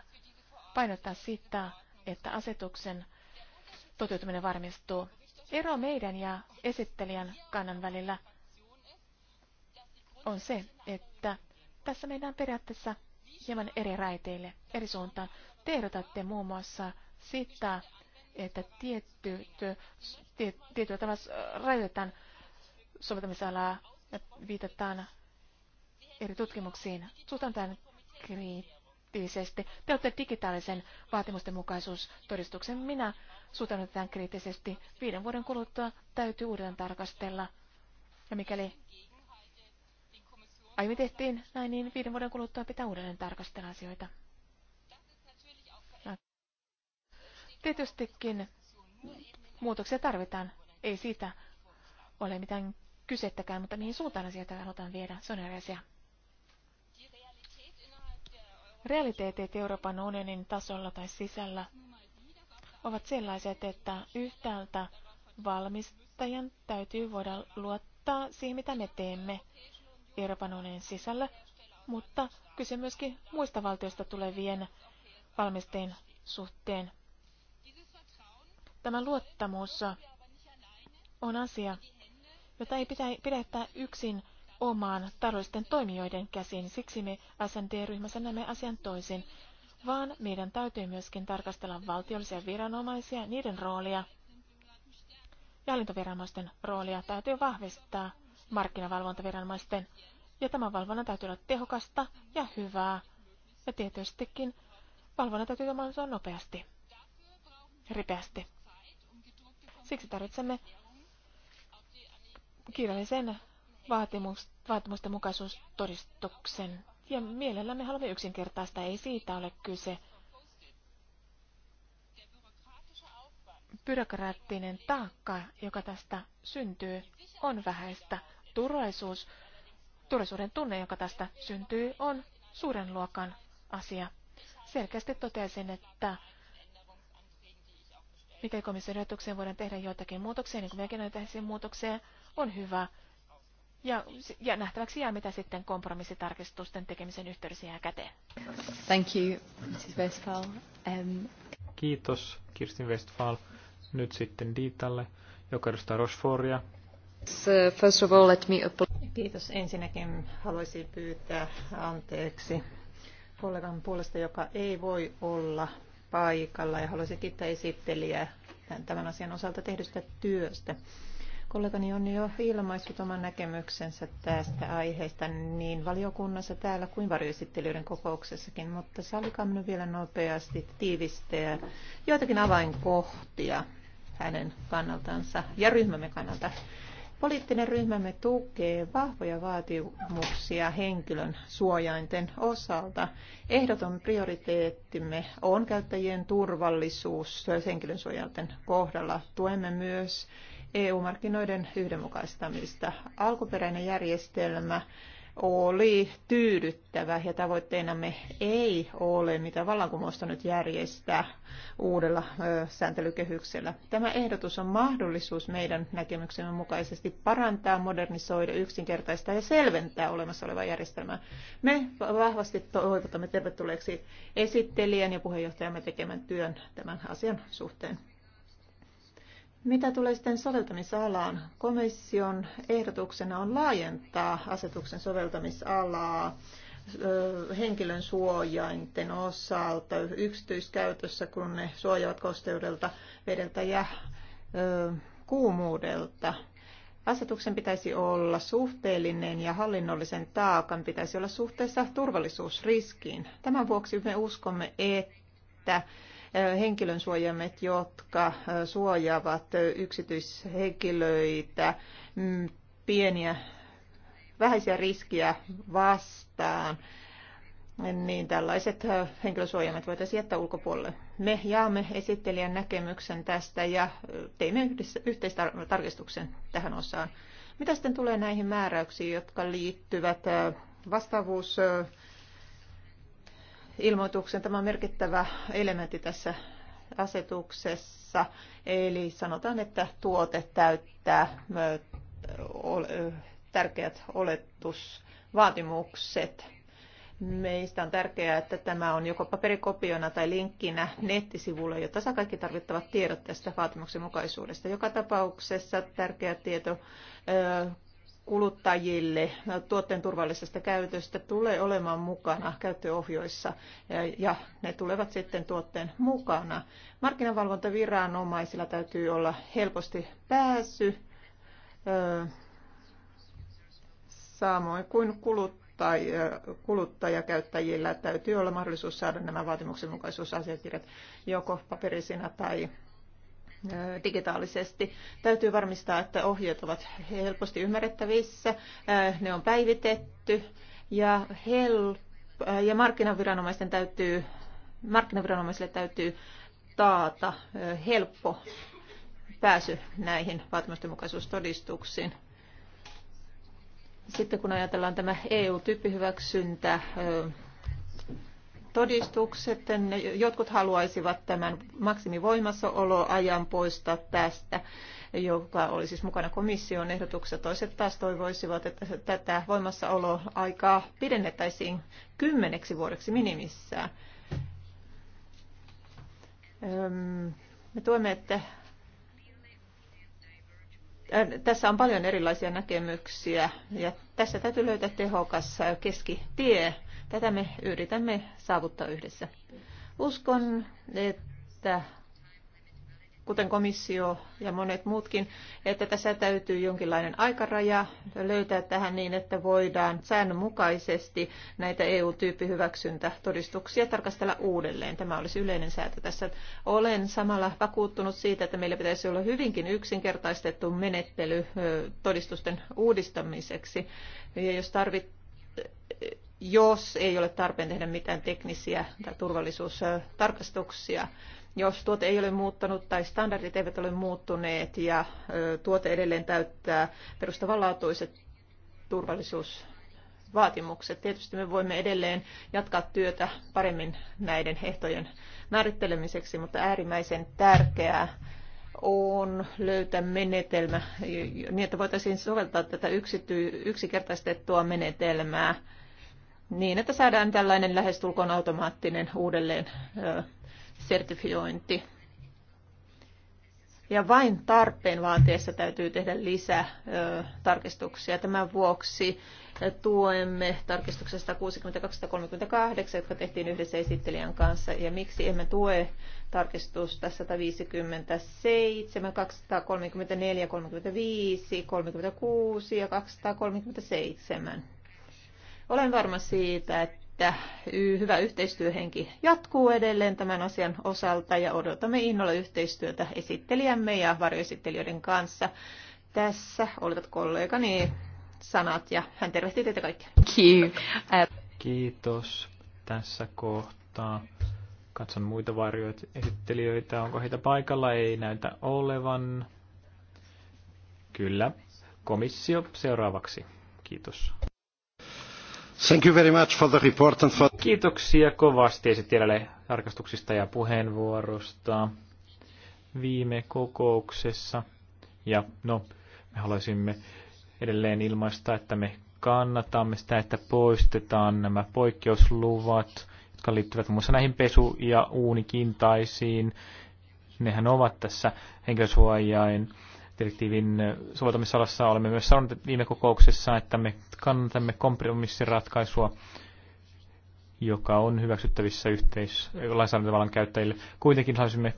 B: painottaa sitä, että asetuksen toteutuminen varmistuu. Ero meidän ja esittelijän kannan välillä on se, että tässä meidän periaatteessa hieman eri raiteille, eri suuntaan. Te ehdotatte muun muassa sitä, että tietty, tietyllä tavalla rajoitetaan soveltamisalaa ja viitataan eri tutkimuksiin. Suhtan tämän kriittisesti. Te olette digitaalisen vaatimusten mukaisuustodistuksen. Minä suhtaudun tämän kriittisesti. Viiden vuoden kuluttua täytyy uudelleen tarkastella. Ja mikäli aiemmin tehtiin näin, niin viiden vuoden kuluttua pitää uudelleen tarkastella asioita. Tietystikin muutoksia tarvitaan. Ei siitä ole mitään kysettäkään, mutta mihin suuntaan asioita halutaan viedä, se on eri asia realiteetit Euroopan unionin tasolla tai sisällä ovat sellaiset, että yhtäältä valmistajan täytyy voida luottaa siihen, mitä me teemme Euroopan unionin sisällä, mutta kyse myöskin muista valtioista tulevien valmisteen suhteen. Tämä luottamus on asia, jota ei pidä pidättää yksin omaan taloudellisten toimijoiden käsiin. Siksi me SND-ryhmässä näemme asian toisin, vaan meidän täytyy myöskin tarkastella valtiollisia viranomaisia, niiden roolia ja hallintoviranomaisten roolia täytyy vahvistaa markkinavalvontaviranomaisten. Ja tämän valvonnan täytyy olla tehokasta ja hyvää. Ja tietystikin valvonnan täytyy olla nopeasti, ripeästi. Siksi tarvitsemme kirjallisen vaatimus, vaatimusten mukaisuustodistuksen. Ja mielellämme haluamme yksinkertaista, ei siitä ole kyse. Byrokraattinen taakka, joka tästä syntyy, on vähäistä. Turvallisuus, turvallisuuden tunne, joka tästä syntyy, on suuren luokan asia. Selkeästi toteaisin, että mikä komission voidaan tehdä joitakin muutoksia, niin kuin mekin olen muutoksia, on hyvä. Ja, ja nähtäväksi jää, mitä sitten kompromissitarkistusten tekemisen yhteydessä jää käteen. Thank you, Mrs. Westphal. Um...
C: Kiitos, Kirstin Westphal. Nyt sitten Diitalle, joka edustaa Rochefortia.
B: First of
A: all, let me... Kiitos. Ensinnäkin haluaisin pyytää anteeksi kollegan puolesta, joka ei voi olla paikalla ja haluaisin kiittää esittelijää tämän asian osalta tehdystä työstä. Kollegani on jo ilmaissut oman näkemyksensä tästä aiheesta niin valiokunnassa täällä kuin varjoesittelijöiden kokouksessakin, mutta sallikaa minun vielä nopeasti tiivistää joitakin avainkohtia hänen kannaltansa ja ryhmämme kannalta. Poliittinen ryhmämme tukee vahvoja vaatimuksia henkilön suojainten osalta. Ehdoton prioriteettimme on käyttäjien turvallisuus henkilön suojainten kohdalla. Tuemme myös EU-markkinoiden yhdenmukaistamista. Alkuperäinen järjestelmä oli tyydyttävä ja tavoitteenamme ei ole mitä vallankumousta nyt järjestää uudella ö, sääntelykehyksellä. Tämä ehdotus on mahdollisuus meidän näkemyksemme mukaisesti parantaa, modernisoida, yksinkertaistaa ja selventää olemassa olevaa järjestelmää. Me vahvasti toivotamme tervetulleeksi esittelijän ja puheenjohtajamme tekemän työn tämän asian suhteen. Mitä tulee sitten soveltamisalaan? Komission ehdotuksena on laajentaa asetuksen soveltamisalaa henkilön suojainten osalta yksityiskäytössä, kun ne suojaavat kosteudelta, vedeltä ja kuumuudelta. Asetuksen pitäisi olla suhteellinen ja hallinnollisen taakan pitäisi olla suhteessa turvallisuusriskiin. Tämän vuoksi me uskomme, että henkilönsuojamet, jotka suojaavat yksityishenkilöitä mm, pieniä vähäisiä riskiä vastaan, niin tällaiset henkilösuojamat voitaisiin jättää ulkopuolelle. Me jaamme esittelijän näkemyksen tästä ja teimme yhteistä tarkistuksen tähän osaan. Mitä sitten tulee näihin määräyksiin, jotka liittyvät vastaavuus ilmoituksen. Tämä on merkittävä elementti tässä asetuksessa. Eli sanotaan, että tuote täyttää tärkeät oletusvaatimukset. Meistä on tärkeää, että tämä on joko paperikopiona tai linkkinä nettisivulle, jotta saa kaikki tarvittavat tiedot tästä vaatimuksen mukaisuudesta. Joka tapauksessa tärkeä tieto kuluttajille tuotteen turvallisesta käytöstä tulee olemaan mukana käyttöohjoissa ja ne tulevat sitten tuotteen mukana. Markkinavalvontaviranomaisilla täytyy olla helposti pääsy samoin kuin kuluttajakäyttäjillä täytyy olla mahdollisuus saada nämä vaatimuksenmukaisuusasiakirjat joko paperisina tai digitaalisesti. Täytyy varmistaa, että ohjeet ovat helposti ymmärrettävissä, ne on päivitetty ja, help, ja markkinaviranomaisten täytyy, markkinaviranomaisille täytyy taata helppo pääsy näihin vaatimustenmukaisuustodistuksiin. Sitten kun ajatellaan tämä EU-tyyppihyväksyntä, todistukset. Jotkut haluaisivat tämän maksimivoimassaoloajan poistaa tästä, joka oli siis mukana komission ehdotuksessa. Toiset taas toivoisivat, että tätä voimassaoloaikaa pidennettäisiin kymmeneksi vuodeksi minimissään. Me tuemme, että äh, tässä on paljon erilaisia näkemyksiä ja tässä täytyy löytää tehokas äh, keskitie Tätä me yritämme saavuttaa yhdessä. Uskon, että kuten komissio ja monet muutkin, että tässä täytyy jonkinlainen aikaraja löytää tähän niin, että voidaan säännönmukaisesti näitä EU-tyyppihyväksyntätodistuksia tarkastella uudelleen. Tämä olisi yleinen säätö tässä. Olen samalla vakuuttunut siitä, että meillä pitäisi olla hyvinkin yksinkertaistettu menettely todistusten uudistamiseksi. Ja jos tarvit, jos ei ole tarpeen tehdä mitään teknisiä tai turvallisuustarkastuksia, jos tuote ei ole muuttanut tai standardit eivät ole muuttuneet ja tuote edelleen täyttää perustavanlaatuiset turvallisuusvaatimukset. Tietysti me voimme edelleen jatkaa työtä paremmin näiden ehtojen määrittelemiseksi, mutta äärimmäisen tärkeää on löytää menetelmä, niin että voitaisiin soveltaa tätä yksity, yksikertaistettua menetelmää niin, että saadaan tällainen lähestulkoon automaattinen uudelleen sertifiointi. Ja vain tarpeen vaatiessa täytyy tehdä lisää tarkistuksia. Tämän vuoksi tuemme tarkistuksesta 62-38, jotka tehtiin yhdessä esittelijän kanssa. Ja miksi emme tue tarkistusta 157, 234, 35, 36 ja 237? Olen varma siitä, että hyvä yhteistyöhenki jatkuu edelleen tämän asian osalta ja odotamme innolla yhteistyötä esittelijämme ja varjoesittelijöiden kanssa. Tässä olivat kollegani sanat ja hän tervehtii teitä kaikkia.
C: Uh, Kiitos tässä kohtaa. Katson muita varjoit esittelijöitä. Onko heitä paikalla? Ei näytä olevan. Kyllä. Komissio seuraavaksi. Kiitos. Thank you very much for the report and for... Kiitoksia kovasti esittelijälle tarkastuksista ja puheenvuorosta viime kokouksessa. Ja no, me haluaisimme edelleen ilmaista, että me kannatamme sitä, että poistetaan nämä poikkeusluvat, jotka liittyvät muun muassa näihin pesu- ja uunikintaisiin. Nehän ovat tässä henkilösuojain direktiivin soveltamisalassa olemme myös sanoneet viime kokouksessa, että me kannatamme kompromissiratkaisua, joka on hyväksyttävissä yhteislainsäädäntövallan käyttäjille. Kuitenkin haluaisimme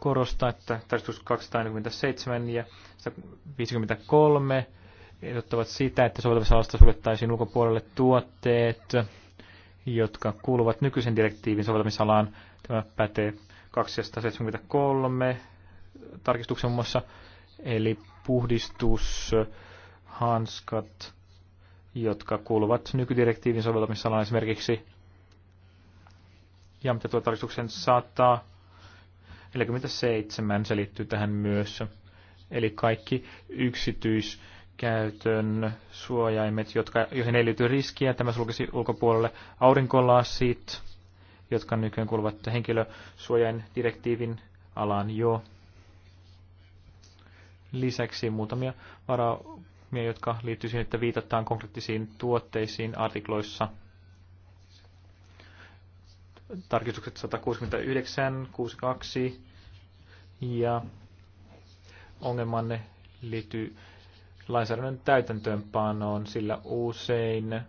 C: korostaa, että tarkistus 247 ja 153 ehdottavat sitä, että soveltamisalasta suljettaisiin ulkopuolelle tuotteet, jotka kuuluvat nykyisen direktiivin soveltamisalaan. Tämä pätee 273 tarkistuksen muun muassa, eli puhdistushanskat, jotka kuuluvat nykydirektiivin soveltamisalaan esimerkiksi, ja mitä tuo tarkistuksen 147, se liittyy tähän myös, eli kaikki yksityis käytön suojaimet, jotka, joihin ei liity riskiä. Tämä sulkisi ulkopuolelle aurinkolasit, jotka nykyään kuuluvat henkilösuojain direktiivin alaan jo lisäksi muutamia varaumia, jotka liittyy siihen, että viitataan konkreettisiin tuotteisiin artikloissa. Tarkistukset 169, 62 ja ongelmanne liittyy lainsäädännön täytäntöönpanoon, sillä usein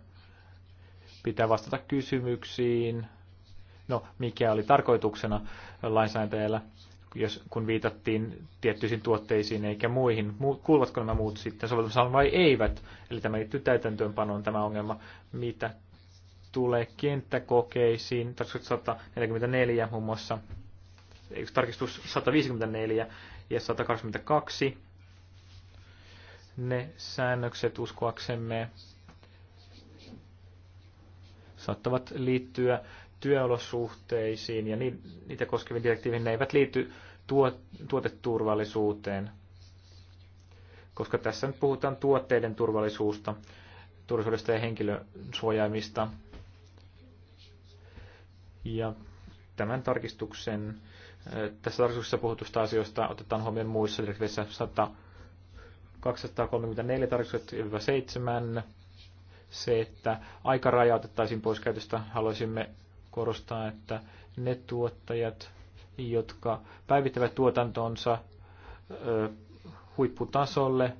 C: pitää vastata kysymyksiin, no mikä oli tarkoituksena lainsäätäjällä jos, kun viitattiin tiettyisiin tuotteisiin eikä muihin. Mu, kuuluvatko nämä muut sitten soveltamisalan vai eivät? Eli tämä liittyy täytäntöönpanoon tämä ongelma, mitä tulee kenttäkokeisiin, 144 muun muassa, eikö tarkistus 154 ja 122. Ne säännökset uskoaksemme saattavat liittyä työolosuhteisiin ja niitä koskeviin direktiiviin, ne eivät liity tuoteturvallisuuteen, koska tässä nyt puhutaan tuotteiden turvallisuusta, turvallisuudesta ja henkilön suojaamista. Ja tämän tarkistuksen, äh, tässä tarkistuksessa puhutusta asioista otetaan huomioon muissa direktiiveissä 234 tarkistukset 7, se, että aikaraja otettaisiin pois käytöstä, haluaisimme korostaa, että ne tuottajat, jotka päivittävät tuotantonsa huipputasolle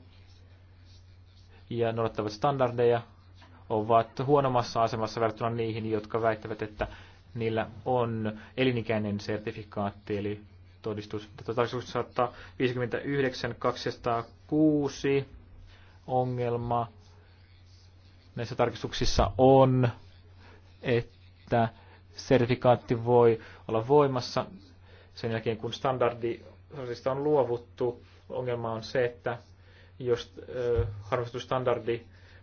C: ja noudattavat standardeja, ovat huonommassa asemassa verrattuna niihin, jotka väittävät, että niillä on elinikäinen sertifikaatti, eli todistus. Tarkastus 159 206 ongelma näissä tarkistuksissa on, että sertifikaatti voi olla voimassa sen jälkeen, kun standardi on luovuttu. Ongelma on se, että jos harrastusstandardi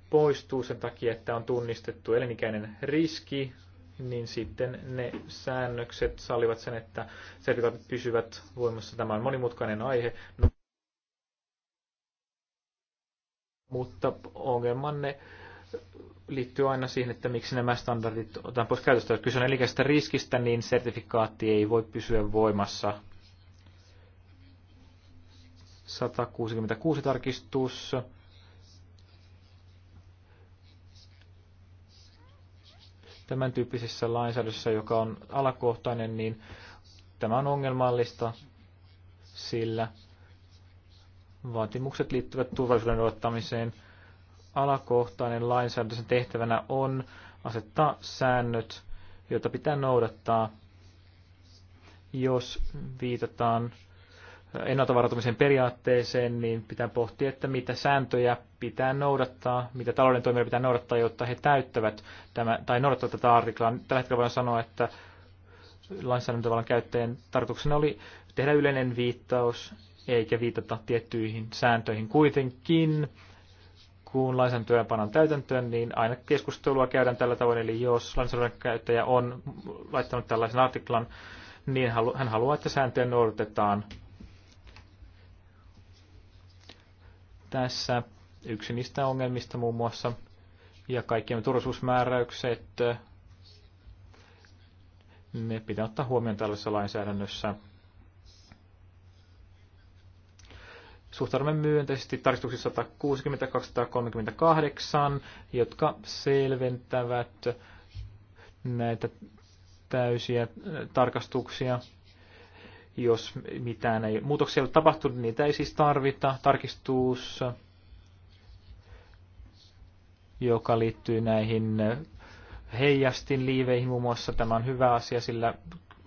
C: poistuu sen takia, että on tunnistettu elinikäinen riski, niin sitten ne säännökset sallivat sen, että sertifikaatit pysyvät voimassa. Tämä on monimutkainen aihe. mutta ongelmanne liittyy aina siihen, että miksi nämä standardit otetaan pois käytöstä. Jos kyse on elikäisestä riskistä, niin sertifikaatti ei voi pysyä voimassa. 166 tarkistus. Tämän tyyppisessä lainsäädössä, joka on alakohtainen, niin tämä on ongelmallista, sillä vaatimukset liittyvät turvallisuuden odottamiseen – alakohtainen lainsäädäntö sen tehtävänä on asettaa säännöt, joita pitää noudattaa, jos viitataan ennaltavarautumisen periaatteeseen, niin pitää pohtia, että mitä sääntöjä pitää noudattaa, mitä talouden toimijoita pitää noudattaa, jotta he täyttävät tämä, tai noudattavat tätä artiklaa. Tällä hetkellä voin sanoa, että lainsäädäntövallan käyttäjän tarkoituksena oli tehdä yleinen viittaus, eikä viitata tiettyihin sääntöihin. Kuitenkin kun lainsäädäntöä pannaan täytäntöön, niin aina keskustelua käydään tällä tavoin. Eli jos lainsäädännön käyttäjä on laittanut tällaisen artiklan, niin hän haluaa, että sääntöjä noudatetaan. Tässä yksi niistä ongelmista muun muassa ja kaikkien turvallisuusmääräykset, ne pitää ottaa huomioon tällaisessa lainsäädännössä. suhtaudumme myönteisesti tarkistuksissa 160-238, jotka selventävät näitä täysiä äh, tarkastuksia. Jos mitään ei muutoksia ei ole tapahtunut, niin niitä ei siis tarvita. Tarkistus, joka liittyy näihin äh, heijastin liiveihin muun muassa, tämä on hyvä asia, sillä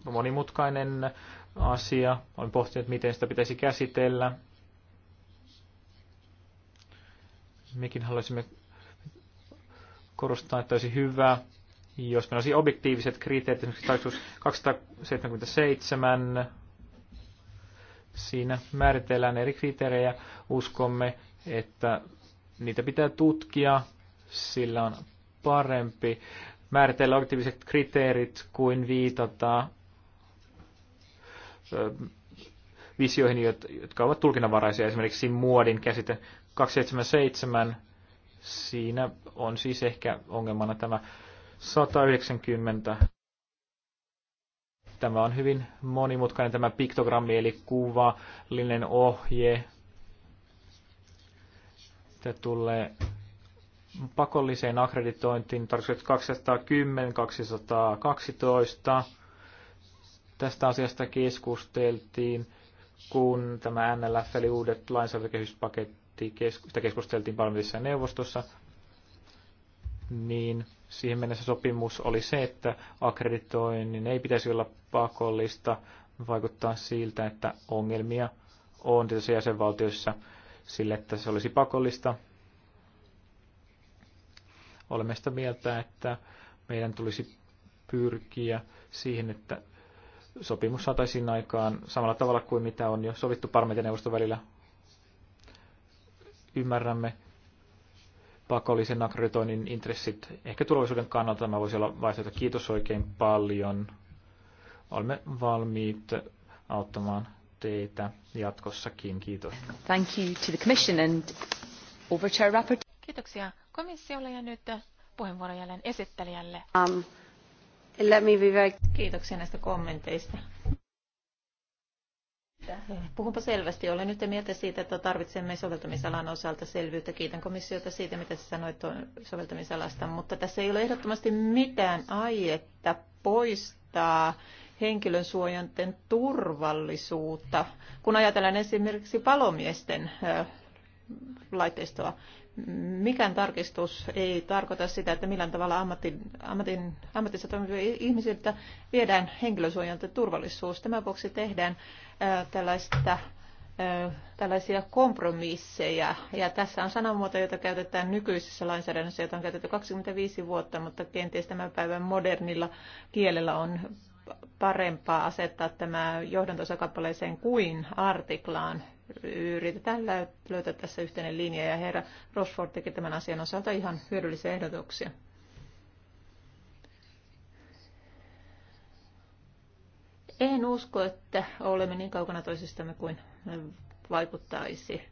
C: monimutkainen asia. Olen pohtinut, miten sitä pitäisi käsitellä mekin haluaisimme korostaa, että olisi hyvä, jos meillä olisi objektiiviset kriteerit, esimerkiksi tarkistus 277, siinä määritellään eri kriteerejä, uskomme, että niitä pitää tutkia, sillä on parempi määritellä objektiiviset kriteerit kuin viitata visioihin, jotka ovat tulkinnanvaraisia, esimerkiksi muodin käsite 277, siinä on siis ehkä ongelmana tämä 190. Tämä on hyvin monimutkainen tämä piktogrammi, eli kuvallinen ohje. Tämä tulee pakolliseen akkreditointiin tarkoitus 210, 212. Tästä asiasta keskusteltiin, kun tämä NLF eli uudet lainsäädäntökehyspaketit puhuttiin, sitä keskusteltiin valmiissa neuvostossa, niin siihen mennessä sopimus oli se, että akkreditoinnin ei pitäisi olla pakollista, vaikuttaa siltä, että ongelmia on tietysti jäsenvaltioissa sille, että se olisi pakollista. Olemme sitä mieltä, että meidän tulisi pyrkiä siihen, että sopimus saataisiin aikaan samalla tavalla kuin mitä on jo sovittu parlamentin neuvoston välillä ymmärrämme pakollisen akkreditoinnin intressit. Ehkä tulevaisuuden kannalta tämä voisi olla vaihtoehto. Kiitos oikein paljon. Olemme valmiit auttamaan teitä jatkossakin. Kiitos.
B: Thank you to the commission and over to our rapport. Kiitoksia komissiolle ja nyt puheenvuoro jälleen esittelijälle. Um,
A: let me be very... Kiitoksia näistä kommenteista. Puhunpa selvästi. Olen nyt mieltä siitä, että tarvitsemme soveltamisalan osalta selvyyttä. Kiitän komissiota siitä, mitä sä sanoit soveltamisalasta, mutta tässä ei ole ehdottomasti mitään aietta poistaa henkilön suojanten turvallisuutta, kun ajatellaan esimerkiksi palomiesten laitteistoa mikään tarkistus ei tarkoita sitä, että millään tavalla ammatin, ammatin, ammatissa toimivia ihmisiltä viedään henkilösuojan turvallisuus. Tämän vuoksi tehdään tällaista tällaisia kompromisseja. Ja tässä on sanamuoto, jota käytetään nykyisessä lainsäädännössä, jota on käytetty 25 vuotta, mutta kenties tämän päivän modernilla kielellä on parempaa asettaa tämä johdantosakappaleeseen kuin artiklaan yritetään löytää tässä yhteinen linja ja herra Rosford teki tämän asian osalta ihan hyödyllisiä ehdotuksia. En usko, että olemme niin kaukana toisistamme kuin vaikuttaisi.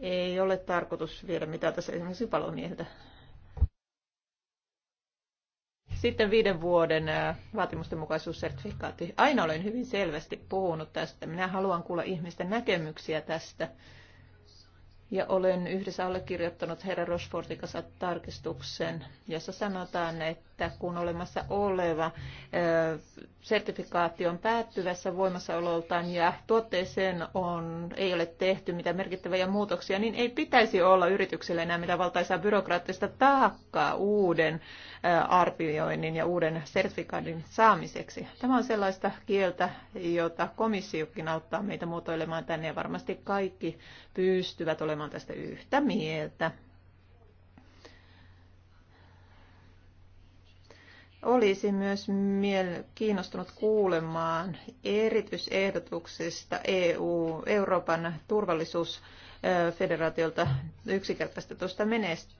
A: Ei ole tarkoitus viedä mitään tässä esimerkiksi palomieheltä sitten viiden vuoden äh, vaatimusten Aina olen hyvin selvästi puhunut tästä. Minä haluan kuulla ihmisten näkemyksiä tästä. Ja olen yhdessä allekirjoittanut herra Rosfortin kanssa tarkistuksen, jossa sanotaan, että kun olemassa oleva sertifikaatio on päättyvässä voimassaololtaan ja tuotteeseen on, ei ole tehty mitään merkittäviä muutoksia, niin ei pitäisi olla yritykselle enää mitään valtaisaa byrokraattista taakkaa uuden arvioinnin ja uuden sertifikaatin saamiseksi. Tämä on sellaista kieltä, jota komissiokin auttaa meitä muotoilemaan tänne ja varmasti kaikki pystyvät olemaan olemaan tästä yhtä mieltä. Olisi myös miel- kiinnostunut kuulemaan erityisehdotuksista EU, Euroopan turvallisuusfederaatiolta yksinkertaistetusta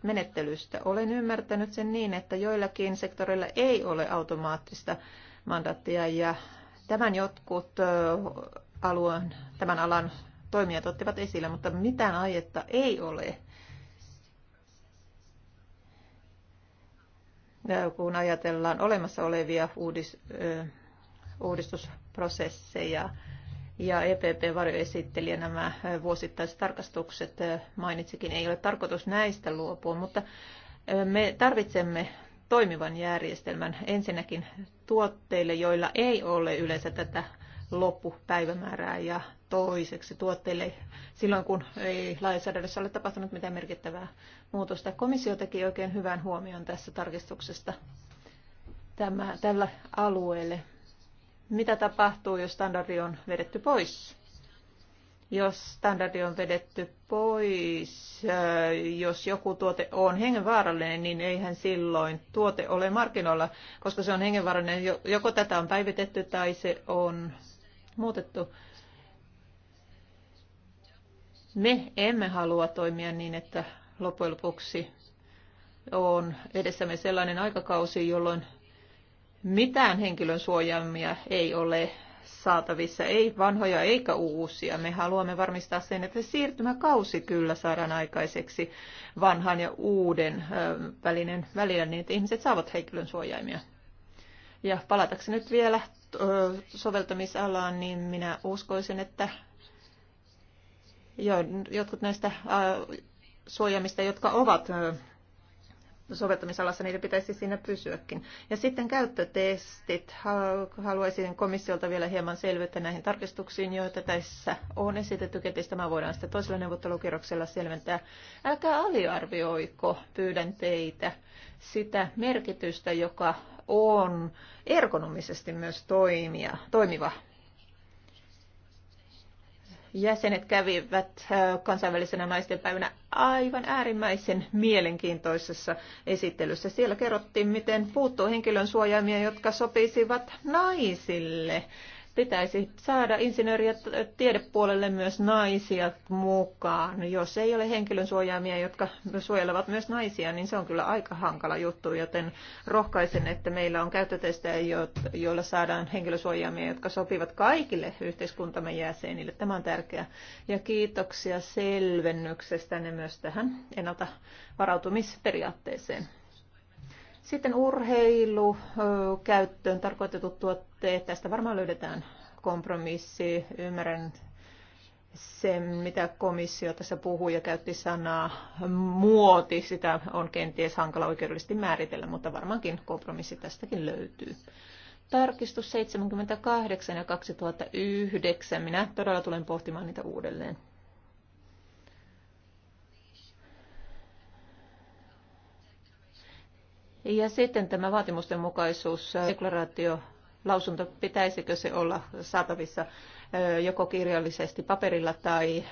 A: menettelystä. Olen ymmärtänyt sen niin, että joillakin sektoreilla ei ole automaattista mandaattia ja tämän jotkut alueen, tämän alan toimijat ottivat esille, mutta mitään aietta ei ole. kun ajatellaan olemassa olevia uudis, ö, uudistusprosesseja ja EPP-varjoesittelijä nämä vuosittaiset tarkastukset mainitsikin, ei ole tarkoitus näistä luopua, mutta me tarvitsemme toimivan järjestelmän ensinnäkin tuotteille, joilla ei ole yleensä tätä loppupäivämäärää ja toiseksi tuotteille silloin, kun ei lainsäädännössä ole tapahtunut mitään merkittävää muutosta. Komissio teki oikein hyvän huomion tässä tarkistuksesta tämä, tällä alueelle. Mitä tapahtuu, jos standardi on vedetty pois? Jos standardi on vedetty pois, äh, jos joku tuote on hengenvaarallinen, niin eihän silloin tuote ole markkinoilla, koska se on hengenvaarallinen. Joko tätä on päivitetty tai se on muutettu. Me emme halua toimia niin, että loppujen lopuksi on edessämme sellainen aikakausi, jolloin mitään henkilön suojaamia ei ole saatavissa, ei vanhoja eikä uusia. Me haluamme varmistaa sen, että siirtymäkausi kyllä saadaan aikaiseksi vanhan ja uuden välinen välillä, niin että ihmiset saavat henkilön suojaimia. Ja palatakseni nyt vielä soveltamisalaan, niin minä uskoisin, että jo, jotkut näistä äh, suojaamista, jotka ovat äh, soveltamisalassa, niiden pitäisi siinä pysyäkin. Ja sitten käyttötestit. Haluaisin komissiolta vielä hieman selvyyttä näihin tarkistuksiin, joita tässä on esitetty. Kenties tämä voidaan sitten toisella neuvottelukierroksella selventää. Älkää aliarvioiko, pyydän teitä, sitä merkitystä, joka on ergonomisesti myös toimia, toimiva jäsenet kävivät kansainvälisenä naistenpäivänä aivan äärimmäisen mielenkiintoisessa esittelyssä. Siellä kerrottiin, miten puuttuu henkilön suojaimia, jotka sopisivat naisille pitäisi saada insinööri- ja tiedepuolelle myös naisia mukaan. Jos ei ole henkilön suojaamia, jotka suojelevat myös naisia, niin se on kyllä aika hankala juttu, joten rohkaisen, että meillä on käyttötestejä, joilla saadaan henkilösuojaamia, jotka sopivat kaikille yhteiskuntamme jäsenille. Tämä on tärkeää. Ja kiitoksia selvennyksestä ne myös tähän ennalta varautumisperiaatteeseen. Sitten urheilu, käyttöön tarkoitetut tuotteet. Tästä varmaan löydetään kompromissi. Ymmärrän sen, mitä komissio tässä puhuu ja käytti sanaa muoti. Sitä on kenties hankala oikeudellisesti määritellä, mutta varmaankin kompromissi tästäkin löytyy. Tarkistus 78 ja 2009. Minä todella tulen pohtimaan niitä uudelleen. Ja sitten tämä vaatimustenmukaisuusdeklaraatio, lausunto, pitäisikö se olla saatavissa joko kirjallisesti paperilla tai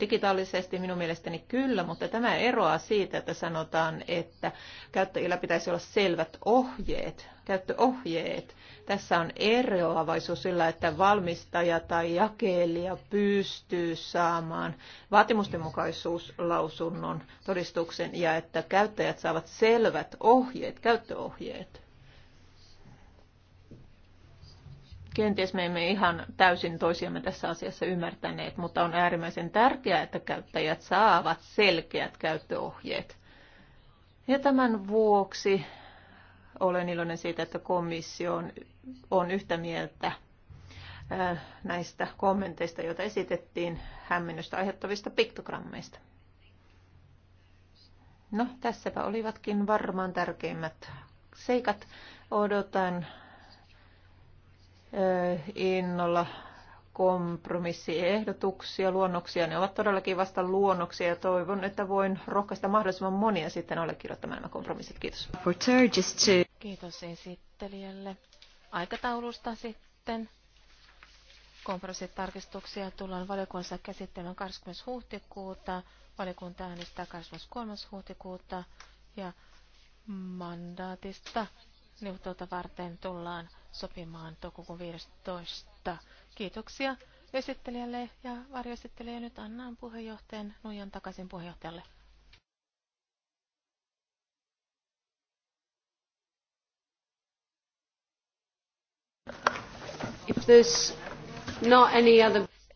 A: digitaalisesti? Minun mielestäni kyllä, mutta tämä eroaa siitä, että sanotaan, että käyttäjillä pitäisi olla selvät ohjeet, käyttöohjeet. Tässä on eroavaisuus sillä, että valmistaja tai jakelija pystyy saamaan vaatimustenmukaisuuslausunnon todistuksen ja että käyttäjät saavat selvät ohjeet, käyttöohjeet. Kenties me emme ihan täysin toisiamme tässä asiassa ymmärtäneet, mutta on äärimmäisen tärkeää, että käyttäjät saavat selkeät käyttöohjeet. Ja tämän vuoksi olen iloinen siitä, että komissio on, yhtä mieltä näistä kommenteista, joita esitettiin hämmennystä aiheuttavista piktogrammeista. No, tässäpä olivatkin varmaan tärkeimmät seikat. Odotan innolla kompromissiehdotuksia, luonnoksia. Ne ovat todellakin vasta luonnoksia ja toivon, että voin rohkaista
B: mahdollisimman monia sitten allekirjoittamaan nämä kompromissit. Kiitos. Kiitos esittelijälle. Aikataulusta sitten. Kompromissitarkistuksia tullaan valiokunnassa käsittelemään 20. huhtikuuta. Valiokunta äänestää 23. huhtikuuta ja mandaatista neuvottelta varten tullaan sopimaan toukokuun 15. Kiitoksia esittelijälle ja varjoesittelijä. Nyt annan puheenjohtajan nuijan takaisin puheenjohtajalle.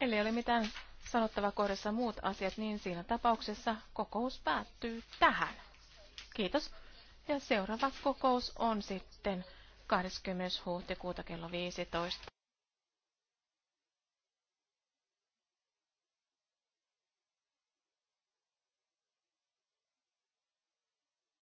B: Eli ole mitään sanottavaa kohdassa muut asiat, niin siinä tapauksessa kokous päättyy tähän. Kiitos. Ja seuraava kokous on sitten 20. huhtikuuta kello 15.